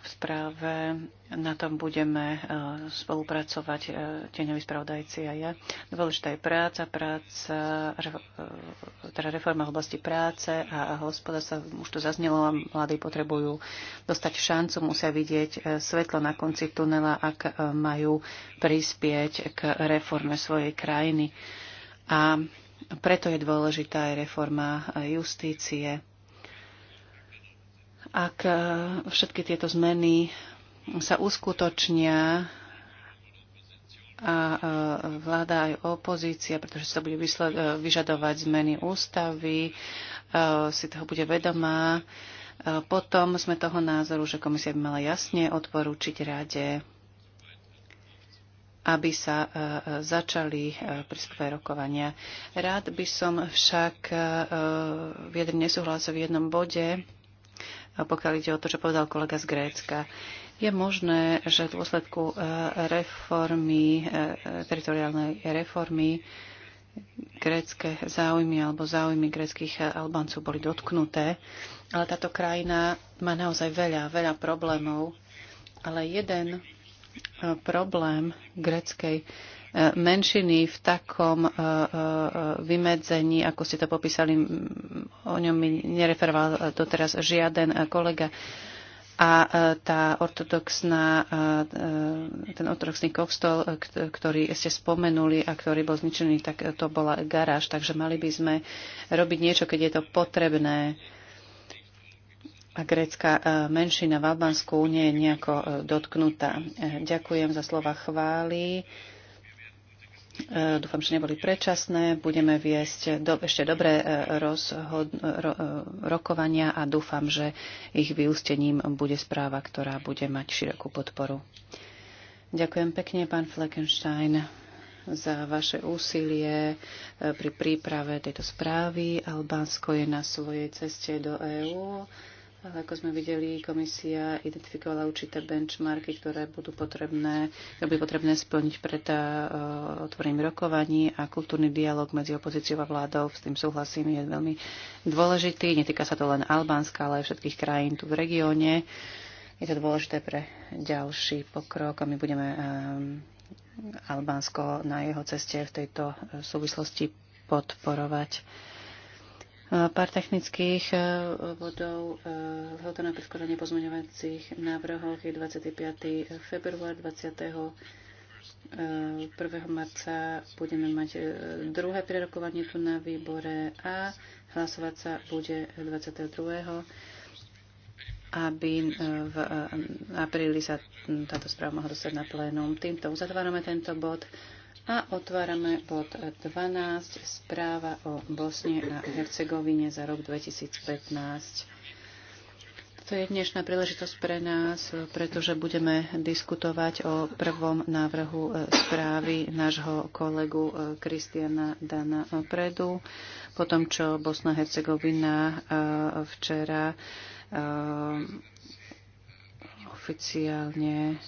D: v správe. Na tom budeme e, spolupracovať e, tieňoví spravodajci a ja. Dôležitá je práca, práca, e, teda reforma v oblasti práce a hospodárstva. Už to zaznelo, mladí potrebujú dostať šancu, musia vidieť svetlo na konci tunela, ak majú prispieť k reforme svojej krajiny. A preto je dôležitá aj reforma justície ak e, všetky tieto zmeny sa uskutočnia a e, vláda aj opozícia, pretože sa bude e, vyžadovať zmeny ústavy, si toho bude vedomá. Potom sme toho názoru, že komisia by mala jasne odporúčiť rade, aby sa začali príspevkové rokovania. Rád by som však viedri nesúhlas v jednom bode, pokiaľ ide o to, čo povedal kolega z Grécka. Je možné, že v dôsledku e, reformy, e, teritoriálnej reformy grécké záujmy alebo záujmy gréckých e, Albáncov boli dotknuté, ale táto krajina má naozaj veľa, veľa problémov. Ale jeden problém gréckej menšiny v takom eh, eh, vymedzení, ako ste to popísali, o ňom mi nereferoval eh, doteraz žiaden kolega. A tá ortodoxná, ten ortodoxný kostol, ktorý ste spomenuli a ktorý bol zničený, tak to bola garáž. Takže mali by sme robiť niečo, keď je to potrebné a grécka menšina v Albánsku nie je nejako dotknutá. Ďakujem za slova chvály. E, dúfam, že neboli predčasné. Budeme viesť do, ešte dobré e, rozhod, ro, e, rokovania a dúfam, že ich vyústením bude správa, ktorá bude mať širokú podporu. Ďakujem pekne, pán Fleckenstein, za vaše úsilie pri príprave tejto správy. Albánsko je na svojej ceste do EÚ. Ale ako sme videli, komisia identifikovala určité benchmarky, ktoré budú potrebné, ktoré by potrebné splniť pred eh, otvorením rokovaní a kultúrny dialog medzi opozíciou a vládou, s tým súhlasím, je veľmi dôležitý. Netýka sa to len Albánska, ale aj všetkých krajín tu v regióne. Je to dôležité pre ďalší pokrok a my budeme eh, Albánsko na jeho ceste v tejto eh, súvislosti podporovať. Pár technických e, bodov. E, hľadu na predkladanie pozmeňovacích návrhov je 25. február 20. 1. E, marca budeme mať druhé prerokovanie tu na výbore a hlasovať sa bude 22. aby v apríli sa táto správa mohla dostať na plénum. Týmto uzatvárame tento bod. A otvárame bod 12, správa o Bosne a Hercegovine za rok 2015. To je dnešná príležitosť pre nás, pretože budeme diskutovať o prvom návrhu e, správy nášho kolegu e, Kristiana Dana Predu, po tom, čo Bosna a Hercegovina e, včera oficiálne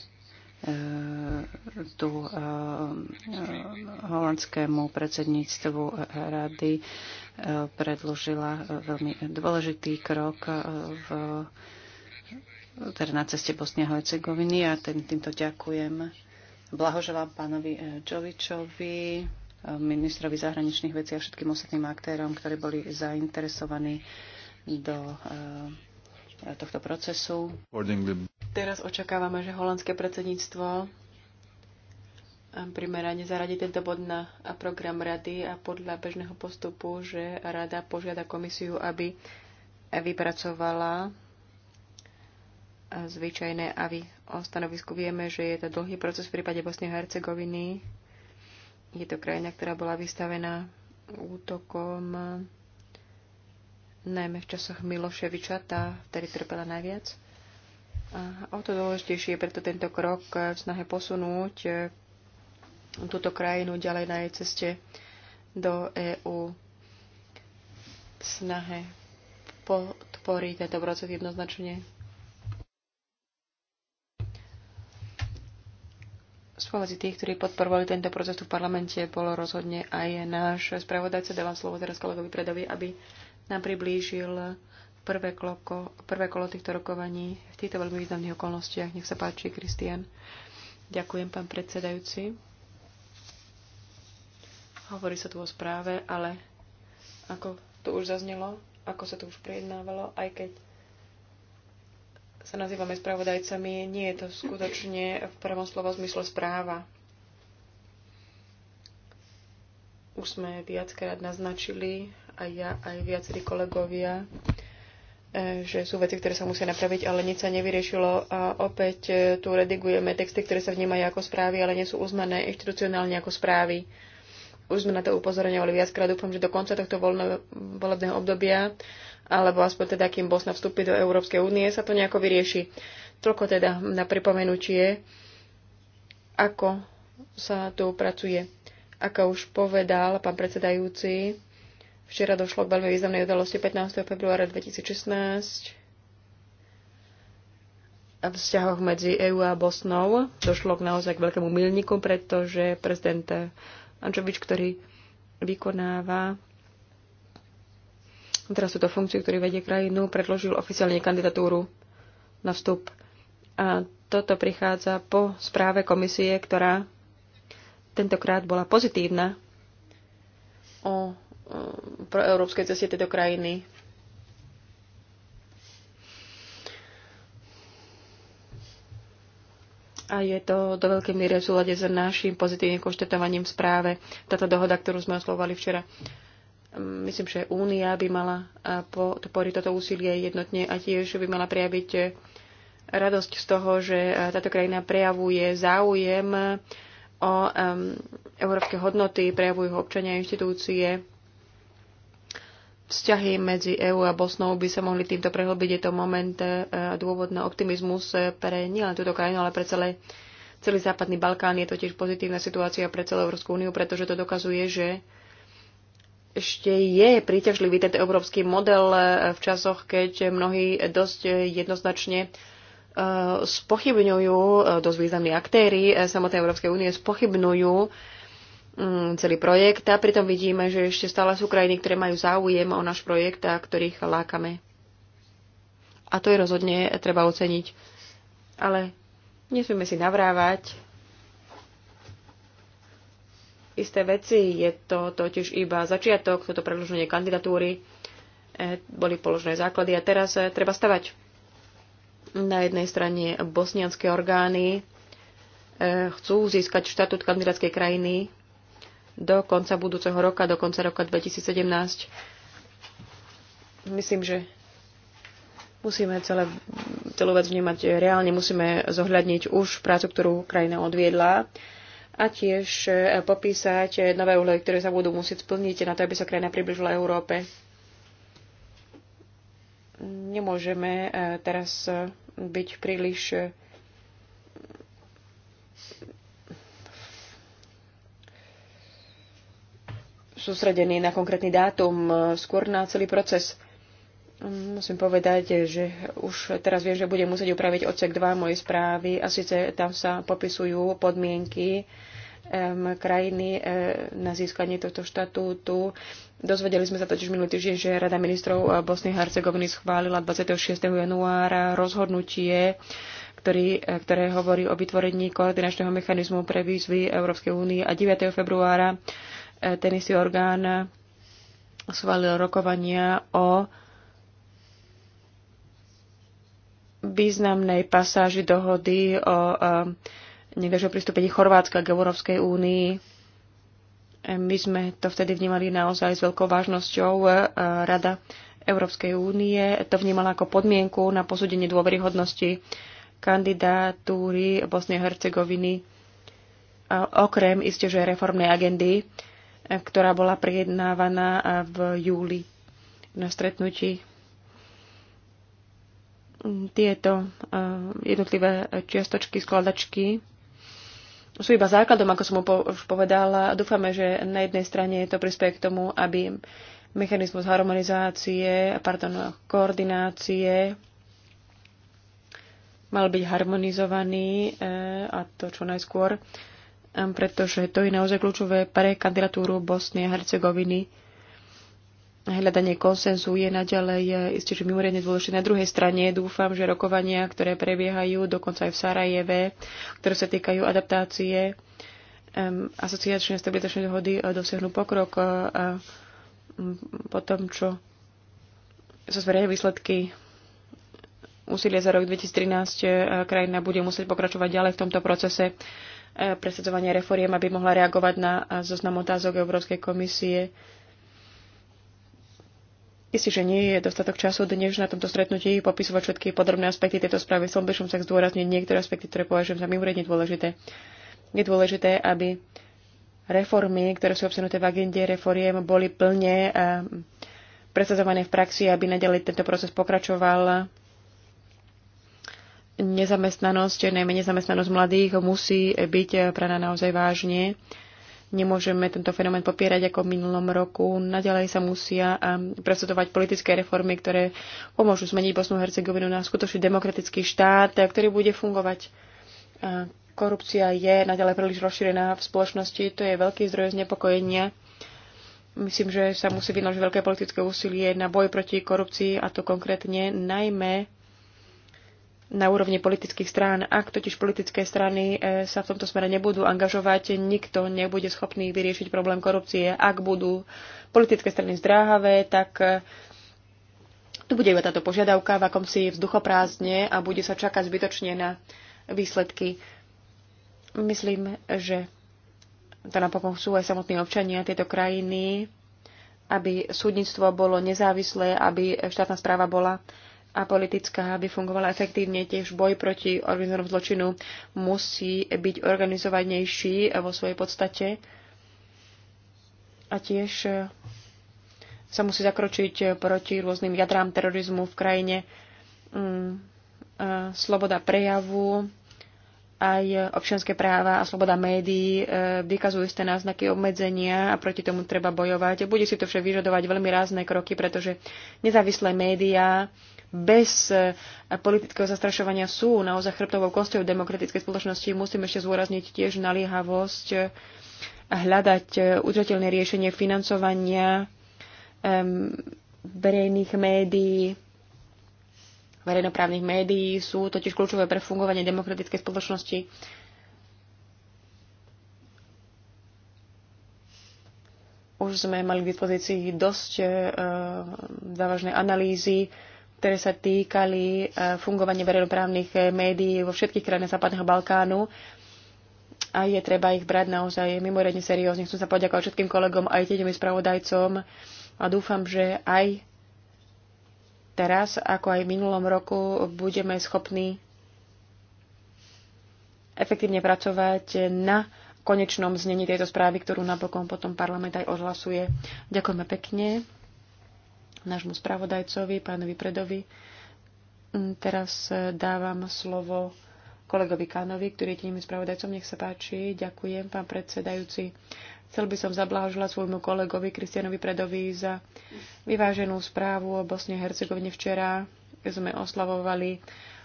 D: Eh, tu eh, eh, holandskému predsedníctvu rady predložila veľmi dôležitý krok v, teda na ceste Bosnia a Hercegoviny a týmto ďakujem. Blahoželám pánovi Čovičovi, ministrovi zahraničných vecí a všetkým ostatným aktérom, ktorí boli zainteresovaní do
B: tohto procesu. Teraz očakávame, že holandské predsedníctvo eh, primerane zaradí tento bod na program rady a podľa bežného postupu, že rada požiada komisiu, aby vypracovala eh, zvyčajné avy o stanovisku. Vieme, že je to dlhý proces v prípade Bosnej a Hercegoviny. Je to krajina, ktorá bola vystavená útokom najmä v časoch Miloševiča, tá ktorý trpela najviac. A o to dôležitejšie je preto tento krok v snahe posunúť e, túto krajinu ďalej na jej ceste do EÚ v snahe podporiť tento proces jednoznačne. spomedzi tých, ktorí podporovali tento proces tu v parlamente, bolo rozhodne aj náš spravodajca. Dávam slovo teraz kolegovi Predovi, aby nám priblížil prvé, kloko, prvé kolo týchto rokovaní v týchto veľmi významných okolnostiach. Nech sa páči, Kristian. Ďakujem, pán predsedajúci. Hovorí sa tu o správe, ale ako to už zaznelo, ako sa to už prejednávalo, aj keď sa nazývame spravodajcami, nie je to skutočne v prvom slovo zmysle správa. Už sme viackrát naznačili, aj ja, aj viacerí kolegovia, e, že sú veci, ktoré sa musia napraviť, ale nič sa nevyriešilo. A opäť e, tu redigujeme texty, ktoré sa vnímajú ako správy, ale nie sú uznané inštitucionálne ako správy. Už sme na to upozorňovali viackrát. Dúfam, že do konca tohto volebného obdobia, alebo aspoň teda, kým Bosna vstúpi do Európskej únie, sa to nejako vyrieši. Toľko teda na pripomenutie, ako sa tu pracuje. Ako už povedal pán predsedajúci, Včera došlo k veľmi významnej udalosti 15. februára 2016 A vzťahoch medzi EU a Bosnou došlo k naozaj k veľkému milníku, pretože prezident Ančovič, ktorý vykonáva teraz túto funkciu, ktorý vedie krajinu, predložil oficiálne kandidatúru na vstup. A toto prichádza po správe komisie, ktorá tentokrát bola pozitívna o Eh, pro európske ceste tejto krajiny. A je to do veľkej miery v súlade s našim pozitívnym konštatovaním správe. Táto dohoda, ktorú sme oslovovali včera, mm, myslím, že Únia by mala eh, podporiť toto úsilie jednotne a tiež by mala prejaviť eh, radosť z toho, že táto krajina prejavuje záujem o um, európske hodnoty, prejavujú ho občania a inštitúcie. Vzťahy medzi EÚ a Bosnou by sa mohli týmto prehlbiť. Je to moment e, a dôvod na optimizmus e, pre nielen túto krajinu, ale pre celé, celý západný Balkán. Je to tiež pozitívna situácia pre celú Európsku úniu, pretože to dokazuje, že ešte je príťažlivý tento európsky model e, v časoch, keď mnohí dosť jednoznačne spochybňujú, dosť významní aktéry samotnej Európskej únie spochybňujú Mm, celý projekt a pritom vidíme, že ešte stále sú krajiny, ktoré majú záujem o náš projekt a ktorých lákame. A to je rozhodne treba oceniť. Ale nesmieme si navrávať isté veci. Je to totiž iba začiatok, toto predloženie kandidatúry. E, boli položené základy a teraz e, treba stavať. Na jednej strane bosnianské orgány e, chcú získať štatút kandidátskej krajiny do konca budúceho roka, do konca roka 2017. Myslím, že musíme celé, celú vec vnímať reálne, musíme zohľadniť už prácu, ktorú krajina odviedla a tiež e, popísať e, nové úlohy, ktoré sa budú musieť splniť na to, aby sa krajina približila Európe. Nemôžeme e, teraz byť príliš sústredený na konkrétny dátum, e, skôr na celý proces. Musím povedať, že už teraz viem, že budem musieť upraviť odsek 2 mojej správy a síce tam sa popisujú podmienky um, krajiny um, na získanie tohto štatútu. Dozvedeli sme sa totiž minulý týždeň, že Rada ministrov e, Bosny a Hercegoviny schválila 26. januára rozhodnutie, ktorý, ktoré hovorí o vytvorení koordinačného mechanizmu pre výzvy Európskej únie a 9. februára ten istý orgán schválil rokovania o významnej pasáži dohody o e, nekažom pristúpení Chorvátska k Európskej únii. My sme to vtedy vnímali naozaj s veľkou vážnosťou. E, Rada Európskej únie to vnímala ako podmienku na posúdenie dôveryhodnosti kandidatúry Bosnej a Hercegoviny okrem isteže reformnej agendy E, ktorá bola prijednávaná e, v júli na stretnutí. Tieto e, jednotlivé čiastočky, skladačky sú iba základom, ako som už povedala. Dúfame, že na jednej strane to prispieje k tomu, aby mechanizmus harmonizácie, pardon, koordinácie mal byť harmonizovaný a to čo najskôr pretože to je naozaj kľúčové pre kandidatúru Bosny a Hercegoviny. Hľadanie konsenzu je naďalej e, isté, že mimoriadne dôležité. Na druhej strane dúfam, že rokovania, ktoré prebiehajú dokonca aj v Sarajeve, ktoré sa týkajú adaptácie um, asociačnej stabilitačnej dohody, e, dosiahnu pokrok uh, po tom, čo sa zverejú výsledky úsilia za rok 2013 krajina bude musieť pokračovať ďalej v tomto procese. Eh, presadzovania reforiem, aby mohla reagovať na eh, zoznam otázok Európskej komisie. Myslím, že nie je dostatok času dnes na tomto stretnutí popisovať všetky podrobné aspekty tejto správy. Som by som sa zdôrazniť niektoré aspekty, ktoré považujem za mimoriadne dôležité. Je dôležité, aby reformy, ktoré sú obsahnuté v agende reforiem, boli plne eh, presadzované v praxi, aby nadalej tento proces pokračoval nezamestnanosť, najmä nezamestnanosť mladých musí byť praná naozaj vážne. Nemôžeme tento fenomén popierať ako v minulom roku. Naďalej sa musia presutovať politické reformy, ktoré pomôžu zmeniť Bosnu Hercegovinu na skutočný demokratický štát, ktorý bude fungovať korupcia je naďalej príliš rozšírená v spoločnosti, to je veľký zdroj znepokojenia. Myslím, že sa musí vynaložiť veľké politické úsilie na boj proti korupcii, a to konkrétne najmä na úrovni politických strán. Ak totiž politické strany e, sa v tomto smere nebudú angažovať, nikto nebude schopný vyriešiť problém korupcie. Ak budú politické strany zdráhavé, tak e, tu bude iba táto požiadavka v akomsi vzduchoprázdne a bude sa čakať zbytočne na výsledky. Myslím, že to napokon sú aj samotní občania tejto krajiny, aby súdnictvo bolo nezávislé, aby štátna správa bola a politická, aby fungovala efektívne, tiež boj proti organizovanom zločinu musí byť organizovanejší vo svojej podstate a tiež eh, sa musí zakročiť proti rôznym jadrám terorizmu v krajine. Mm, eh, sloboda prejavu, aj občianské práva a sloboda médií eh, vykazujú ste náznaky obmedzenia a proti tomu treba bojovať. Bude si to však vyžadovať veľmi rázne kroky, pretože nezávislé médiá bez e, politického zastrašovania sú naozaj chrbtovou kosťou demokratickej spoločnosti. Musím ešte zúrazniť tiež naliehavosť a e, hľadať e, udržateľné riešenie financovania um, verejných médií, verejnoprávnych médií sú totiž kľúčové pre fungovanie demokratickej spoločnosti. Už sme mali k dispozícii dosť e, závažné analýzy, uh, ktoré sa týkali eh, fungovania verejnoprávnych eh, médií vo všetkých krajinách Západného Balkánu a je treba ich brať naozaj mimoriadne seriózne. Chcem sa poďakovať všetkým kolegom aj tieňovým spravodajcom a dúfam, že aj teraz, ako aj v minulom roku, budeme schopní efektívne pracovať na konečnom znení tejto správy, ktorú napokon potom parlament aj odhlasuje. Ďakujeme pekne nášmu spravodajcovi, pánovi Predovi. Mm, Teraz e, dávam slovo kolegovi Kánovi, ktorý je tým spravodajcom. Nech sa páči. Ďakujem, pán predsedajúci. Chcel by som zablážila svojmu kolegovi Kristianovi Predovi za vyváženú správu o Bosne Hercegovine včera. Sme oslavovali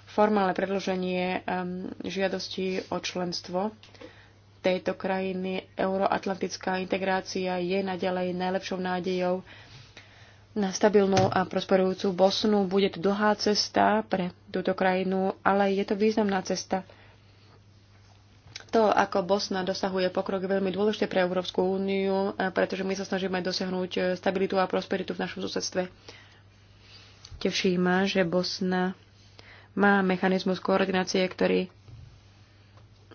B: formálne predloženie žiadosti o členstvo tejto krajiny. Euroatlantická integrácia je naďalej najlepšou nádejou na stabilnú a prosperujúcu Bosnu. Bude to dlhá cesta pre túto krajinu, ale je to významná cesta. To, ako Bosna dosahuje pokrok, je veľmi dôležité pre Európsku úniu, eh, pretože my sa snažíme dosiahnuť eh, stabilitu a prosperitu v našom susedstve. Teší ma, že Bosna má mechanizmus koordinácie, ktorý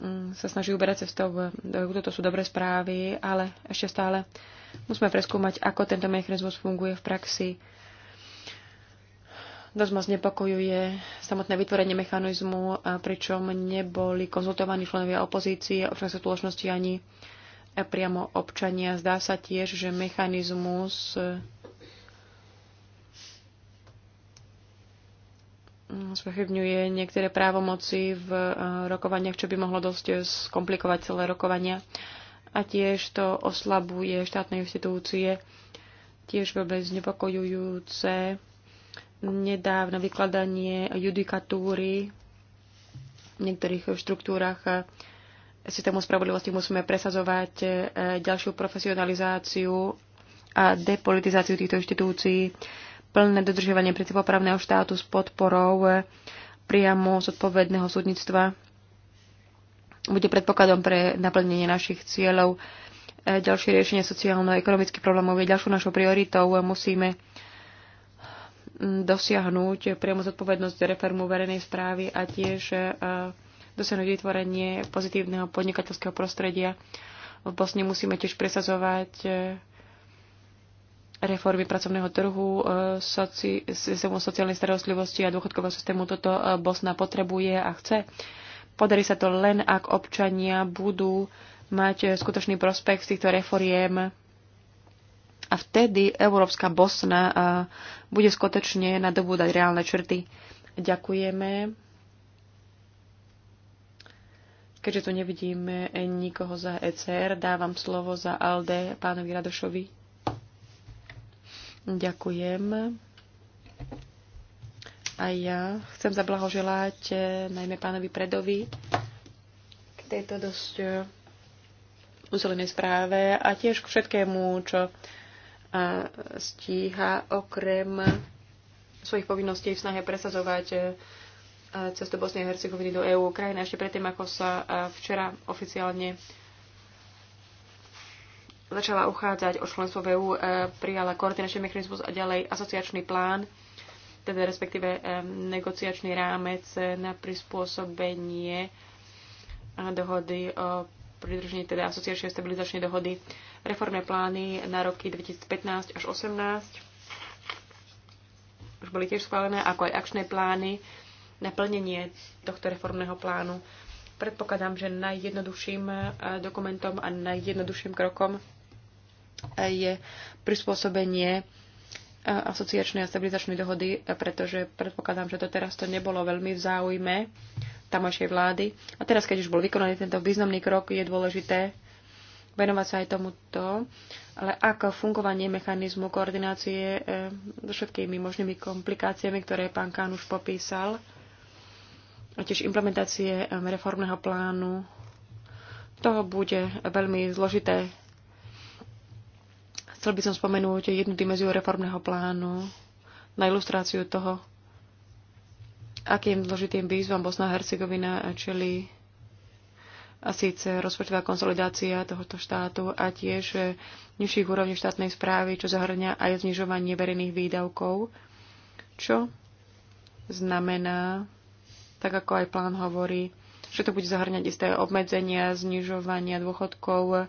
B: mm, sa snaží uberať cestou. Toto sú dobré správy, ale ešte stále Musíme preskúmať, ako tento mechanizmus funguje v praxi. Dosť ma znepokojuje samotné vytvorenie mechanizmu, pričom neboli konzultovaní členovia opozície, občianskej spoločnosti ani priamo občania. Zdá sa tiež, že mechanizmus mm, spochybňuje niektoré právomoci v e, rokovaniach, čo by mohlo dosť e, skomplikovať celé rokovania a tiež to oslabuje štátne inštitúcie. Tiež vôbec znepokojujúce nedávne vykladanie judikatúry v niektorých štruktúrach systému spravodlivosti musíme presazovať e, ďalšiu profesionalizáciu a depolitizáciu týchto inštitúcií, plné dodržovanie princípov právneho štátu s podporou e, priamo zodpovedného súdnictva bude predpokladom pre naplnenie našich cieľov. E, ďalšie riešenie sociálno-ekonomických problémov je ďalšou našou prioritou. Musíme mm, dosiahnuť priamo zodpovednosť reformu verejnej správy a tiež e, dosiahnuť vytvorenie pozitívneho podnikateľského prostredia. V Bosne musíme tiež presazovať e, reformy pracovného trhu, soci, sociálnej starostlivosti a dôchodkového systému. Toto Bosna potrebuje a chce. Podarí sa to len, ak občania budú mať skutočný prospekt z týchto reforiem a vtedy Európska Bosna bude skutočne nadobúdať reálne črty. Ďakujeme. Keďže tu nevidíme nikoho za ECR, dávam slovo za ALDE pánovi Radošovi. Ďakujem. A ja chcem zablahoželať eh, najmä pánovi Predovi k tejto dosť eh, uzelenej správe a tiež k všetkému, čo eh, stíha okrem svojich povinností v snahe presazovať cestu Bosnej a Hercegoviny do EÚ krajina ešte predtým, ako sa včera oficiálne začala uchádzať o členstvo v EÚ, prijala koordinačný mechanizmus a ďalej asociačný plán teda respektíve negociačný rámec na prispôsobenie dohody o pridružení, teda asociačnej stabilizačnej dohody, reformné plány na roky 2015 až 2018 už boli tiež schválené, ako aj akčné plány na plnenie tohto reformného plánu. Predpokladám, že najjednoduchším e, dokumentom a najjednoduchším krokom e, je prispôsobenie asociačnej a stabilizačnej dohody, pretože predpokladám, že to teraz to nebolo veľmi v záujme tamojšej vlády. A teraz, keď už bol vykonaný tento významný krok, je dôležité venovať sa aj tomuto, ale ako fungovanie mechanizmu koordinácie eh, so všetkými možnými komplikáciami, ktoré pán Kán už popísal, a tiež implementácie eh, reformného plánu, toho bude veľmi zložité Chcel by som spomenúť jednu dimenziu reformného plánu na ilustráciu toho, akým dôležitým výzvam Bosna a Hercegovina čeli a síce rozpočtová konsolidácia tohoto štátu a tiež nižších úrovní štátnej správy, čo zahrňa aj znižovanie verejných výdavkov, čo znamená, tak ako aj plán hovorí, že to bude zahrňať isté obmedzenia, znižovania dôchodkov,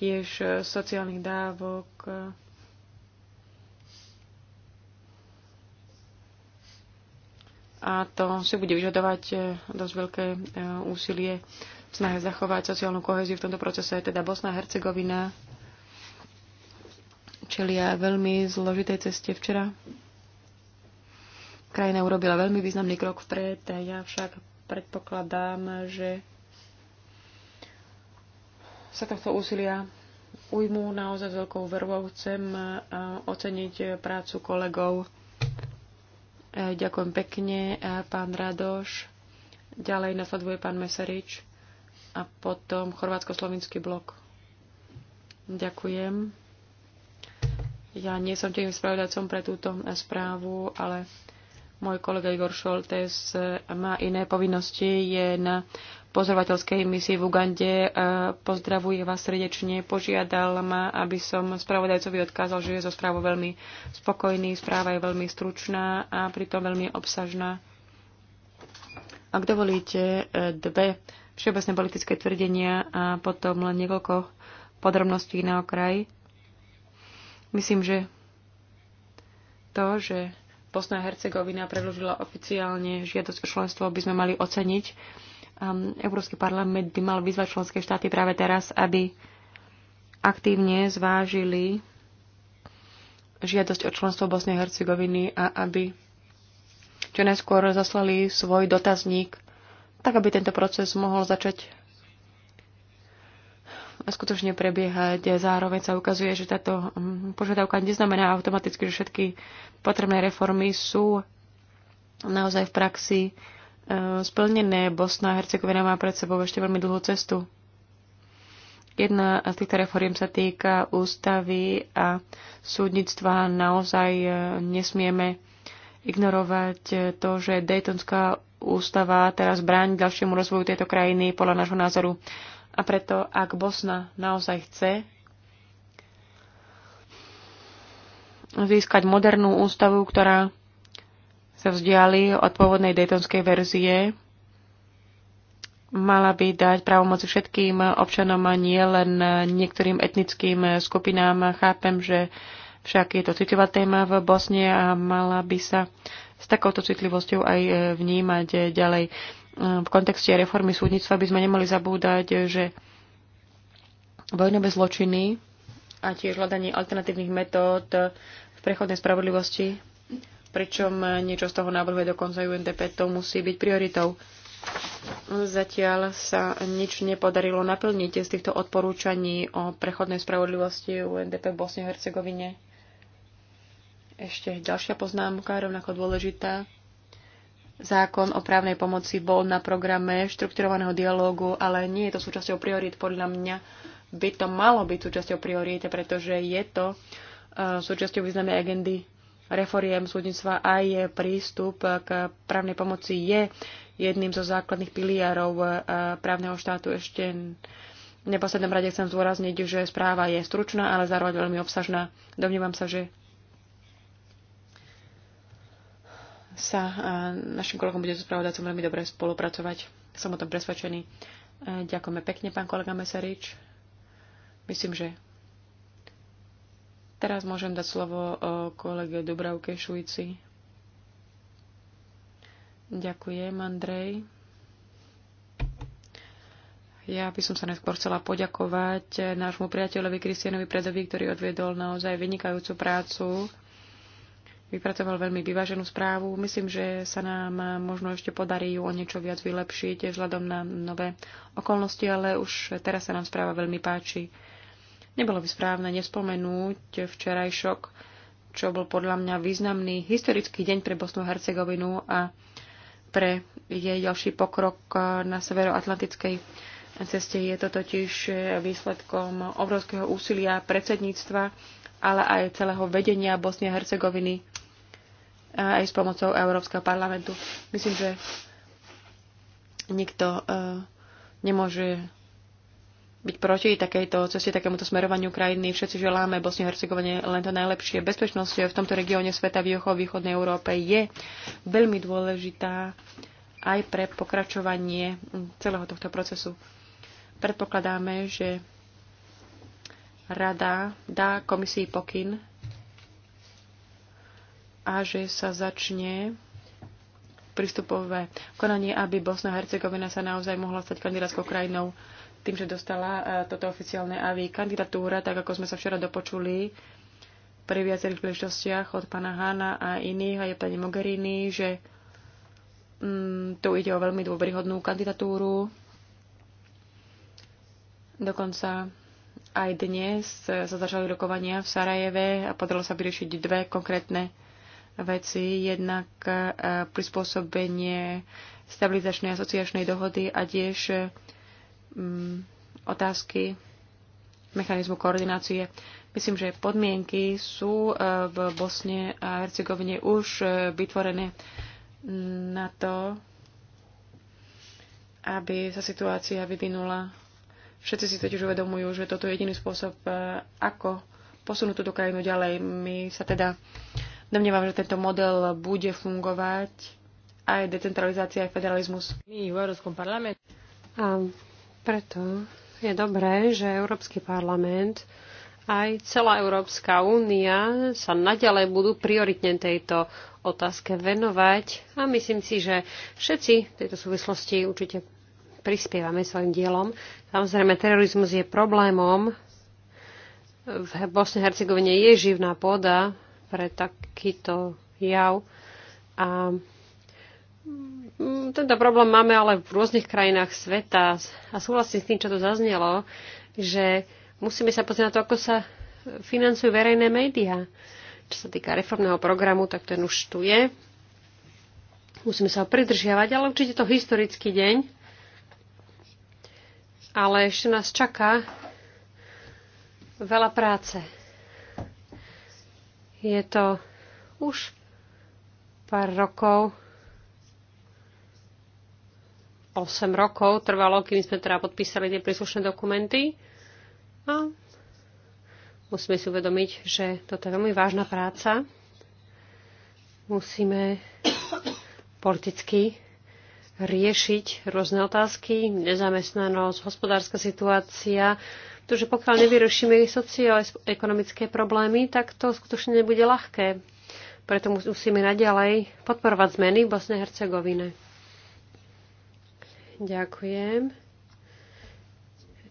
B: tiež e, sociálnych dávok. E, a to si bude vyžadovať e, dosť veľké úsilie v snahe zachovať sociálnu koheziu v tomto procese. Teda Bosna a Hercegovina čelia veľmi zložitej ceste včera. Krajina urobila veľmi významný krok vpred. Ja však predpokladám, že sa tohto úsilia ujmú naozaj s veľkou vervou. Chcem e, oceniť prácu kolegov. E, ďakujem pekne, e, pán Radoš. Ďalej nasleduje pán Meserič a potom chorvátsko-slovinský blok. Ďakujem. Ja nie som tým spravodajcom pre túto správu, ale môj kolega Igor Šoltes má iné povinnosti, je na pozorovateľskej misie v Ugande. E, pozdravuje vás srdečne. Požiadal ma, aby som spravodajcovi odkázal, že je zo správou veľmi spokojný. Správa je veľmi stručná a pritom veľmi obsažná. Ak dovolíte, e, dve všeobecné politické tvrdenia a potom len niekoľko podrobností na okraj. Myslím, že to, že Bosna a Hercegovina predložila oficiálne žiadosť o členstvo, by sme mali oceniť Európsky parlament by mal vyzvať členské štáty práve teraz, aby aktívne zvážili žiadosť o členstvo Bosnej Hercegoviny a aby čo najskôr zaslali svoj dotazník, tak aby tento proces mohol začať skutočne prebiehať. Zároveň sa ukazuje, že táto mm, požiadavka neznamená automaticky, že všetky potrebné reformy sú naozaj v praxi Eh, splnené. Bosna a Hercegovina má pred sebou ešte veľmi dlhú cestu. Jedna z týchto reforiem sa týka ústavy a súdnictva. Naozaj eh, nesmieme ignorovať eh, to, že Daytonská ústava teraz bráni ďalšiemu rozvoju tejto krajiny podľa nášho názoru. A preto, ak Bosna naozaj chce získať modernú ústavu, ktorá sa vzdiali od pôvodnej Daytonskej verzie, mala by dať právomoc všetkým občanom a nie len niektorým etnickým skupinám. Chápem, že však je to citlivá téma v Bosne a mala by sa s takouto citlivosťou aj e, vnímať ďalej. E, v kontexte reformy súdnictva by sme nemali zabúdať, že vojnové zločiny a tiež hľadanie alternatívnych metód v prechodnej spravodlivosti pričom niečo z toho návrhu je dokonca UNDP, to musí byť prioritou. Zatiaľ sa nič nepodarilo naplniť z týchto odporúčaní o prechodnej spravodlivosti UNDP v Bosne a Hercegovine. Ešte ďalšia poznámka, rovnako dôležitá. Zákon o právnej pomoci bol na programe štrukturovaného dialógu, ale nie je to súčasťou priorít. Podľa mňa by to malo byť súčasťou priorít, pretože je to eh, súčasťou významnej agendy reforiem súdnictva aj prístup k právnej pomoci je jedným zo základných pilierov eh, právneho štátu. Ešte v neposlednom rade chcem zdôrazniť, že správa je stručná, ale zároveň veľmi obsažná. Domnívam sa, že sa eh, našim kolegom bude so spravodajcom veľmi dobre spolupracovať. Som o tom presvedčený. Eh, ďakujeme pekne, pán kolega Meserič. Myslím, že Teraz môžem dať slovo e, kolege Dubravke Šujci. Ďakujem, Andrej. Ja by som sa neskôr chcela poďakovať e, nášmu priateľovi Kristianovi Predovi, ktorý odviedol naozaj vynikajúcu prácu. Vypracoval veľmi vyváženú správu. Myslím, že sa nám možno ešte podarí ju o niečo viac vylepšiť vzhľadom na nové okolnosti, ale už teraz sa nám správa veľmi páči. Nebolo by správne nespomenúť včerajšok, čo bol podľa mňa významný historický deň pre Bosnu a Hercegovinu a pre jej ďalší pokrok na severoatlantickej ceste. Je to totiž výsledkom obrovského úsilia predsedníctva, ale aj celého vedenia Bosny a Hercegoviny aj s pomocou Európskeho parlamentu. Myslím, že nikto eh, nemôže byť proti takejto ceste, takémuto smerovaniu krajiny. Všetci želáme Bosne Hercegovine len to najlepšie. Bezpečnosť v tomto regióne sveta v východnej Európe je veľmi dôležitá aj pre pokračovanie celého tohto procesu. Predpokladáme, že rada dá komisii pokyn a že sa začne prístupové konanie, aby Bosna a Hercegovina sa naozaj mohla stať kandidátskou krajinou tým, že dostala e, toto oficiálne AVI kandidatúra, tak ako sme sa včera dopočuli pri viacerých príležitostiach od pána Hána a iných, a je pani Mogherini, že mm, tu ide o veľmi dôveryhodnú kandidatúru. Dokonca aj dnes sa začali rokovania v Sarajeve a podarilo sa vyriešiť dve konkrétne veci. Jednak e, prispôsobenie stabilizačnej asociačnej dohody a tiež e, Mm, otázky mechanizmu koordinácie. Myslím, že podmienky sú e, v Bosne a Hercegovine už e, vytvorené na to, aby sa situácia vyvinula. Všetci si totiž uvedomujú, že toto je jediný spôsob, e, ako posunúť túto krajinu ďalej. My sa teda domnievam, že tento model bude fungovať aj decentralizácia,
C: aj federalizmus. My v Európskom parlamente. Preto je dobré, že Európsky parlament aj celá Európska únia sa naďalej budú prioritne tejto otázke venovať a myslím si, že všetci v tejto súvislosti určite prispievame svojim dielom. Samozrejme, terorizmus je problémom. V Bosne Hercegovine je živná pôda pre takýto jav a Mm, tento problém máme ale v rôznych krajinách sveta a súhlasím s tým, čo tu zaznelo, že musíme sa pozrieť na to, ako sa financujú verejné médiá. Čo sa týka reformného programu, tak ten už tu je. Musíme sa ho pridržiavať, ale určite to historický deň. Ale ešte nás čaká veľa práce. Je to už pár rokov, 8 rokov trvalo, kým sme teda podpísali tie príslušné dokumenty. A musíme si uvedomiť, že toto je veľmi vážna práca. Musíme politicky riešiť rôzne otázky, nezamestnanosť, hospodárska situácia, pretože pokiaľ nevyriešime socioekonomické problémy, tak to skutočne nebude ľahké. Preto musíme naďalej podporovať zmeny v Bosne a Hercegovine. Ďakujem.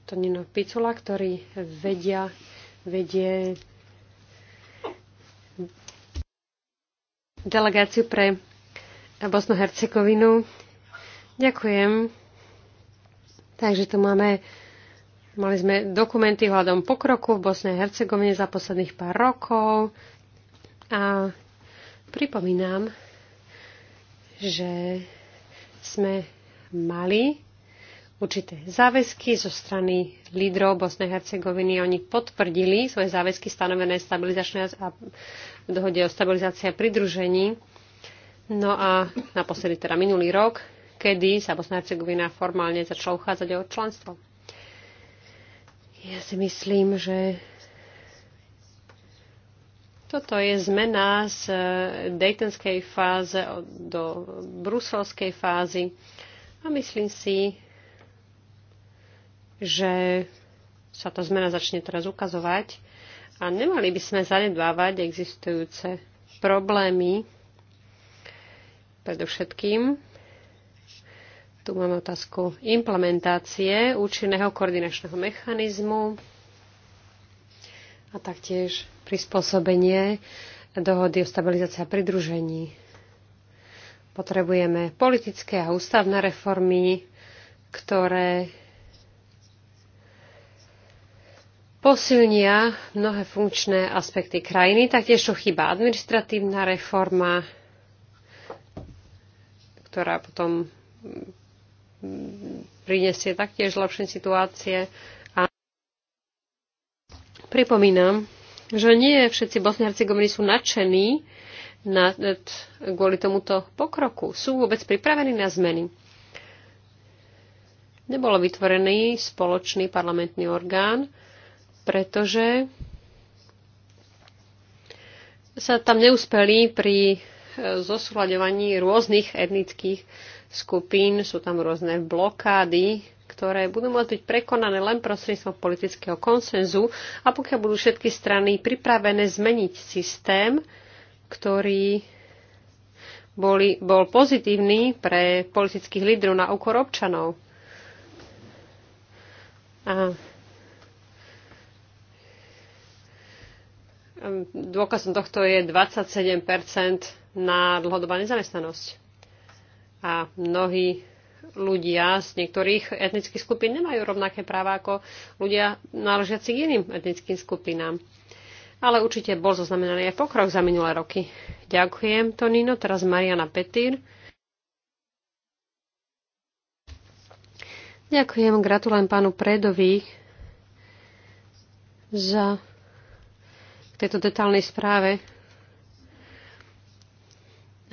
C: Tonino Picula, ktorý vedia, vedie delegáciu pre Bosnu-Hercegovinu. Ďakujem. Takže tu máme, mali sme dokumenty hľadom pokroku v Bosne a Hercegovine za posledných pár rokov a pripomínam, že sme mali určité záväzky zo strany lídrov Bosnej Hercegoviny. Oni potvrdili svoje záväzky stanovené stabilizačné a v dohode o stabilizácii a pridružení. No a naposledy teda minulý rok, kedy sa Bosna Hercegovina formálne začala uchádzať o členstvo. Ja si myslím, že toto je zmena z eh, Daytonskej fáze do bruselskej fázy. A myslím si, že sa tá zmena začne teraz ukazovať a nemali by sme zanedbávať existujúce problémy. Predovšetkým tu máme otázku implementácie účinného koordinačného mechanizmu a taktiež prispôsobenie dohody o stabilizácii a pridružení. Potrebujeme politické a ústavné reformy, ktoré posilnia mnohé funkčné aspekty krajiny. Taktiež tu chýba administratívna reforma, ktorá potom prinesie taktiež lepšie situácie. A pripomínam, že nie všetci bosniarci Hercegoviny sú nadšení na, e, kvôli tomuto pokroku? Sú vôbec pripravení na zmeny? Nebolo vytvorený spoločný parlamentný orgán, pretože sa tam neúspeli pri e, zosúľaďovaní rôznych etnických skupín. Sú tam rôzne blokády, ktoré budú môcť byť prekonané len prostredníctvom politického konsenzu a pokiaľ budú všetky strany pripravené zmeniť systém, ktorý boli, bol pozitívny pre politických lídrov na úkor občanov. A dôkazom tohto je 27% na dlhodobá nezamestnanosť. A mnohí ľudia z niektorých etnických skupín nemajú rovnaké práva ako ľudia náležiaci k iným etnickým skupinám ale určite bol zaznamenaný aj pokrok za minulé roky. Ďakujem, Tonino. Teraz Mariana Petýr. Ďakujem, gratulujem pánu Predovi za tejto detálnej správe.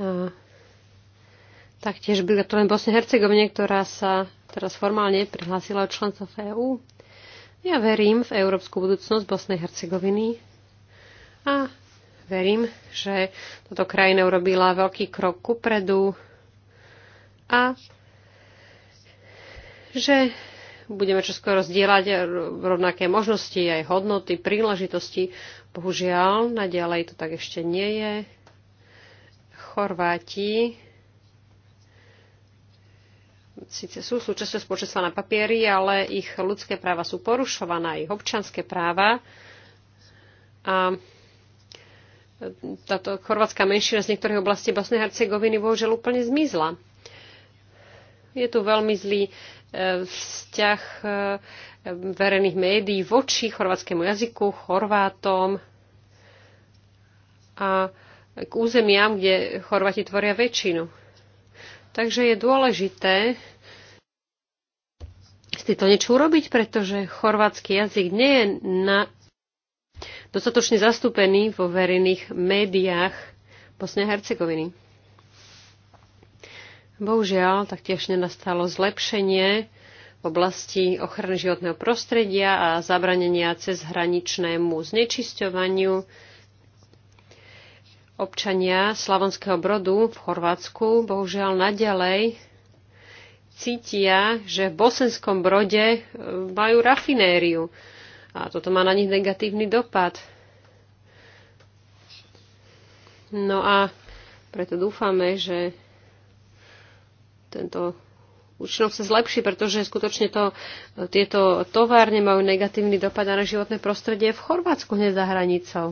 C: A taktiež gratulujem Bosne Hercegovine, ktorá sa teraz formálne prihlásila od členstva EÚ. Ja verím v európsku budúcnosť Bosnej Hercegoviny a verím, že toto krajina urobila veľký krok kupredu a že budeme čoskoro zdieľať rovnaké možnosti, aj hodnoty, príležitosti. Bohužiaľ, naďalej to tak ešte nie je. Chorváti síce sú súčasťou spoločenstva na papieri, ale ich ľudské práva sú porušované, ich občanské práva. A táto chorvátska menšina z niektorých oblastí Bosnej Hercegoviny bohužiaľ úplne zmizla. Je tu veľmi zlý e, vzťah e, verejných médií voči chorvátskému jazyku, Chorvátom a k územiam, kde Chorváti tvoria väčšinu. Takže je dôležité si to niečo urobiť, pretože chorvátsky jazyk nie je na dostatočne zastúpení vo verejných médiách Bosne a Hercegoviny. Bohužiaľ, taktiež nenastalo zlepšenie v oblasti ochrany životného prostredia a zabranenia cezhraničnému znečisťovaniu. Občania Slavonského brodu v Chorvátsku bohužiaľ naďalej cítia, že v Bosenskom brode eh, majú rafinériu a toto má na nich negatívny dopad. No a preto dúfame, že tento účinok sa zlepší, pretože skutočne to, tieto továrne majú negatívny dopad na životné prostredie v Chorvátsku hneď za hranicou.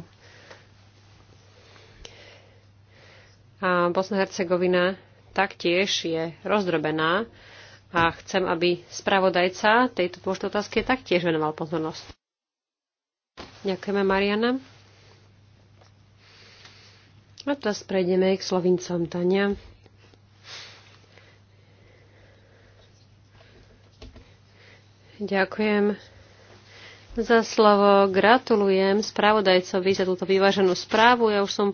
C: A Bosna-Hercegovina taktiež je rozdrobená a chcem, aby spravodajca tejto otázky taktiež venoval pozornosť. Ďakujeme, Mariana. A teraz prejdeme k slovincom Tania. Ďakujem za slovo. Gratulujem spravodajcovi za túto vyváženú správu. Ja už som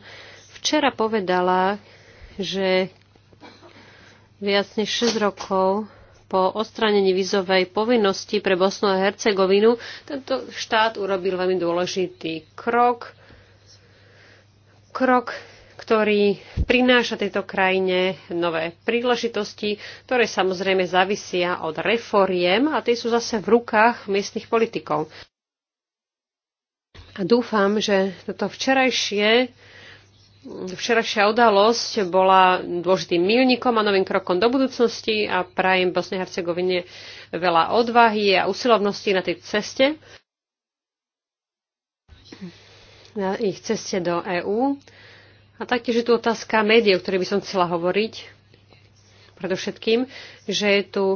C: včera povedala, že viac než 6 rokov po odstránení vizovej povinnosti pre Bosnu a Hercegovinu tento štát urobil veľmi dôležitý krok, krok, ktorý prináša tejto krajine nové príležitosti, ktoré samozrejme zavisia od reforiem a tie sú zase v rukách miestnych politikov. A dúfam, že toto včerajšie Včerajšia udalosť bola dôležitým milníkom a novým krokom do budúcnosti a prajem Bosne Hercegovine veľa odvahy a usilovnosti na tej ceste, na ich ceste do EÚ. A taktiež je tu otázka médií, o ktorej by som chcela hovoriť. Predovšetkým, že je tu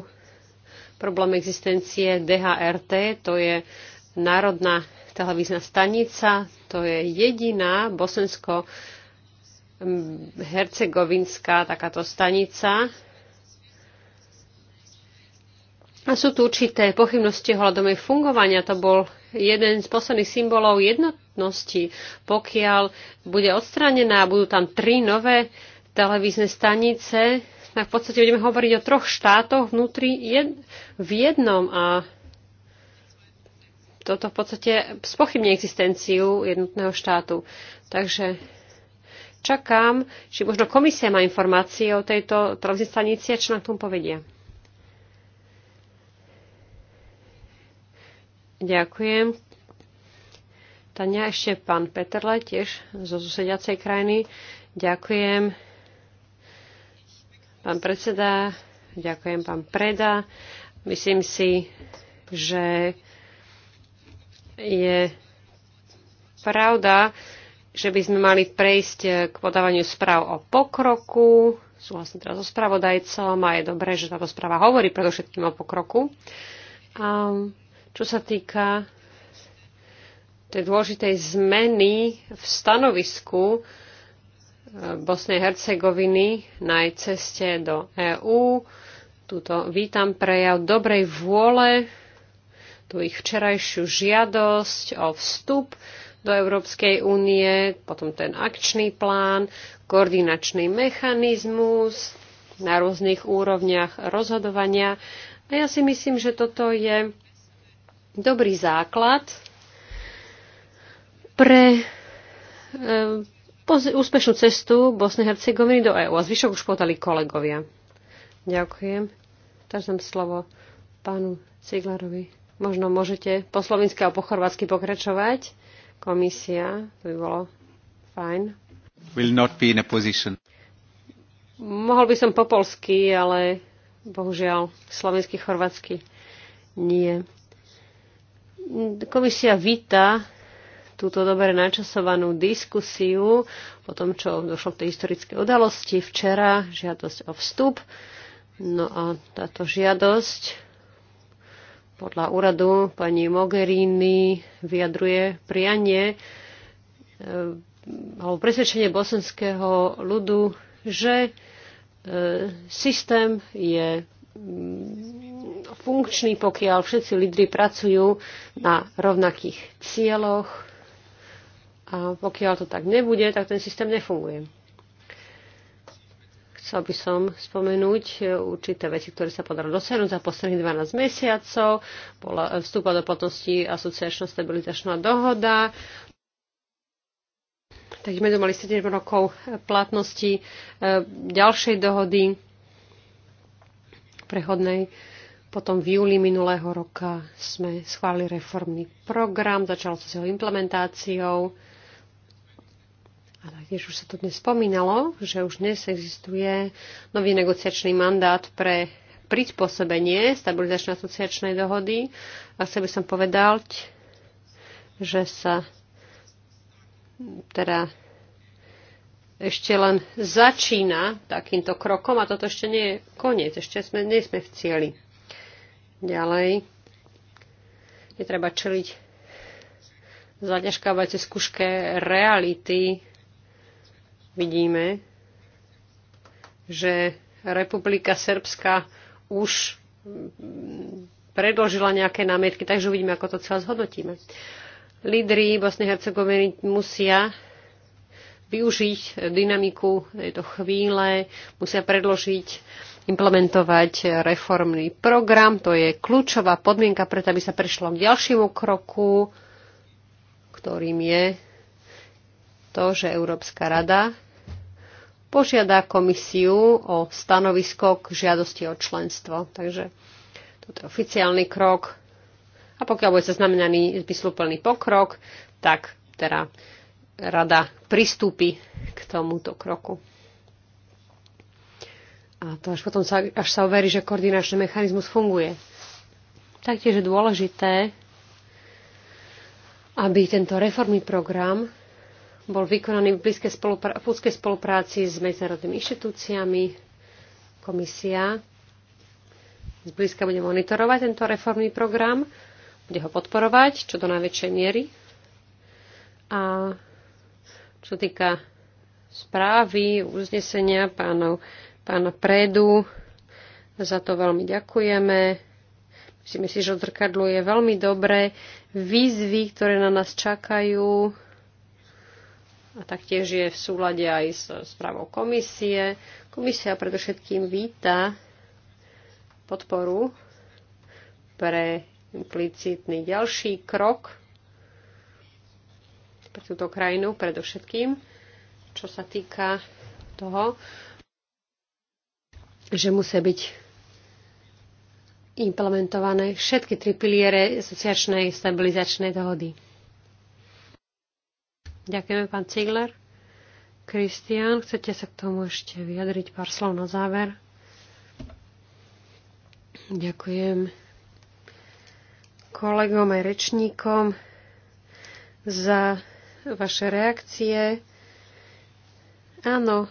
C: problém existencie DHRT, to je Národná televízna stanica, to je jediná bosensko hercegovinská takáto stanica. A sú tu určité pochybnosti ohľadom jej fungovania. To bol jeden z posledných symbolov jednotnosti. Pokiaľ bude odstranená a budú tam tri nové televízne stanice, tak v podstate budeme hovoriť o troch štátoch vnútri jed- v jednom a toto v podstate spochybne existenciu jednotného štátu. Takže čakám, či možno komisia má informácie o tejto tranzitnej stanici a čo nám k tomu povedia. Ďakujem. Tania, ešte pán Peterle, tiež zo susediacej krajiny. Ďakujem. Pán predseda, ďakujem pán Preda. Myslím si, že je pravda, že by sme mali prejsť eh, k podávaniu správ o pokroku. Súhlasím teraz so spravodajcom a je dobré, že táto správa hovorí predovšetkým o pokroku. A čo sa týka tej dôležitej zmeny v stanovisku eh, Bosnej Hercegoviny na jej ceste do EÚ. túto vítam prejav dobrej vôle, tu ich včerajšiu žiadosť o vstup do Európskej únie, potom ten akčný plán, koordinačný mechanizmus na rôznych úrovniach rozhodovania. A ja si myslím, že toto je dobrý základ pre eh, úspešnú cestu Bosnej Hercegoviny do EÚ. A zvyšok už podali kolegovia. Ďakujem. Takže dám slovo pánu Ciglarovi. Možno môžete po slovinsky a po chorvátsky pokračovať komisia, to by bolo fajn.
A: Will not be in a position.
C: Mohol by som po polsky, ale bohužiaľ slovensky, chorvatsky nie. Komisia víta túto dobre načasovanú diskusiu o tom, čo došlo k tej historickej udalosti včera, žiadosť o vstup. No a táto žiadosť podľa úradu pani Mogherini vyjadruje prianie e, alebo presvedčenie bosenského ľudu, že e, systém je mm, funkčný, pokiaľ všetci lídry pracujú na rovnakých cieľoch a pokiaľ to tak nebude, tak ten systém nefunguje. Chcel by som spomenúť e, určité veci, ktoré sa podarilo dosiahnuť za posledných 12 mesiacov. Bola, e, vstúpa do platnosti asociačná stabilizačná dohoda. Takže sme mali 7 rokov e, platnosti ďalšej dohody prechodnej. Potom v júli minulého roka sme schválili reformný program, začalo sa s jeho implementáciou. A už sa to dnes spomínalo, že už dnes existuje nový negociačný mandát pre prispôsobenie stabilizačnej asociačnej dohody. A chcel by som povedať, že sa teda ešte len začína takýmto krokom a toto ešte nie je koniec, ešte sme, nie sme v cieli. Ďalej, netreba čeliť zaťažkávajúcej skúške reality vidíme, že Republika Srbska už predložila nejaké námietky, takže uvidíme, ako to celé zhodnotíme. Lídry Bosnej Hercegoviny musia využiť dynamiku tejto chvíle, musia predložiť, implementovať reformný program. To je kľúčová podmienka, preto aby sa prešlo k ďalšiemu kroku, ktorým je to, že Európska rada požiada komisiu o stanovisko k žiadosti o členstvo. Takže toto je oficiálny krok. A pokiaľ bude zaznamenaný zmysluplný pokrok, tak teda rada pristúpi k tomuto kroku. A to až potom sa, až sa overí, že koordinačný mechanizmus funguje. Taktiež je dôležité, aby tento reformný program bol vykonaný v blízkej spolupra- spolupráci s medzinárodnými inštitúciami. Komisia zblízka bude monitorovať tento reformný program, bude ho podporovať čo do najväčšej miery. A čo týka správy, uznesenia pánov, pána Predu, za to veľmi ďakujeme. Myslíme si, že odzrkadlo je veľmi dobré. Výzvy, ktoré na nás čakajú, a taktiež je v súlade aj s správou komisie. Komisia predovšetkým víta podporu pre implicitný ďalší krok pre túto krajinu predovšetkým, čo sa týka toho, že musia byť implementované všetky tri piliere sociačnej stabilizačnej dohody. Ďakujeme, pán Cigler. Kristián, chcete sa k tomu ešte vyjadriť pár slov na záver? Ďakujem kolegom aj rečníkom za vaše reakcie. Áno,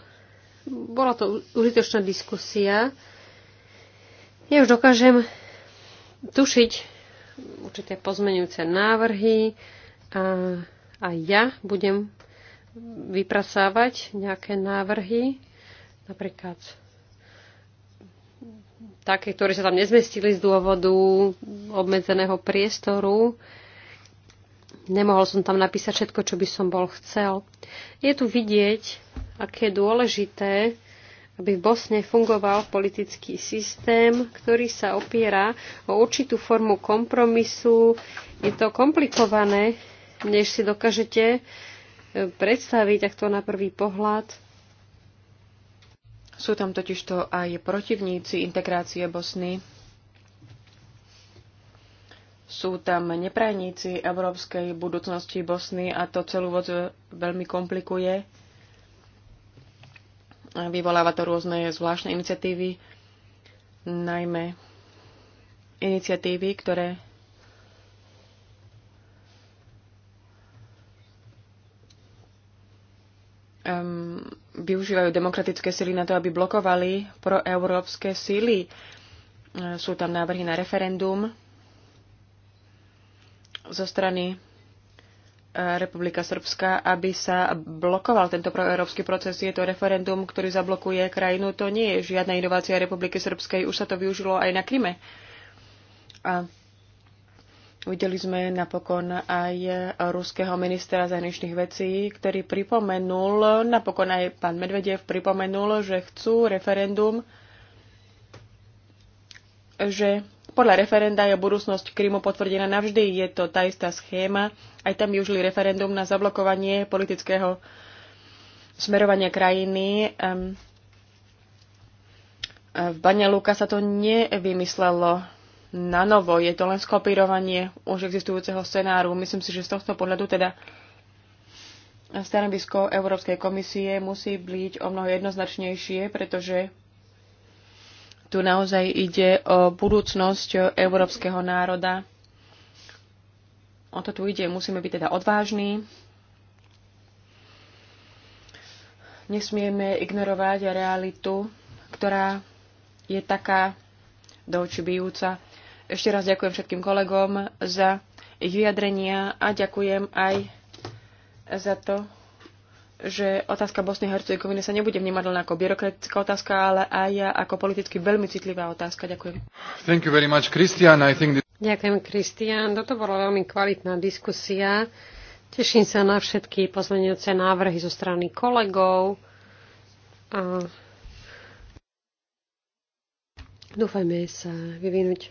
C: bola to užitočná diskusia. Ja už dokážem tušiť určité pozmenujúce návrhy a a ja budem vypracávať nejaké návrhy, napríklad také, ktoré sa tam nezmestili z dôvodu obmedzeného priestoru. Nemohol som tam napísať všetko, čo by som bol chcel. Je tu vidieť, aké je dôležité, aby v Bosne fungoval politický systém, ktorý sa opiera o určitú formu kompromisu. Je to komplikované, než si dokážete eh, predstaviť takto na prvý pohľad. Sú tam totižto aj protivníci integrácie
B: Bosny. Sú tam neprajníci európskej budúcnosti Bosny a to celú vec veľmi komplikuje. Vyvoláva to rôzne zvláštne iniciatívy, najmä iniciatívy, ktoré um, využívajú demokratické sily na to, aby blokovali proeurópske síly. Sú tam návrhy na referendum zo strany eh, Republika Srbska, aby sa blokoval tento proeurópsky proces. Je to referendum, ktorý zablokuje krajinu. To nie je žiadna inovácia Republiky Srbskej. Už sa to využilo aj na Kryme. A Videli sme napokon aj ruského ministra zahraničných vecí, ktorý pripomenul, napokon aj pán Medvedev pripomenul, že chcú referendum, že podľa referenda je budúcnosť Krymu potvrdená navždy. Je to tá istá schéma. Aj tam využili referendum na zablokovanie politického smerovania krajiny. Ehm, v Banja Luka sa to nevymyslelo na novo. Je to len skopírovanie už existujúceho scenáru. Myslím si, že z tohto pohľadu teda stanovisko Európskej komisie musí byť o mnoho jednoznačnejšie, pretože tu naozaj ide o budúcnosť európskeho národa. O to tu ide. Musíme byť teda odvážni. Nesmieme ignorovať realitu, ktorá je taká do očí bijúca. Ešte raz ďakujem všetkým kolegom za ich vyjadrenia a ďakujem aj za to, že otázka Bosnej Hercegoviny sa nebude vnímať len ako byrokratická otázka, ale aj ja ako politicky veľmi citlivá
C: otázka. Ďakujem.
D: Thank you very much, Christian. I think this...
C: Ďakujem, Kristian. Toto bola veľmi kvalitná diskusia. Teším sa na všetky pozmeňujúce návrhy zo strany kolegov. A dúfajme sa vyvinúť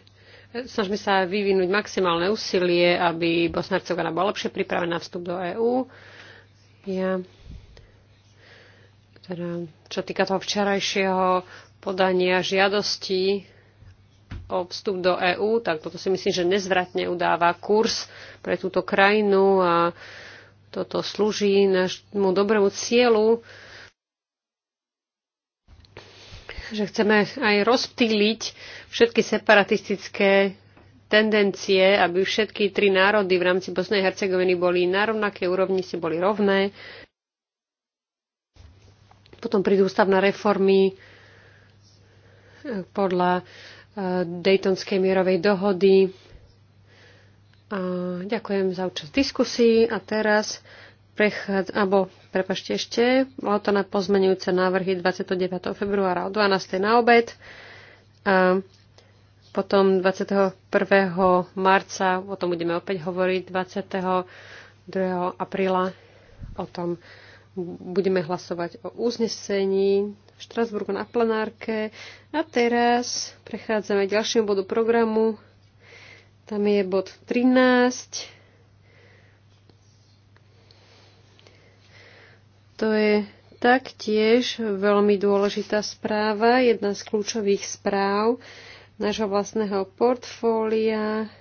C: Snažme sa vyvinúť maximálne úsilie, aby Bosna Hercegovina bola lepšie pripravená na vstup do EÚ. Ja, teda, čo týka toho včerajšieho podania žiadosti o vstup do EÚ, tak toto si myslím, že nezvratne udáva kurz pre túto krajinu a toto slúži nášmu dobrému cieľu že chceme aj rozptýliť všetky separatistické tendencie, aby všetky tri národy v rámci Bosnej a Hercegoviny boli na rovnakej úrovni, si boli rovné. Potom prídu ústavné reformy e, podľa e, Daytonskej mierovej dohody. A ďakujem za účasť v diskusii a teraz prechádza, alebo prepašte ešte, to na pozmenujúce návrhy 29. februára o 12. na obed a potom 21. marca, o tom budeme opäť hovoriť, 22. apríla o tom budeme hlasovať o uznesení v Štrasburgu na plenárke. A teraz prechádzame k ďalšiemu bodu programu. Tam je bod 13 To je taktiež veľmi dôležitá správa, jedna z kľúčových správ nášho vlastného portfólia.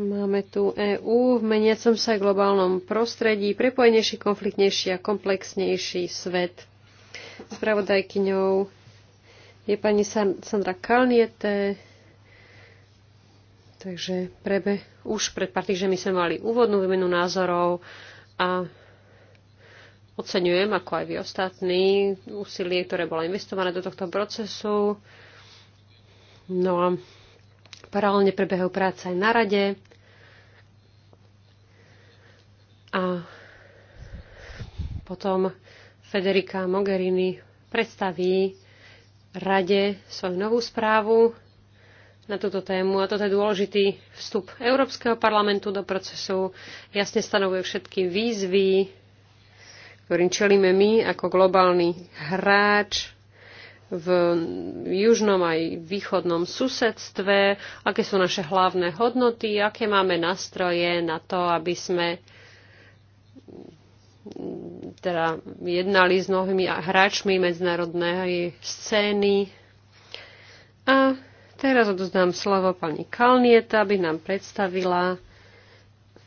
C: Máme tu EÚ v meniacom sa globálnom prostredí, prepojenejší, konfliktnejší a komplexnejší svet. Spravodajkyňou je pani Sandra Kalniete, takže prebe, už pred pár týždňami sme mali úvodnú výmenu názorov a Oceňujem, ako aj vy ostatní, úsilie, ktoré bolo investované do tohto procesu. No a paralelne prebehajú práce aj na rade. A potom Federica Mogherini predstaví rade svoju novú správu na túto tému. A toto je dôležitý vstup Európskeho parlamentu do procesu. Jasne stanovuje všetky výzvy, ktorým čelíme my ako globálny hráč v južnom aj východnom susedstve, aké sú naše hlavné hodnoty, aké máme nástroje na to, aby sme mm, teda jednali s novými hráčmi medzinárodnej scény. A teraz odozdám slovo pani Kalnieta, aby nám predstavila,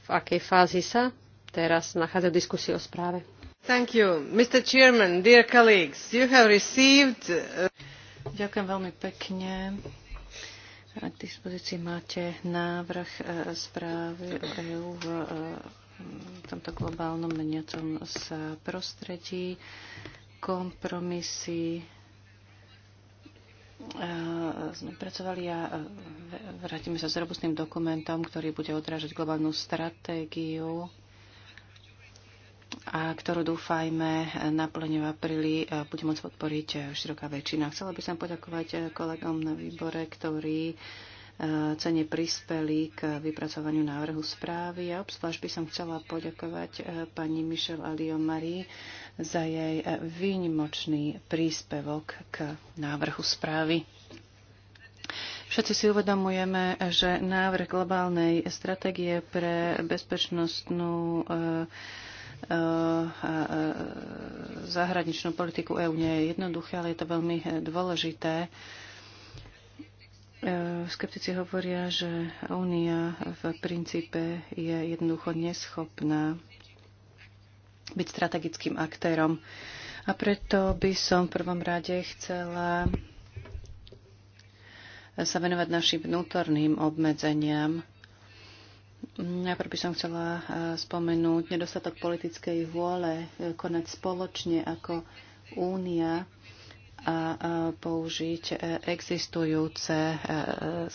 C: v akej fázi sa teraz nachádza diskusia o správe.
A: Uh,
D: Ďakujem veľmi pekne. K dispozícii máte návrh uh, správy o e EÚ uh, v tomto globálnom meniacom sa prostredí, kompromisy sme pracovali a vrátime sa s robustným dokumentom, ktorý bude odrážať globálnu stratégiu a ktorú dúfajme naplne v apríli e, bude môcť podporiť e, široká väčšina. Chcela by som poďakovať e, kolegom na výbore, ktorí cene prispeli k vypracovaniu návrhu správy. A obzvlášť by som chcela poďakovať pani Michelle Alio Marie za jej výnimočný príspevok k návrhu správy. Všetci si uvedomujeme, že návrh globálnej stratégie pre bezpečnostnú e, a eh, zahraničnú politiku EÚ nie je jednoduché, ale je to veľmi eh, dôležité. Eh, skeptici hovoria, že Únia v princípe je jednoducho neschopná byť strategickým aktérom. A preto by som v prvom rade chcela sa venovať našim vnútorným obmedzeniam, Najprv by som chcela eh, spomenúť nedostatok politickej vôle eh, konať spoločne ako únia a eh, použiť existujúce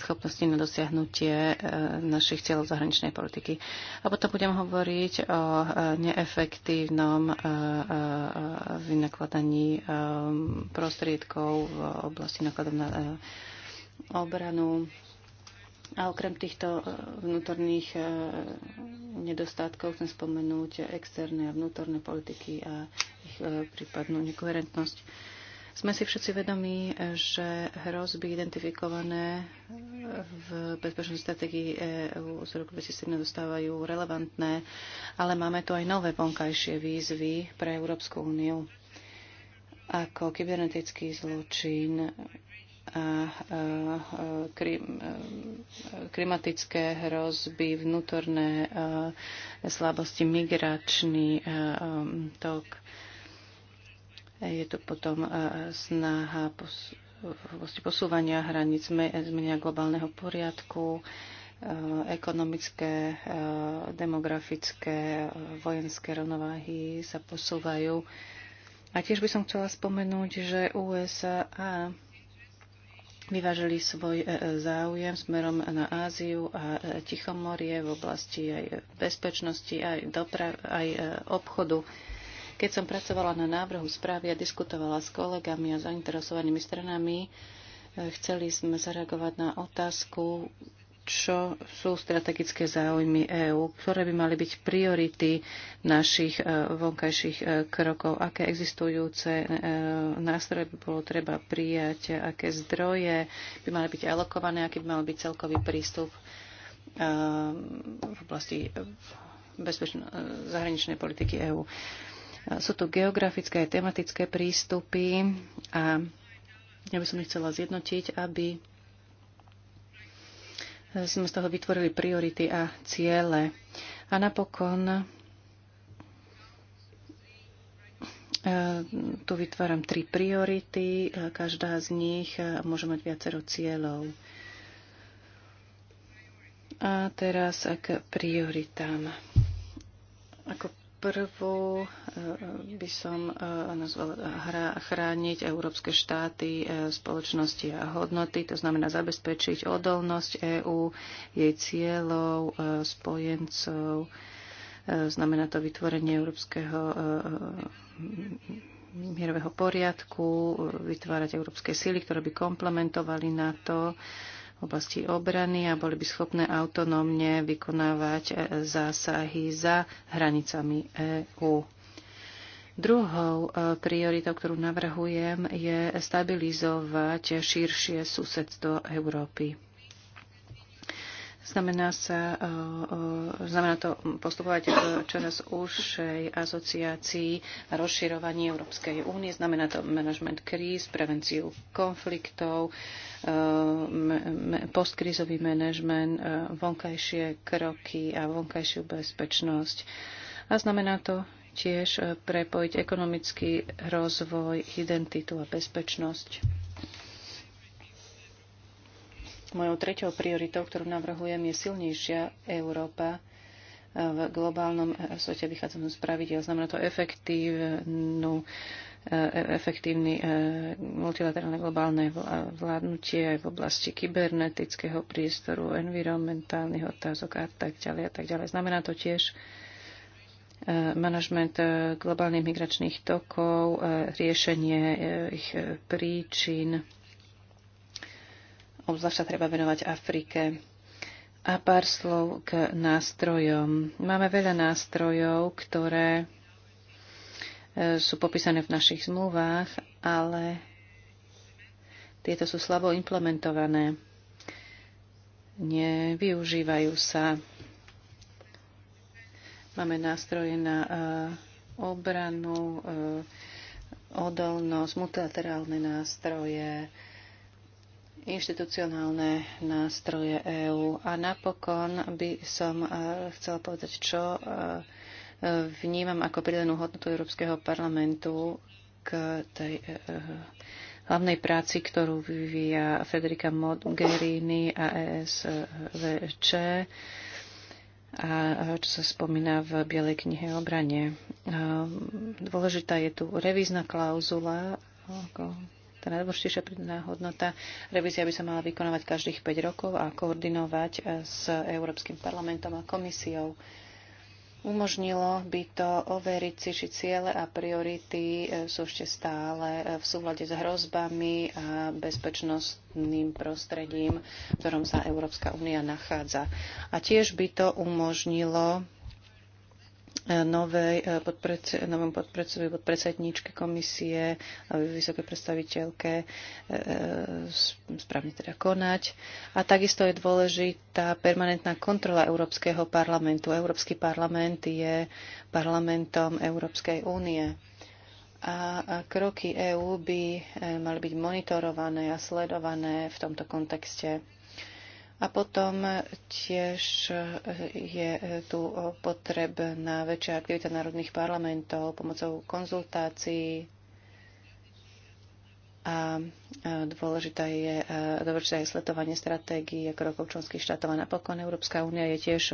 D: schopnosti na dosiahnutie našich cieľov zahraničnej politiky. A potom budem hovoriť o neefektívnom vynakladaní prostriedkov v oblasti nakladov na obranu a okrem týchto e, vnútorných e, nedostatkov chcem spomenúť externé a vnútorné politiky a ich e, prípadnú nekoherentnosť. Sme si všetci vedomí, že hrozby identifikované v bezpečnej strategii EU z roku 2007 dostávajú relevantné, ale máme tu aj nové vonkajšie výzvy pre Európsku úniu, ako kybernetický zločin, a klimatické hrozby, vnútorné slabosti, migračný tok. Je tu potom snaha posúvania hraníc, zmenia globálneho poriadku, ekonomické, demografické, vojenské rovnováhy sa posúvajú. A tiež by som chcela spomenúť, že USA vyvážili svoj e, e, záujem smerom na Áziu a e, Tichomorie v oblasti aj bezpečnosti, aj, dopra- aj obchodu. Keď som pracovala na návrhu správy a diskutovala s kolegami a zainteresovanými stranami, chceli sme zareagovať na otázku, čo sú strategické záujmy EÚ, ktoré by mali byť priority našich e, vonkajších e, krokov, aké existujúce e, nástroje by bolo treba prijať, aké zdroje by mali byť alokované, aký by mal byť celkový prístup v oblasti bezpečno- zahraničnej politiky EÚ. Sú tu geografické a tematické prístupy a ja by som ich chcela zjednotiť, aby sme z toho vytvorili priority a ciele. A napokon eh, tu vytváram tri priority, každá z nich eh, môže mať viacero cieľov. A teraz k prioritám. Ako Prvú eh, by som eh, nazvala eh, chrániť európske štáty, spoločnosti a hodnoty, to znamená zabezpečiť odolnosť EÚ, jej cieľov, spojencov. Znamená to vytvorenie európskeho mierového poriadku, vytvárať európske síly, ktoré by komplementovali na to, oblasti obrany a boli by schopné autonómne vykonávať e, zásahy za hranicami EÚ. Druhou e, prioritou, ktorú navrhujem, je stabilizovať širšie susedstvo Európy. Znamená, sa, e, e, znamená to postupovať v čoraz užšej asociácii a rozširovanie Európskej únie. Znamená to management kríz, prevenciu konfliktov, e, postkrízový management, vonkajšie kroky a vonkajšiu bezpečnosť. A znamená to tiež prepojiť ekonomický rozvoj, identitu a bezpečnosť. Mojou treťou prioritou, ktorú navrhujem, je silnejšia Európa v globálnom svete vychádzam z pravidel. Znamená to efektívnu efektívny eh, multilaterálne globálne vládnutie aj v oblasti kybernetického priestoru, environmentálnych otázok a tak ďalej a tak ďalej. Znamená to tiež eh, manažment eh, globálnych migračných tokov, riešenie ich príčin, obzvlášť sa treba venovať Afrike. A pár slov k nástrojom. Máme veľa nástrojov, ktoré e, sú popísané v našich zmluvách, ale tieto sú slabo implementované. Nevyužívajú sa. Máme nástroje na e, obranu, e, odolnosť, multilaterálne nástroje, inštitucionálne nástroje EÚ. A napokon by som e, chcela povedať, čo e, vnímam ako pridanú hodnotu Európskeho parlamentu k tej e, hlavnej práci, ktorú vyvíja Federica Mogherini a ESVČ a čo sa spomína v Bielej knihe o obrane. Dôležitá je tu revízna klauzula, ako tá najdôležitejšia pridaná hodnota. Revízia by sa mala vykonávať každých 5 rokov a koordinovať eh, s Európskym parlamentom a komisiou. Umožnilo by to overiť si, či ciele a priority eh, sú ešte stále eh, v súhľade s hrozbami a bezpečnostným prostredím, v ktorom sa Európska únia nachádza. A tiež by to umožnilo novej eh, novom podpredsedovi, podpredsedníčke komisie a eh, vysokej predstaviteľke eh, správne teda konať. A takisto je dôležitá permanentná kontrola Európskeho parlamentu. Európsky parlament je parlamentom Európskej únie a kroky EÚ by mali byť monitorované a sledované v tomto kontexte. A potom tiež eh, je eh, tu potrebná väčšia aktivita národných parlamentov pomocou konzultácií a eh, dôležité je, dôležité je sledovanie stratégií a krokov členských štátov. A napokon Európska únia je tiež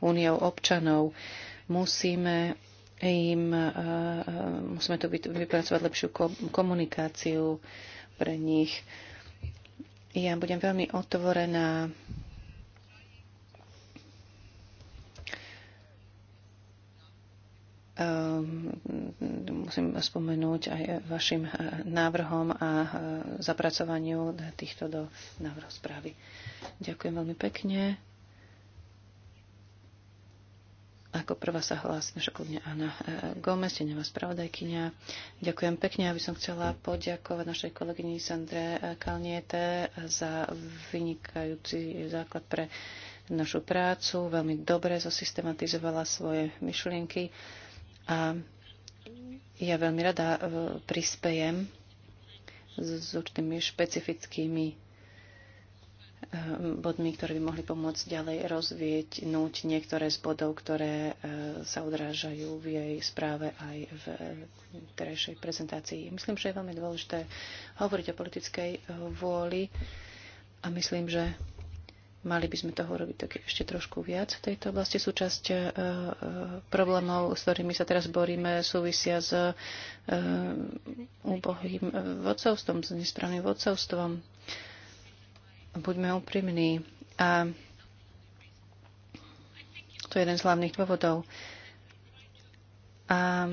D: úniou občanov. Musíme im musíme tu vypracovať lepšiu komunikáciu pre nich ja budem veľmi otvorená ehm, musím spomenúť aj vašim eh, návrhom a eh, zapracovaniu týchto do návrhu správy. Ďakujem veľmi pekne. Ako prvá sa hlási naša kľudňa Anna e, Gomez, tenevá spravodajkynia. Ďakujem pekne, aby som chcela poďakovať našej kolegyni Sandre Kalniete za vynikajúci základ pre našu prácu. Veľmi dobre zosystematizovala svoje myšlienky a ja veľmi rada e, prispejem s určitými špecifickými Eh, bodmi, ktoré by mohli pomôcť ďalej rozvieť, núť niektoré z bodov, ktoré eh, sa odrážajú v jej správe aj v eh, terajšej prezentácii. Myslím, že je veľmi dôležité hovoriť o politickej vôli a myslím, že mali by sme toho robiť tak ešte trošku viac v tejto oblasti. Súčasť problémov, s ktorými sa teraz boríme, súvisia s úbohým vodcovstvom, s nesprávnym vodcovstvom Buďme úprimní. A to je jeden z hlavných dôvodov. A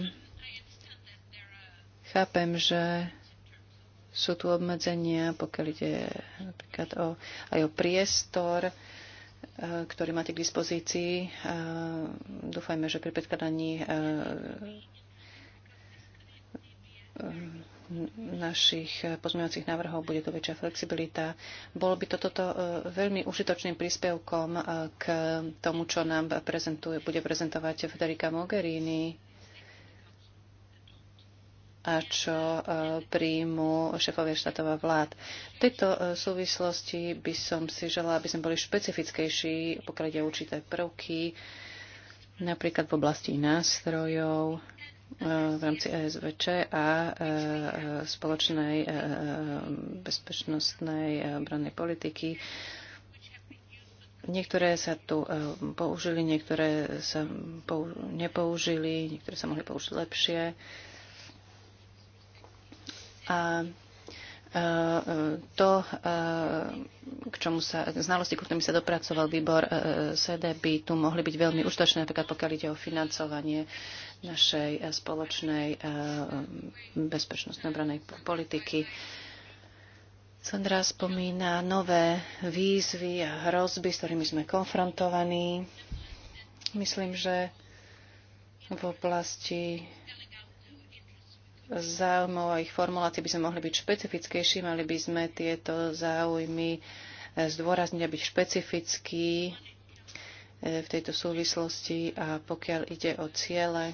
D: chápem, že sú tu obmedzenia, pokiaľ ide napríklad o, aj o priestor, e, ktorý máte k dispozícii. E, dúfajme, že pri predkladaní e, našich eh, pozmeňovacích návrhov bude to väčšia flexibilita. Bolo by to toto eh, veľmi užitočným príspevkom eh, k tomu, čo nám prezentuje, bude prezentovať Federica Mogherini a čo príjmu šefovia štátov a vlád. V tejto súvislosti by som si želala, aby sme boli špecifickejší, pokiaľ ide určité prvky, napríklad v oblasti nástrojov, E, v rámci ESVČ a e, e, spoločnej bezpečnostnej obrannej politiky. Niektoré sa tu použili, niektoré sa nepoužili, niektoré sa mohli použiť lepšie. A to, k čomu sa, znalosti, ku ktorým sa dopracoval výbor SED, by tu mohli byť veľmi užitočné, napríklad pokiaľ ide o financovanie našej eh, spoločnej eh, mm, bezpečnostnej obranej politiky. Sandra spomína nové výzvy a hrozby, s ktorými sme konfrontovaní. Myslím, že v oblasti záujmov a ich formulácií by sme mohli byť špecifickejší, mali by sme tieto záujmy eh, zdôrazniť a byť špecifický v tejto súvislosti a pokiaľ ide o ciele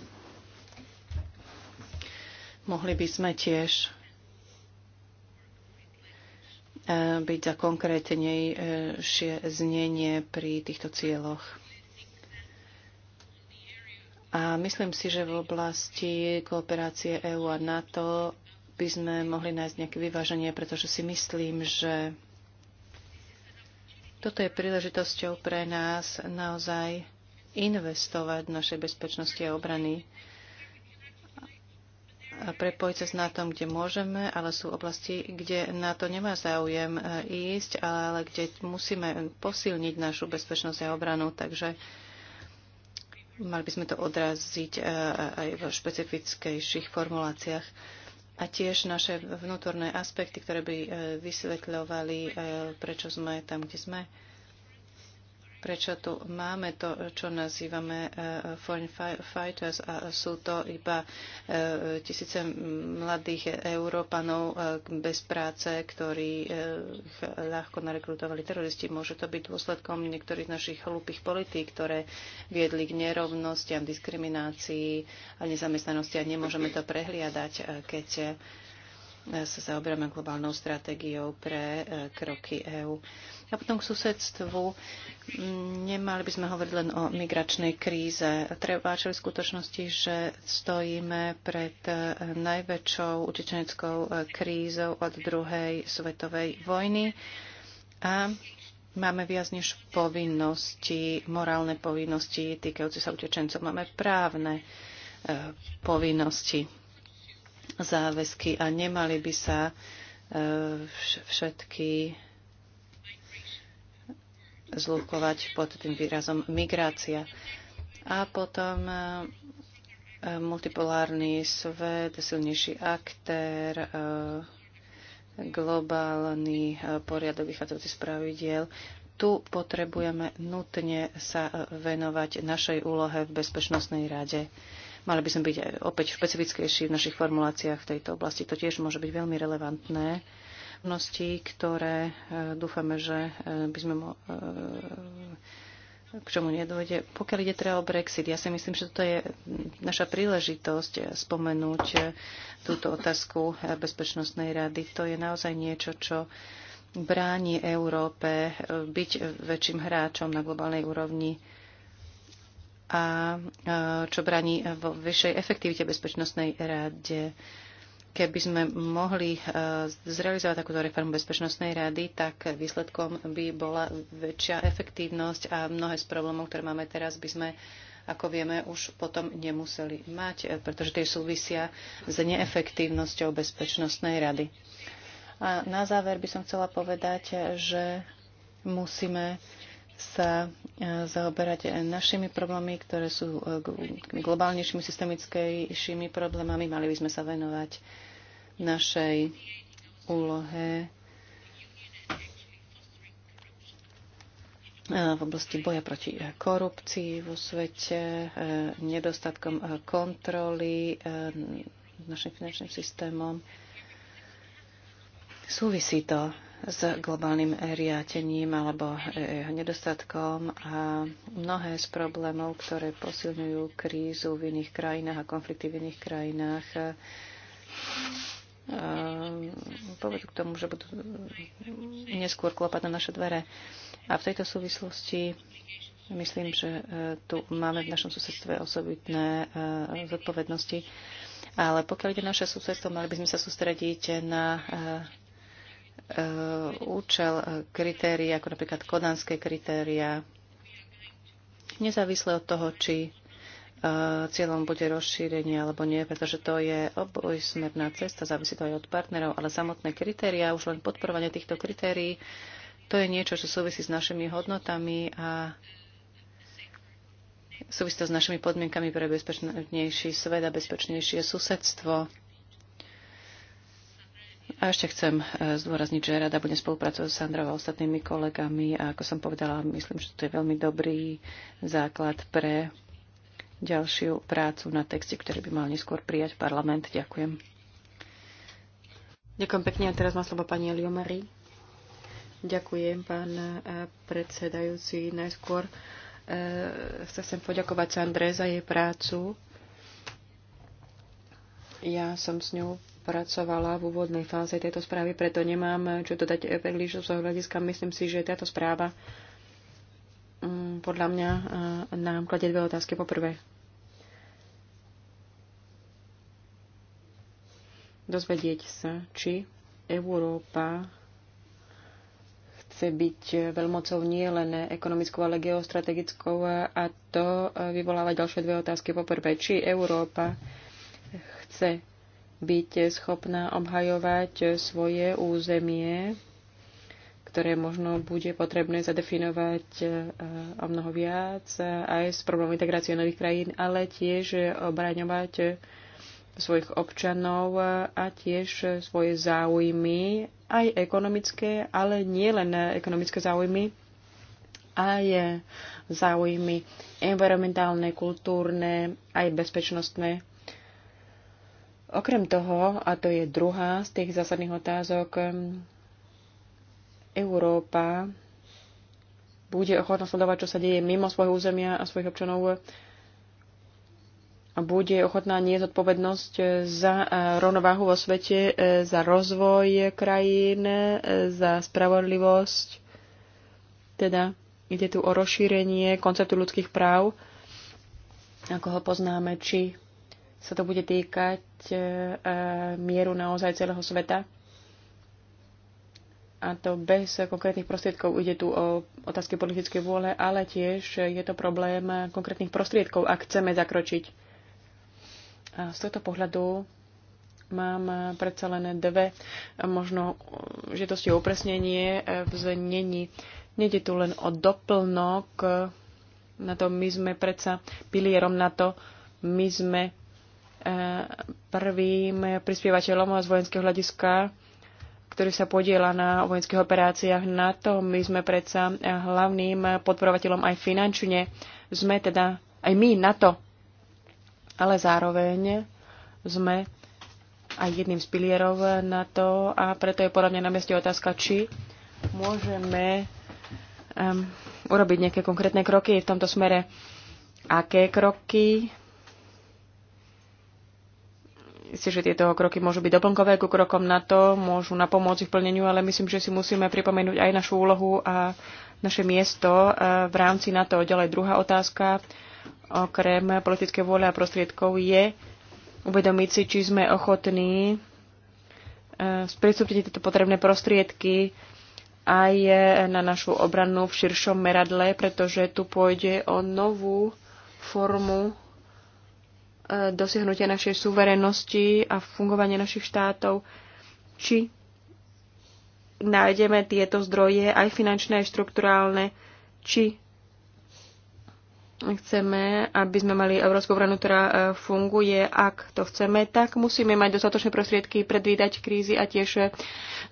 D: Mohli by sme tiež e, byť za konkrétnejšie znenie pri týchto cieľoch. A myslím si, že v oblasti kooperácie EÚ a NATO by sme mohli nájsť nejaké vyváženie, pretože si myslím, že toto je príležitosťou pre nás naozaj investovať v našej bezpečnosti a obrany prepojiť sa s NATO, kde môžeme, ale sú oblasti, kde NATO nemá záujem e, ísť, ale kde musíme posilniť našu bezpečnosť a obranu. Takže mali by sme to odraziť e, aj v špecifickejších formuláciách. A tiež naše vnútorné aspekty, ktoré by e, vysvetľovali, prečo sme tam, kde sme prečo tu máme to, čo nazývame e, foreign fighters a sú to iba e, tisíce mladých Európanov e, bez práce, ktorí ľahko narekrutovali teroristi. Môže to byť dôsledkom niektorých našich hlúpých politík, ktoré viedli k nerovnostiam, diskriminácii a nezamestnanosti a nemôžeme to prehliadať, keď sa zaoberáme globálnou stratégiou pre e, kroky EÚ. A potom k susedstvu. Mm, nemali by sme hovoriť len o migračnej kríze. Treba v skutočnosti, že stojíme pred e, najväčšou utečeneckou e, krízou od druhej svetovej vojny a máme viac než povinnosti, morálne povinnosti týkajúce sa utečencov. Máme právne povinnosti záväzky a nemali by sa e, všetky zlúkovať pod tým výrazom migrácia. A potom e, e, multipolárny svet, silnejší aktér, globálny poriadok vychádzajúci z pravidiel. Tu potrebujeme nutne sa venovať našej úlohe v Bezpečnostnej rade. Mali by sme byť opäť špecifickejší v našich formuláciách v tejto oblasti. To tiež môže byť veľmi relevantné ktoré e, dúfame, že e, by sme mo- e, k čomu nedôjde. Pokiaľ ide teda o Brexit, ja si myslím, že toto je naša príležitosť spomenúť túto otázku Bezpečnostnej rady. To je naozaj niečo, čo bráni Európe byť väčším hráčom na globálnej úrovni a čo bráni vo vyššej efektivite bezpečnostnej rade. Keby sme mohli e, zrealizovať takúto reformu bezpečnostnej rady, tak výsledkom by bola väčšia efektívnosť a mnohé z problémov, ktoré máme teraz, by sme ako vieme, už potom nemuseli mať, e, pretože tie súvisia s neefektívnosťou Bezpečnostnej rady. A na záver by som chcela povedať, že musíme sa e, zaoberať našimi problémami, ktoré sú e, globálnejšími, systemickejšími problémami. Mali by sme sa venovať našej úlohe e, v oblasti boja proti korupcii vo svete, nedostatkom kontroly našim finančným systémom. Súvisí to s globálnym riatením alebo jeho nedostatkom a mnohé z problémov, ktoré posilňujú krízu v iných krajinách a konflikty v iných krajinách, povedú k tomu, že budú neskôr klopať na naše dvere. A v tejto súvislosti myslím, že e, tu máme v našom susedstve osobitné e, zodpovednosti. Ale pokiaľ ide naše susedstvo, mali by sme sa sústrediť na e, Eh, účel eh, kritérií, ako napríklad kodanské kritéria, nezávisle od toho, či eh, cieľom bude rozšírenie alebo nie, pretože to je obojsmerná cesta, závisí to aj od partnerov, ale samotné kritéria, už len podporovanie týchto kritérií, to je niečo, čo súvisí s našimi hodnotami a súvisí to s našimi podmienkami pre bezpečnejší svet a bezpečnejšie susedstvo. A ešte chcem e, zdôrazniť, že rada budem spolupracovať s Sandrou a ostatnými kolegami a ako som povedala, myslím, že to je veľmi dobrý základ pre ďalšiu prácu na texte, ktorý by mal neskôr prijať parlament. Ďakujem.
B: Ďakujem pekne a teraz má slovo pani Eliomari. Ďakujem, pán e, predsedajúci. Najskôr e, chcem poďakovať Sandre za jej prácu. Ja som s ňou pracovala v úvodnej fáze tejto správy, preto nemám čo to dať eh, príliš z hľadiska. Myslím si, že táto správa mm, podľa mňa eh, nám kladie dve otázky. Poprvé, dozvedieť sa, či Európa chce byť veľmocou nie len ekonomickou, ale geostrategickou a to eh, vyvoláva ďalšie dve otázky. Poprvé, či Európa chce byť schopná obhajovať svoje územie, ktoré možno bude potrebné zadefinovať e, o mnoho viac e, aj s problémom integrácie nových krajín, ale tiež obraňovať svojich občanov a tiež svoje záujmy, aj ekonomické, ale nie len ekonomické záujmy, aj záujmy environmentálne, kultúrne, aj bezpečnostné Okrem toho, a to je druhá z tých zásadných otázok, Európa bude ochotná sledovať, čo sa deje mimo svojho územia a svojich občanov a bude ochotná nie zodpovednosť za e, rovnováhu vo svete, e, za rozvoj krajín, e, za spravodlivosť. Teda ide tu o rozšírenie konceptu ľudských práv, ako ho poznáme, či sa to bude týkať E, e, mieru naozaj celého sveta. A to bez konkrétnych prostriedkov. Ide tu o otázky politickej vôle, ale tiež je to problém konkrétnych prostriedkov, ak chceme zakročiť. A z tohto pohľadu mám predsa len dve možno žiadosti o upresnenie e, v znení. Nede tu len o doplnok na to, my sme predsa pilierom na to, my sme prvým prispievateľom z vojenského hľadiska, ktorý sa podiela na vojenských operáciách NATO. My sme predsa hlavným podporovateľom aj finančne. Sme teda aj my NATO, ale zároveň sme aj jedným z pilierov NATO a preto je podľa mňa na mieste otázka, či môžeme um, urobiť nejaké konkrétne kroky v tomto smere. Aké kroky si, že tieto kroky môžu byť doplnkové ku krokom na to, môžu napomôcť ich plneniu, ale myslím, že si musíme pripomenúť aj našu úlohu a naše miesto e, v rámci NATO. Ďalej druhá otázka, okrem politické vôle a prostriedkov, je uvedomiť si, či sme ochotní e, sprístupniť tieto potrebné prostriedky aj e, na našu obranu v širšom meradle, pretože tu pôjde o novú formu E, dosiahnutia našej suverenosti a fungovanie našich štátov, či nájdeme tieto zdroje, aj finančné, aj štruktúrálne, či chceme, aby sme mali európsku obranu, ktorá e, funguje, ak to chceme, tak musíme mať dostatočné prostriedky predvídať krízy a tiež e,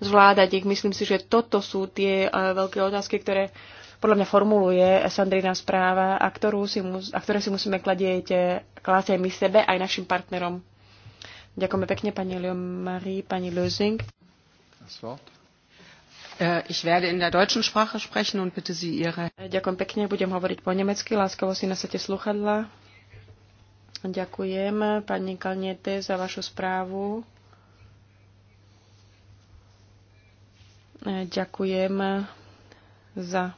B: zvládať ich. Myslím si, že toto sú tie veľké otázky, ktoré podľa mňa formuluje Sandrina správa a, ktorú si mus, a ktoré si musíme kladieť, e, klásť aj my sebe, aj našim partnerom. Ďakujeme pekne pani Leo Marie, pani Lösing. Äh, ich werde in der deutschen Sprache sprechen und bitte Sie Ihre... E, ďakujem pekne, budem hovoriť po nemecky, láskavo si nasete sluchadla. Ďakujem pani Kalniete za vašu správu. E, ďakujem za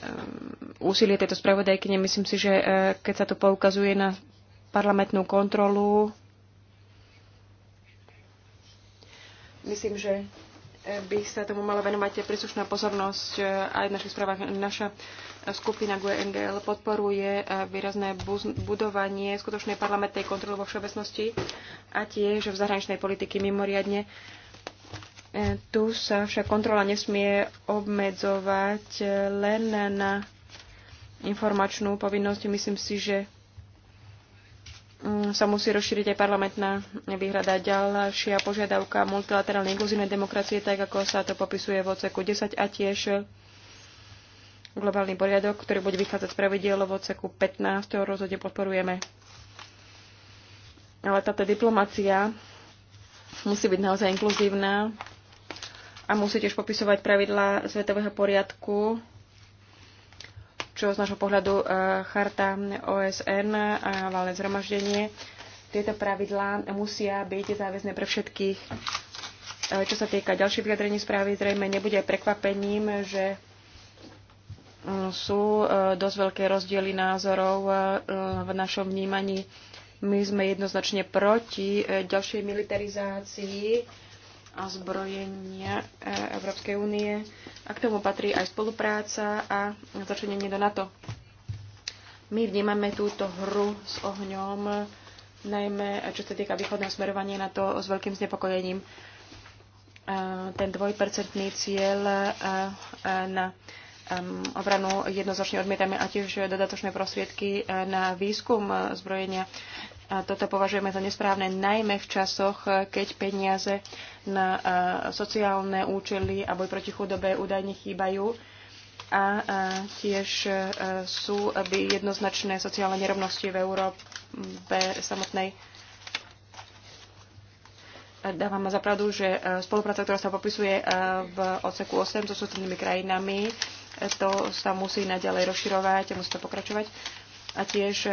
B: Um, úsilie tejto spravodajkyne. Myslím si, že uh, keď sa to poukazuje na parlamentnú kontrolu, myslím, že uh, by sa tomu mala venovať príslušná pozornosť uh, aj v našich správach. Naša skupina GUNGL podporuje výrazné budovanie skutočnej parlamentnej kontroly vo všeobecnosti a tiež v zahraničnej politiky mimoriadne E, tu sa však kontrola nesmie obmedzovať len na informačnú povinnosť. Myslím si, že mm, sa musí rozšíriť aj parlamentná výhrada. Ďalšia požiadavka multilaterálnej inkluzívnej demokracie, tak ako sa to popisuje v oceku 10 a tiež globálny poriadok, ktorý bude vychádzať z pravidiel v oceku 15, ktorého rozhodne podporujeme. Ale táto diplomacia musí byť naozaj inkluzívna a musí tiež popisovať pravidlá svetového poriadku, čo z nášho pohľadu e, charta OSN a valné zhromaždenie. Tieto pravidlá musia byť záväzné pre všetkých. E, čo sa týka ďalších vyjadrení správy, zrejme nebude prekvapením, že e, sú dosť veľké rozdiely názorov v našom vnímaní. My sme jednoznačne proti ďalšej militarizácii a zbrojenia e, Európskej únie a k tomu patrí aj spolupráca a začlenenie do NATO. My vnímame túto hru s ohňom, najmä čo sa týka východného smerovania na to s veľkým znepokojením. E, ten dvojpercentný cieľ e, na obranu jednoznačne odmietame a tiež dodatočné prostriedky na výskum zbrojenia. A toto považujeme za nesprávne najmä v časoch, keď peniaze na sociálne účely a boj proti chudobe údajne chýbajú a tiež e, sú aby jednoznačné sociálne nerovnosti v Európe samotnej. Dávam za pravdu, že e, spolupráca, ktorá sa popisuje e, v odseku 8 so susednými krajinami, to sa musí naďalej rozširovať a musí to pokračovať a tiež, e,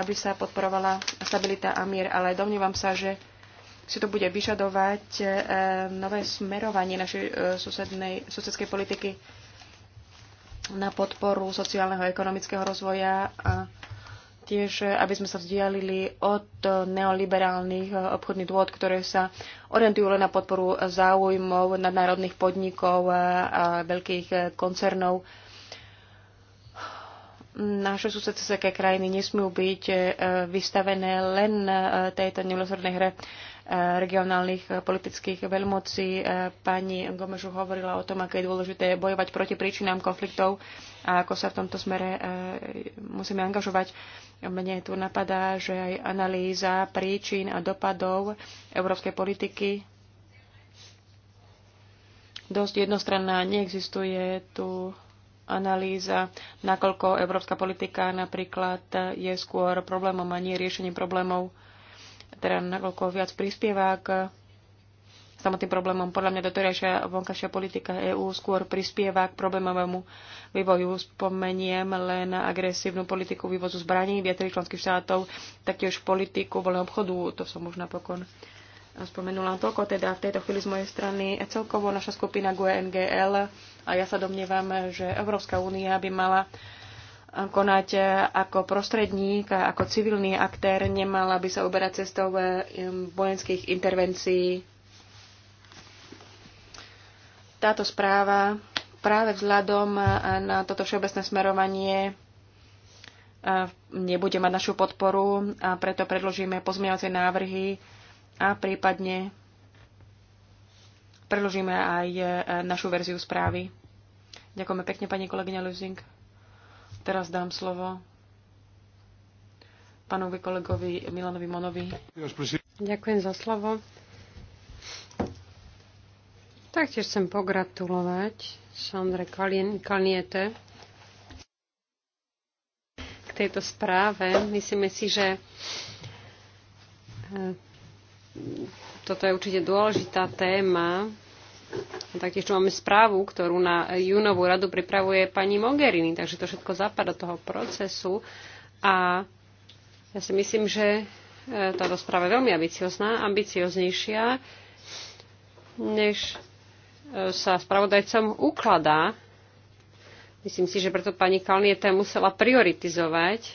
B: aby sa podporovala stabilita a mier. Ale domnívam sa, že si to bude vyžadovať e, nové smerovanie našej e, susednej, susedskej politiky na podporu sociálneho a ekonomického rozvoja a tiež, aby sme sa vzdialili od neoliberálnych obchodných dôvod, ktoré sa orientujú len na podporu záujmov nadnárodných podnikov a veľkých koncernov naše susedské krajiny nesmú byť e, vystavené len e, tejto nemilosrdnej hre e, regionálnych politických veľmocí. Pani Gomežu hovorila o tom, aké je dôležité bojovať proti príčinám konfliktov a ako sa v tomto smere musíme angažovať. Mne tu napadá, že aj analýza príčin a dopadov európskej politiky dosť jednostranná neexistuje tu analýza, nakoľko európska politika napríklad je skôr problémom a nie riešením problémov, teda nakoľko viac prispieva k samotným problémom. Podľa mňa doterajšia vonkajšia politika EÚ skôr prispieva k problémovému vývoju. Spomeniem len agresívnu politiku vývozu zbraní viacerých členských štátov, taktiež politiku voľného obchodu, to som už napokon spomenula toľko. Teda v tejto chvíli z mojej strany celkovo naša skupina GUE NGL a ja sa domnievam, že Európska únia by mala konať eh, ako prostredník, eh, ako civilný aktér, nemala by sa uberať cestou eh, vojenských intervencií. Táto správa práve vzhľadom na toto všeobecné smerovanie nebude mať našu podporu a preto predložíme pozmeňovacie návrhy a prípadne preložíme aj e, našu verziu správy. Ďakujeme pekne, pani kolegyňa Luzing. Teraz dám slovo pánovi kolegovi Milanovi Monovi. Ďakujem
C: za slovo. Taktiež chcem pogratulovať Sandre Kalniete k tejto správe. Myslíme si, že e, toto je určite dôležitá téma Taktiež tu máme správu, ktorú na júnovú radu pripravuje pani Mogherini, takže to všetko zapadá do toho procesu a ja si myslím, že e, tá rozpráva je veľmi ambiciozná, ambicioznejšia, než e, sa spravodajcom ukladá. Myslím si, že preto pani Kalniete musela prioritizovať.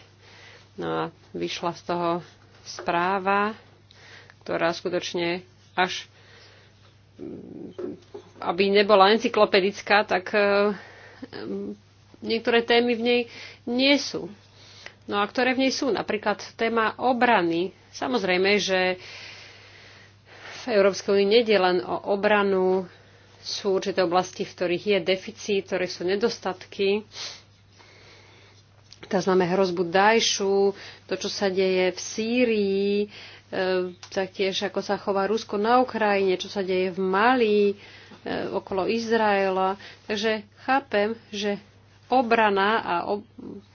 C: No a vyšla z toho správa, ktorá skutočne až aby nebola encyklopedická, tak eh, niektoré témy v nej nie sú. No a ktoré v nej sú? Napríklad téma obrany. Samozrejme, že v Európskej únii nedie len o obranu, sú určité oblasti, v ktorých je deficit, ktoré sú nedostatky. Teraz známe hrozbu Dajšu, to, čo sa deje v Sýrii, e, taktiež ako sa chová Rusko na Ukrajine, čo sa deje v Mali, E, okolo Izraela. Takže chápem, že obrana a ob-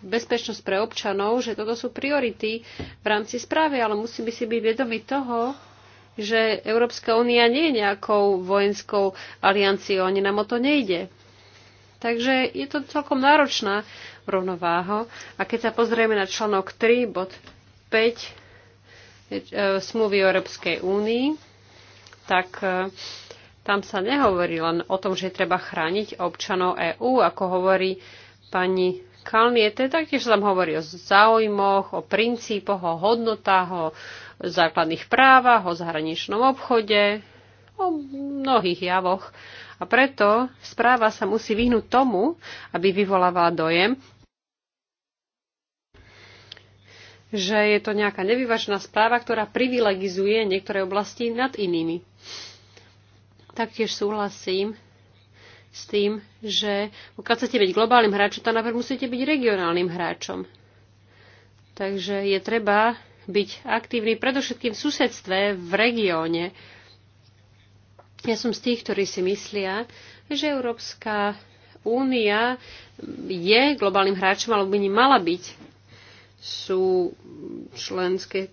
C: bezpečnosť pre občanov, že toto sú priority v rámci správy, ale musíme si byť vedomi toho, že Európska únia nie je nejakou vojenskou alianciou, ani nám o to nejde. Takže je to celkom náročná rovnováha. A keď sa pozrieme na článok 3, bod 5 e, e, smluvy o Európskej únii, tak e, tam sa nehovorí len o tom, že treba chrániť občanov EÚ, ako hovorí pani Kalniete, taktiež sa tam hovorí o záujmoch, o princípoch, o hodnotách, o základných právach, o zahraničnom obchode, o mnohých javoch. A preto správa sa musí vyhnúť tomu, aby vyvolávala dojem, že je to nejaká nevyvažená správa, ktorá privilegizuje niektoré oblasti nad inými. Taktiež súhlasím s tým, že pokiaľ chcete byť globálnym hráčom, tak napríklad musíte byť regionálnym hráčom. Takže je treba byť aktívny predovšetkým v susedstve, v regióne. Ja som z tých, ktorí si myslia, že Európska únia je globálnym hráčom, alebo by mala byť sú členské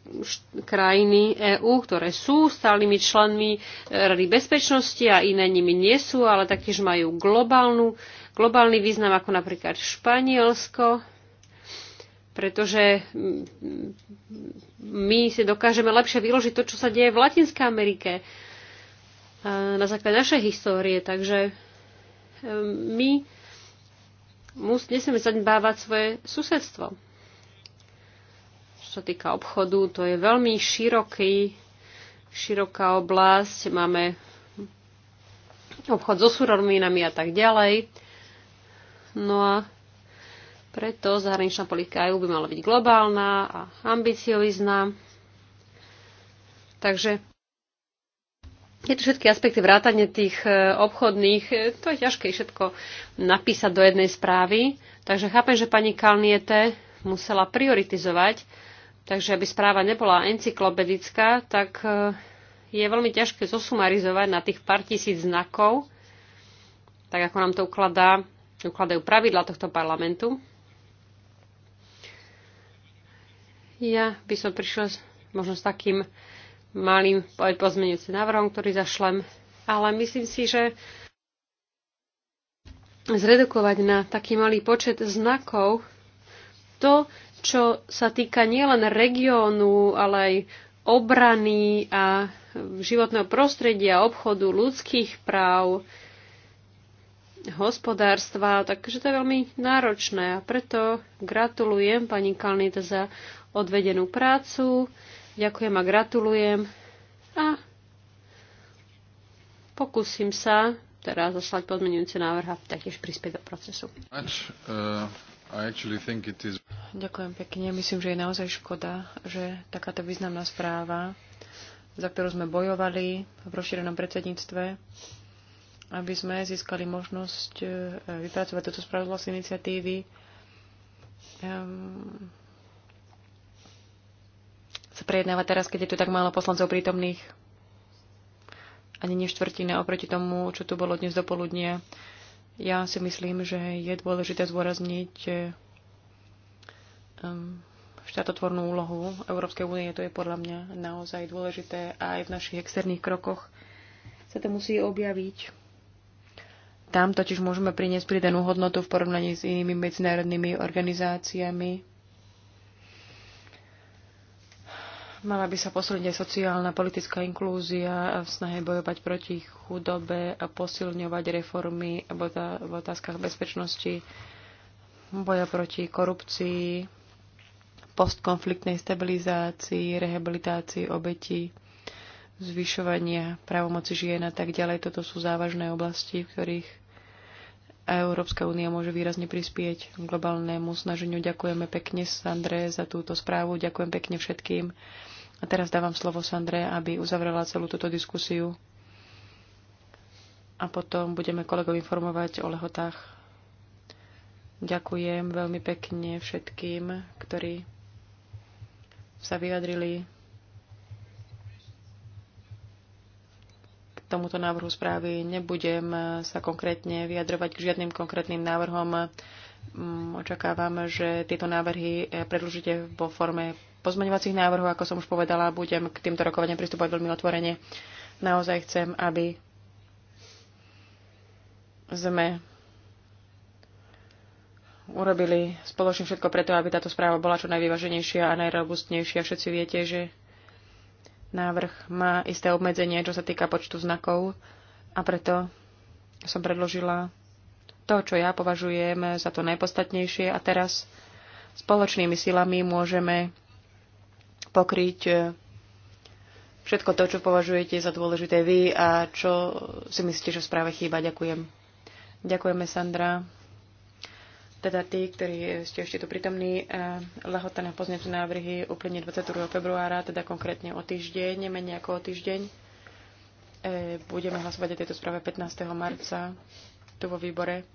C: krajiny EÚ, ktoré sú stálymi členmi e, Rady bezpečnosti a iné nimi nie sú, ale taktiež majú globálnu, globálny význam, ako napríklad Španielsko, pretože my si dokážeme lepšie vyložiť to, čo sa deje v Latinskej Amerike e, na základe našej histórie. Takže e, my musíme zanedbávať svoje susedstvo čo sa týka obchodu, to je veľmi široký, široká oblasť. Máme obchod so surovinami a tak ďalej. No a preto zahraničná politika EU by mala byť globálna a ambiciozná. Takže tieto všetky aspekty vrátane tých e, obchodných, e, to je ťažké všetko napísať do jednej správy. Takže chápem, že pani Kalniete musela prioritizovať Takže aby správa nebola encyklopedická, tak e, je veľmi ťažké zosumarizovať na tých pár tisíc znakov, tak ako nám to ukladá, ukladajú pravidla tohto parlamentu. Ja by som prišla možno s takým malým pozmeňujúcim návrhom, ktorý zašlem, ale myslím si, že zredukovať na taký malý počet znakov, to čo sa týka nielen regiónu, ale aj obrany a životného prostredia, obchodu, ľudských práv, hospodárstva, takže to je veľmi náročné a preto gratulujem pani Kalnita za odvedenú prácu, ďakujem a gratulujem a pokúsim sa teraz zaslať podmenujúce návrh a taktiež prispieť do procesu.
D: Uh, Ďakujem
C: pekne. Myslím, že je naozaj škoda, že
B: takáto významná správa, za ktorú sme bojovali v rozšírenom predsedníctve, aby sme získali možnosť e, vypracovať túto správu z iniciatívy, ehm, sa prejednáva teraz, keď je tu tak málo poslancov prítomných. Ani neštvrtina oproti tomu, čo tu bolo dnes do poludnia. Ja si myslím, že je dôležité zvorazniť eh, štátotvornú úlohu Európskej únie. To je podľa mňa naozaj dôležité a aj v našich externých krokoch sa to musí objaviť. Tam totiž môžeme priniesť pridanú hodnotu v porovnaní s inými medzinárodnými organizáciami Mala by sa posilniť aj sociálna politická inklúzia v snahe bojovať proti chudobe a posilňovať reformy v otázkach bezpečnosti, boja proti korupcii, postkonfliktnej stabilizácii, rehabilitácii obetí, zvyšovania právomoci žien a tak ďalej. Toto sú závažné oblasti, v ktorých Európska únia môže výrazne prispieť globálnemu snaženiu. Ďakujeme pekne, Sandre, za túto správu. Ďakujem pekne všetkým a teraz dávam slovo Sandre, aby uzavrela celú túto diskusiu. A potom budeme kolegov informovať o lehotách. Ďakujem veľmi pekne všetkým, ktorí sa vyjadrili k tomuto návrhu správy. Nebudem sa konkrétne vyjadrovať k žiadnym konkrétnym návrhom. Mm, očakávam, že tieto návrhy predlžite vo forme pozmeňovacích návrhov, ako som už povedala, budem k týmto rokovaniam pristupovať veľmi otvorene. Naozaj chcem, aby sme urobili spoločne všetko preto, aby táto správa bola čo najvyvaženejšia a najrobustnejšia. Všetci viete, že návrh má isté obmedzenie, čo sa týka počtu znakov a preto som predložila to, čo ja považujem za to najpodstatnejšie a teraz spoločnými silami môžeme pokryť e, všetko to, čo považujete za dôležité vy a čo si myslíte, že v správe chýba. Ďakujem. Ďakujeme, Sandra. Teda tí, ktorí ste ešte tu prítomní, e, lehota na poznete návrhy úplne 22. februára, teda konkrétne o týždeň, nemenej ako o týždeň. E, budeme hlasovať o tejto správe 15. marca tu vo výbore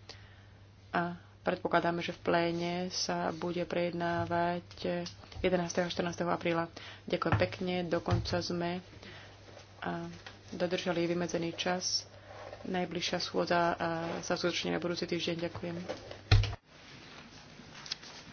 B: a Predpokladáme, že v pléne sa bude prejednávať 11. a 14. apríla. Ďakujem pekne, dokonca sme dodržali vymedzený čas. Najbližšia schôdza sa skutočne na budúci týždeň. Ďakujem.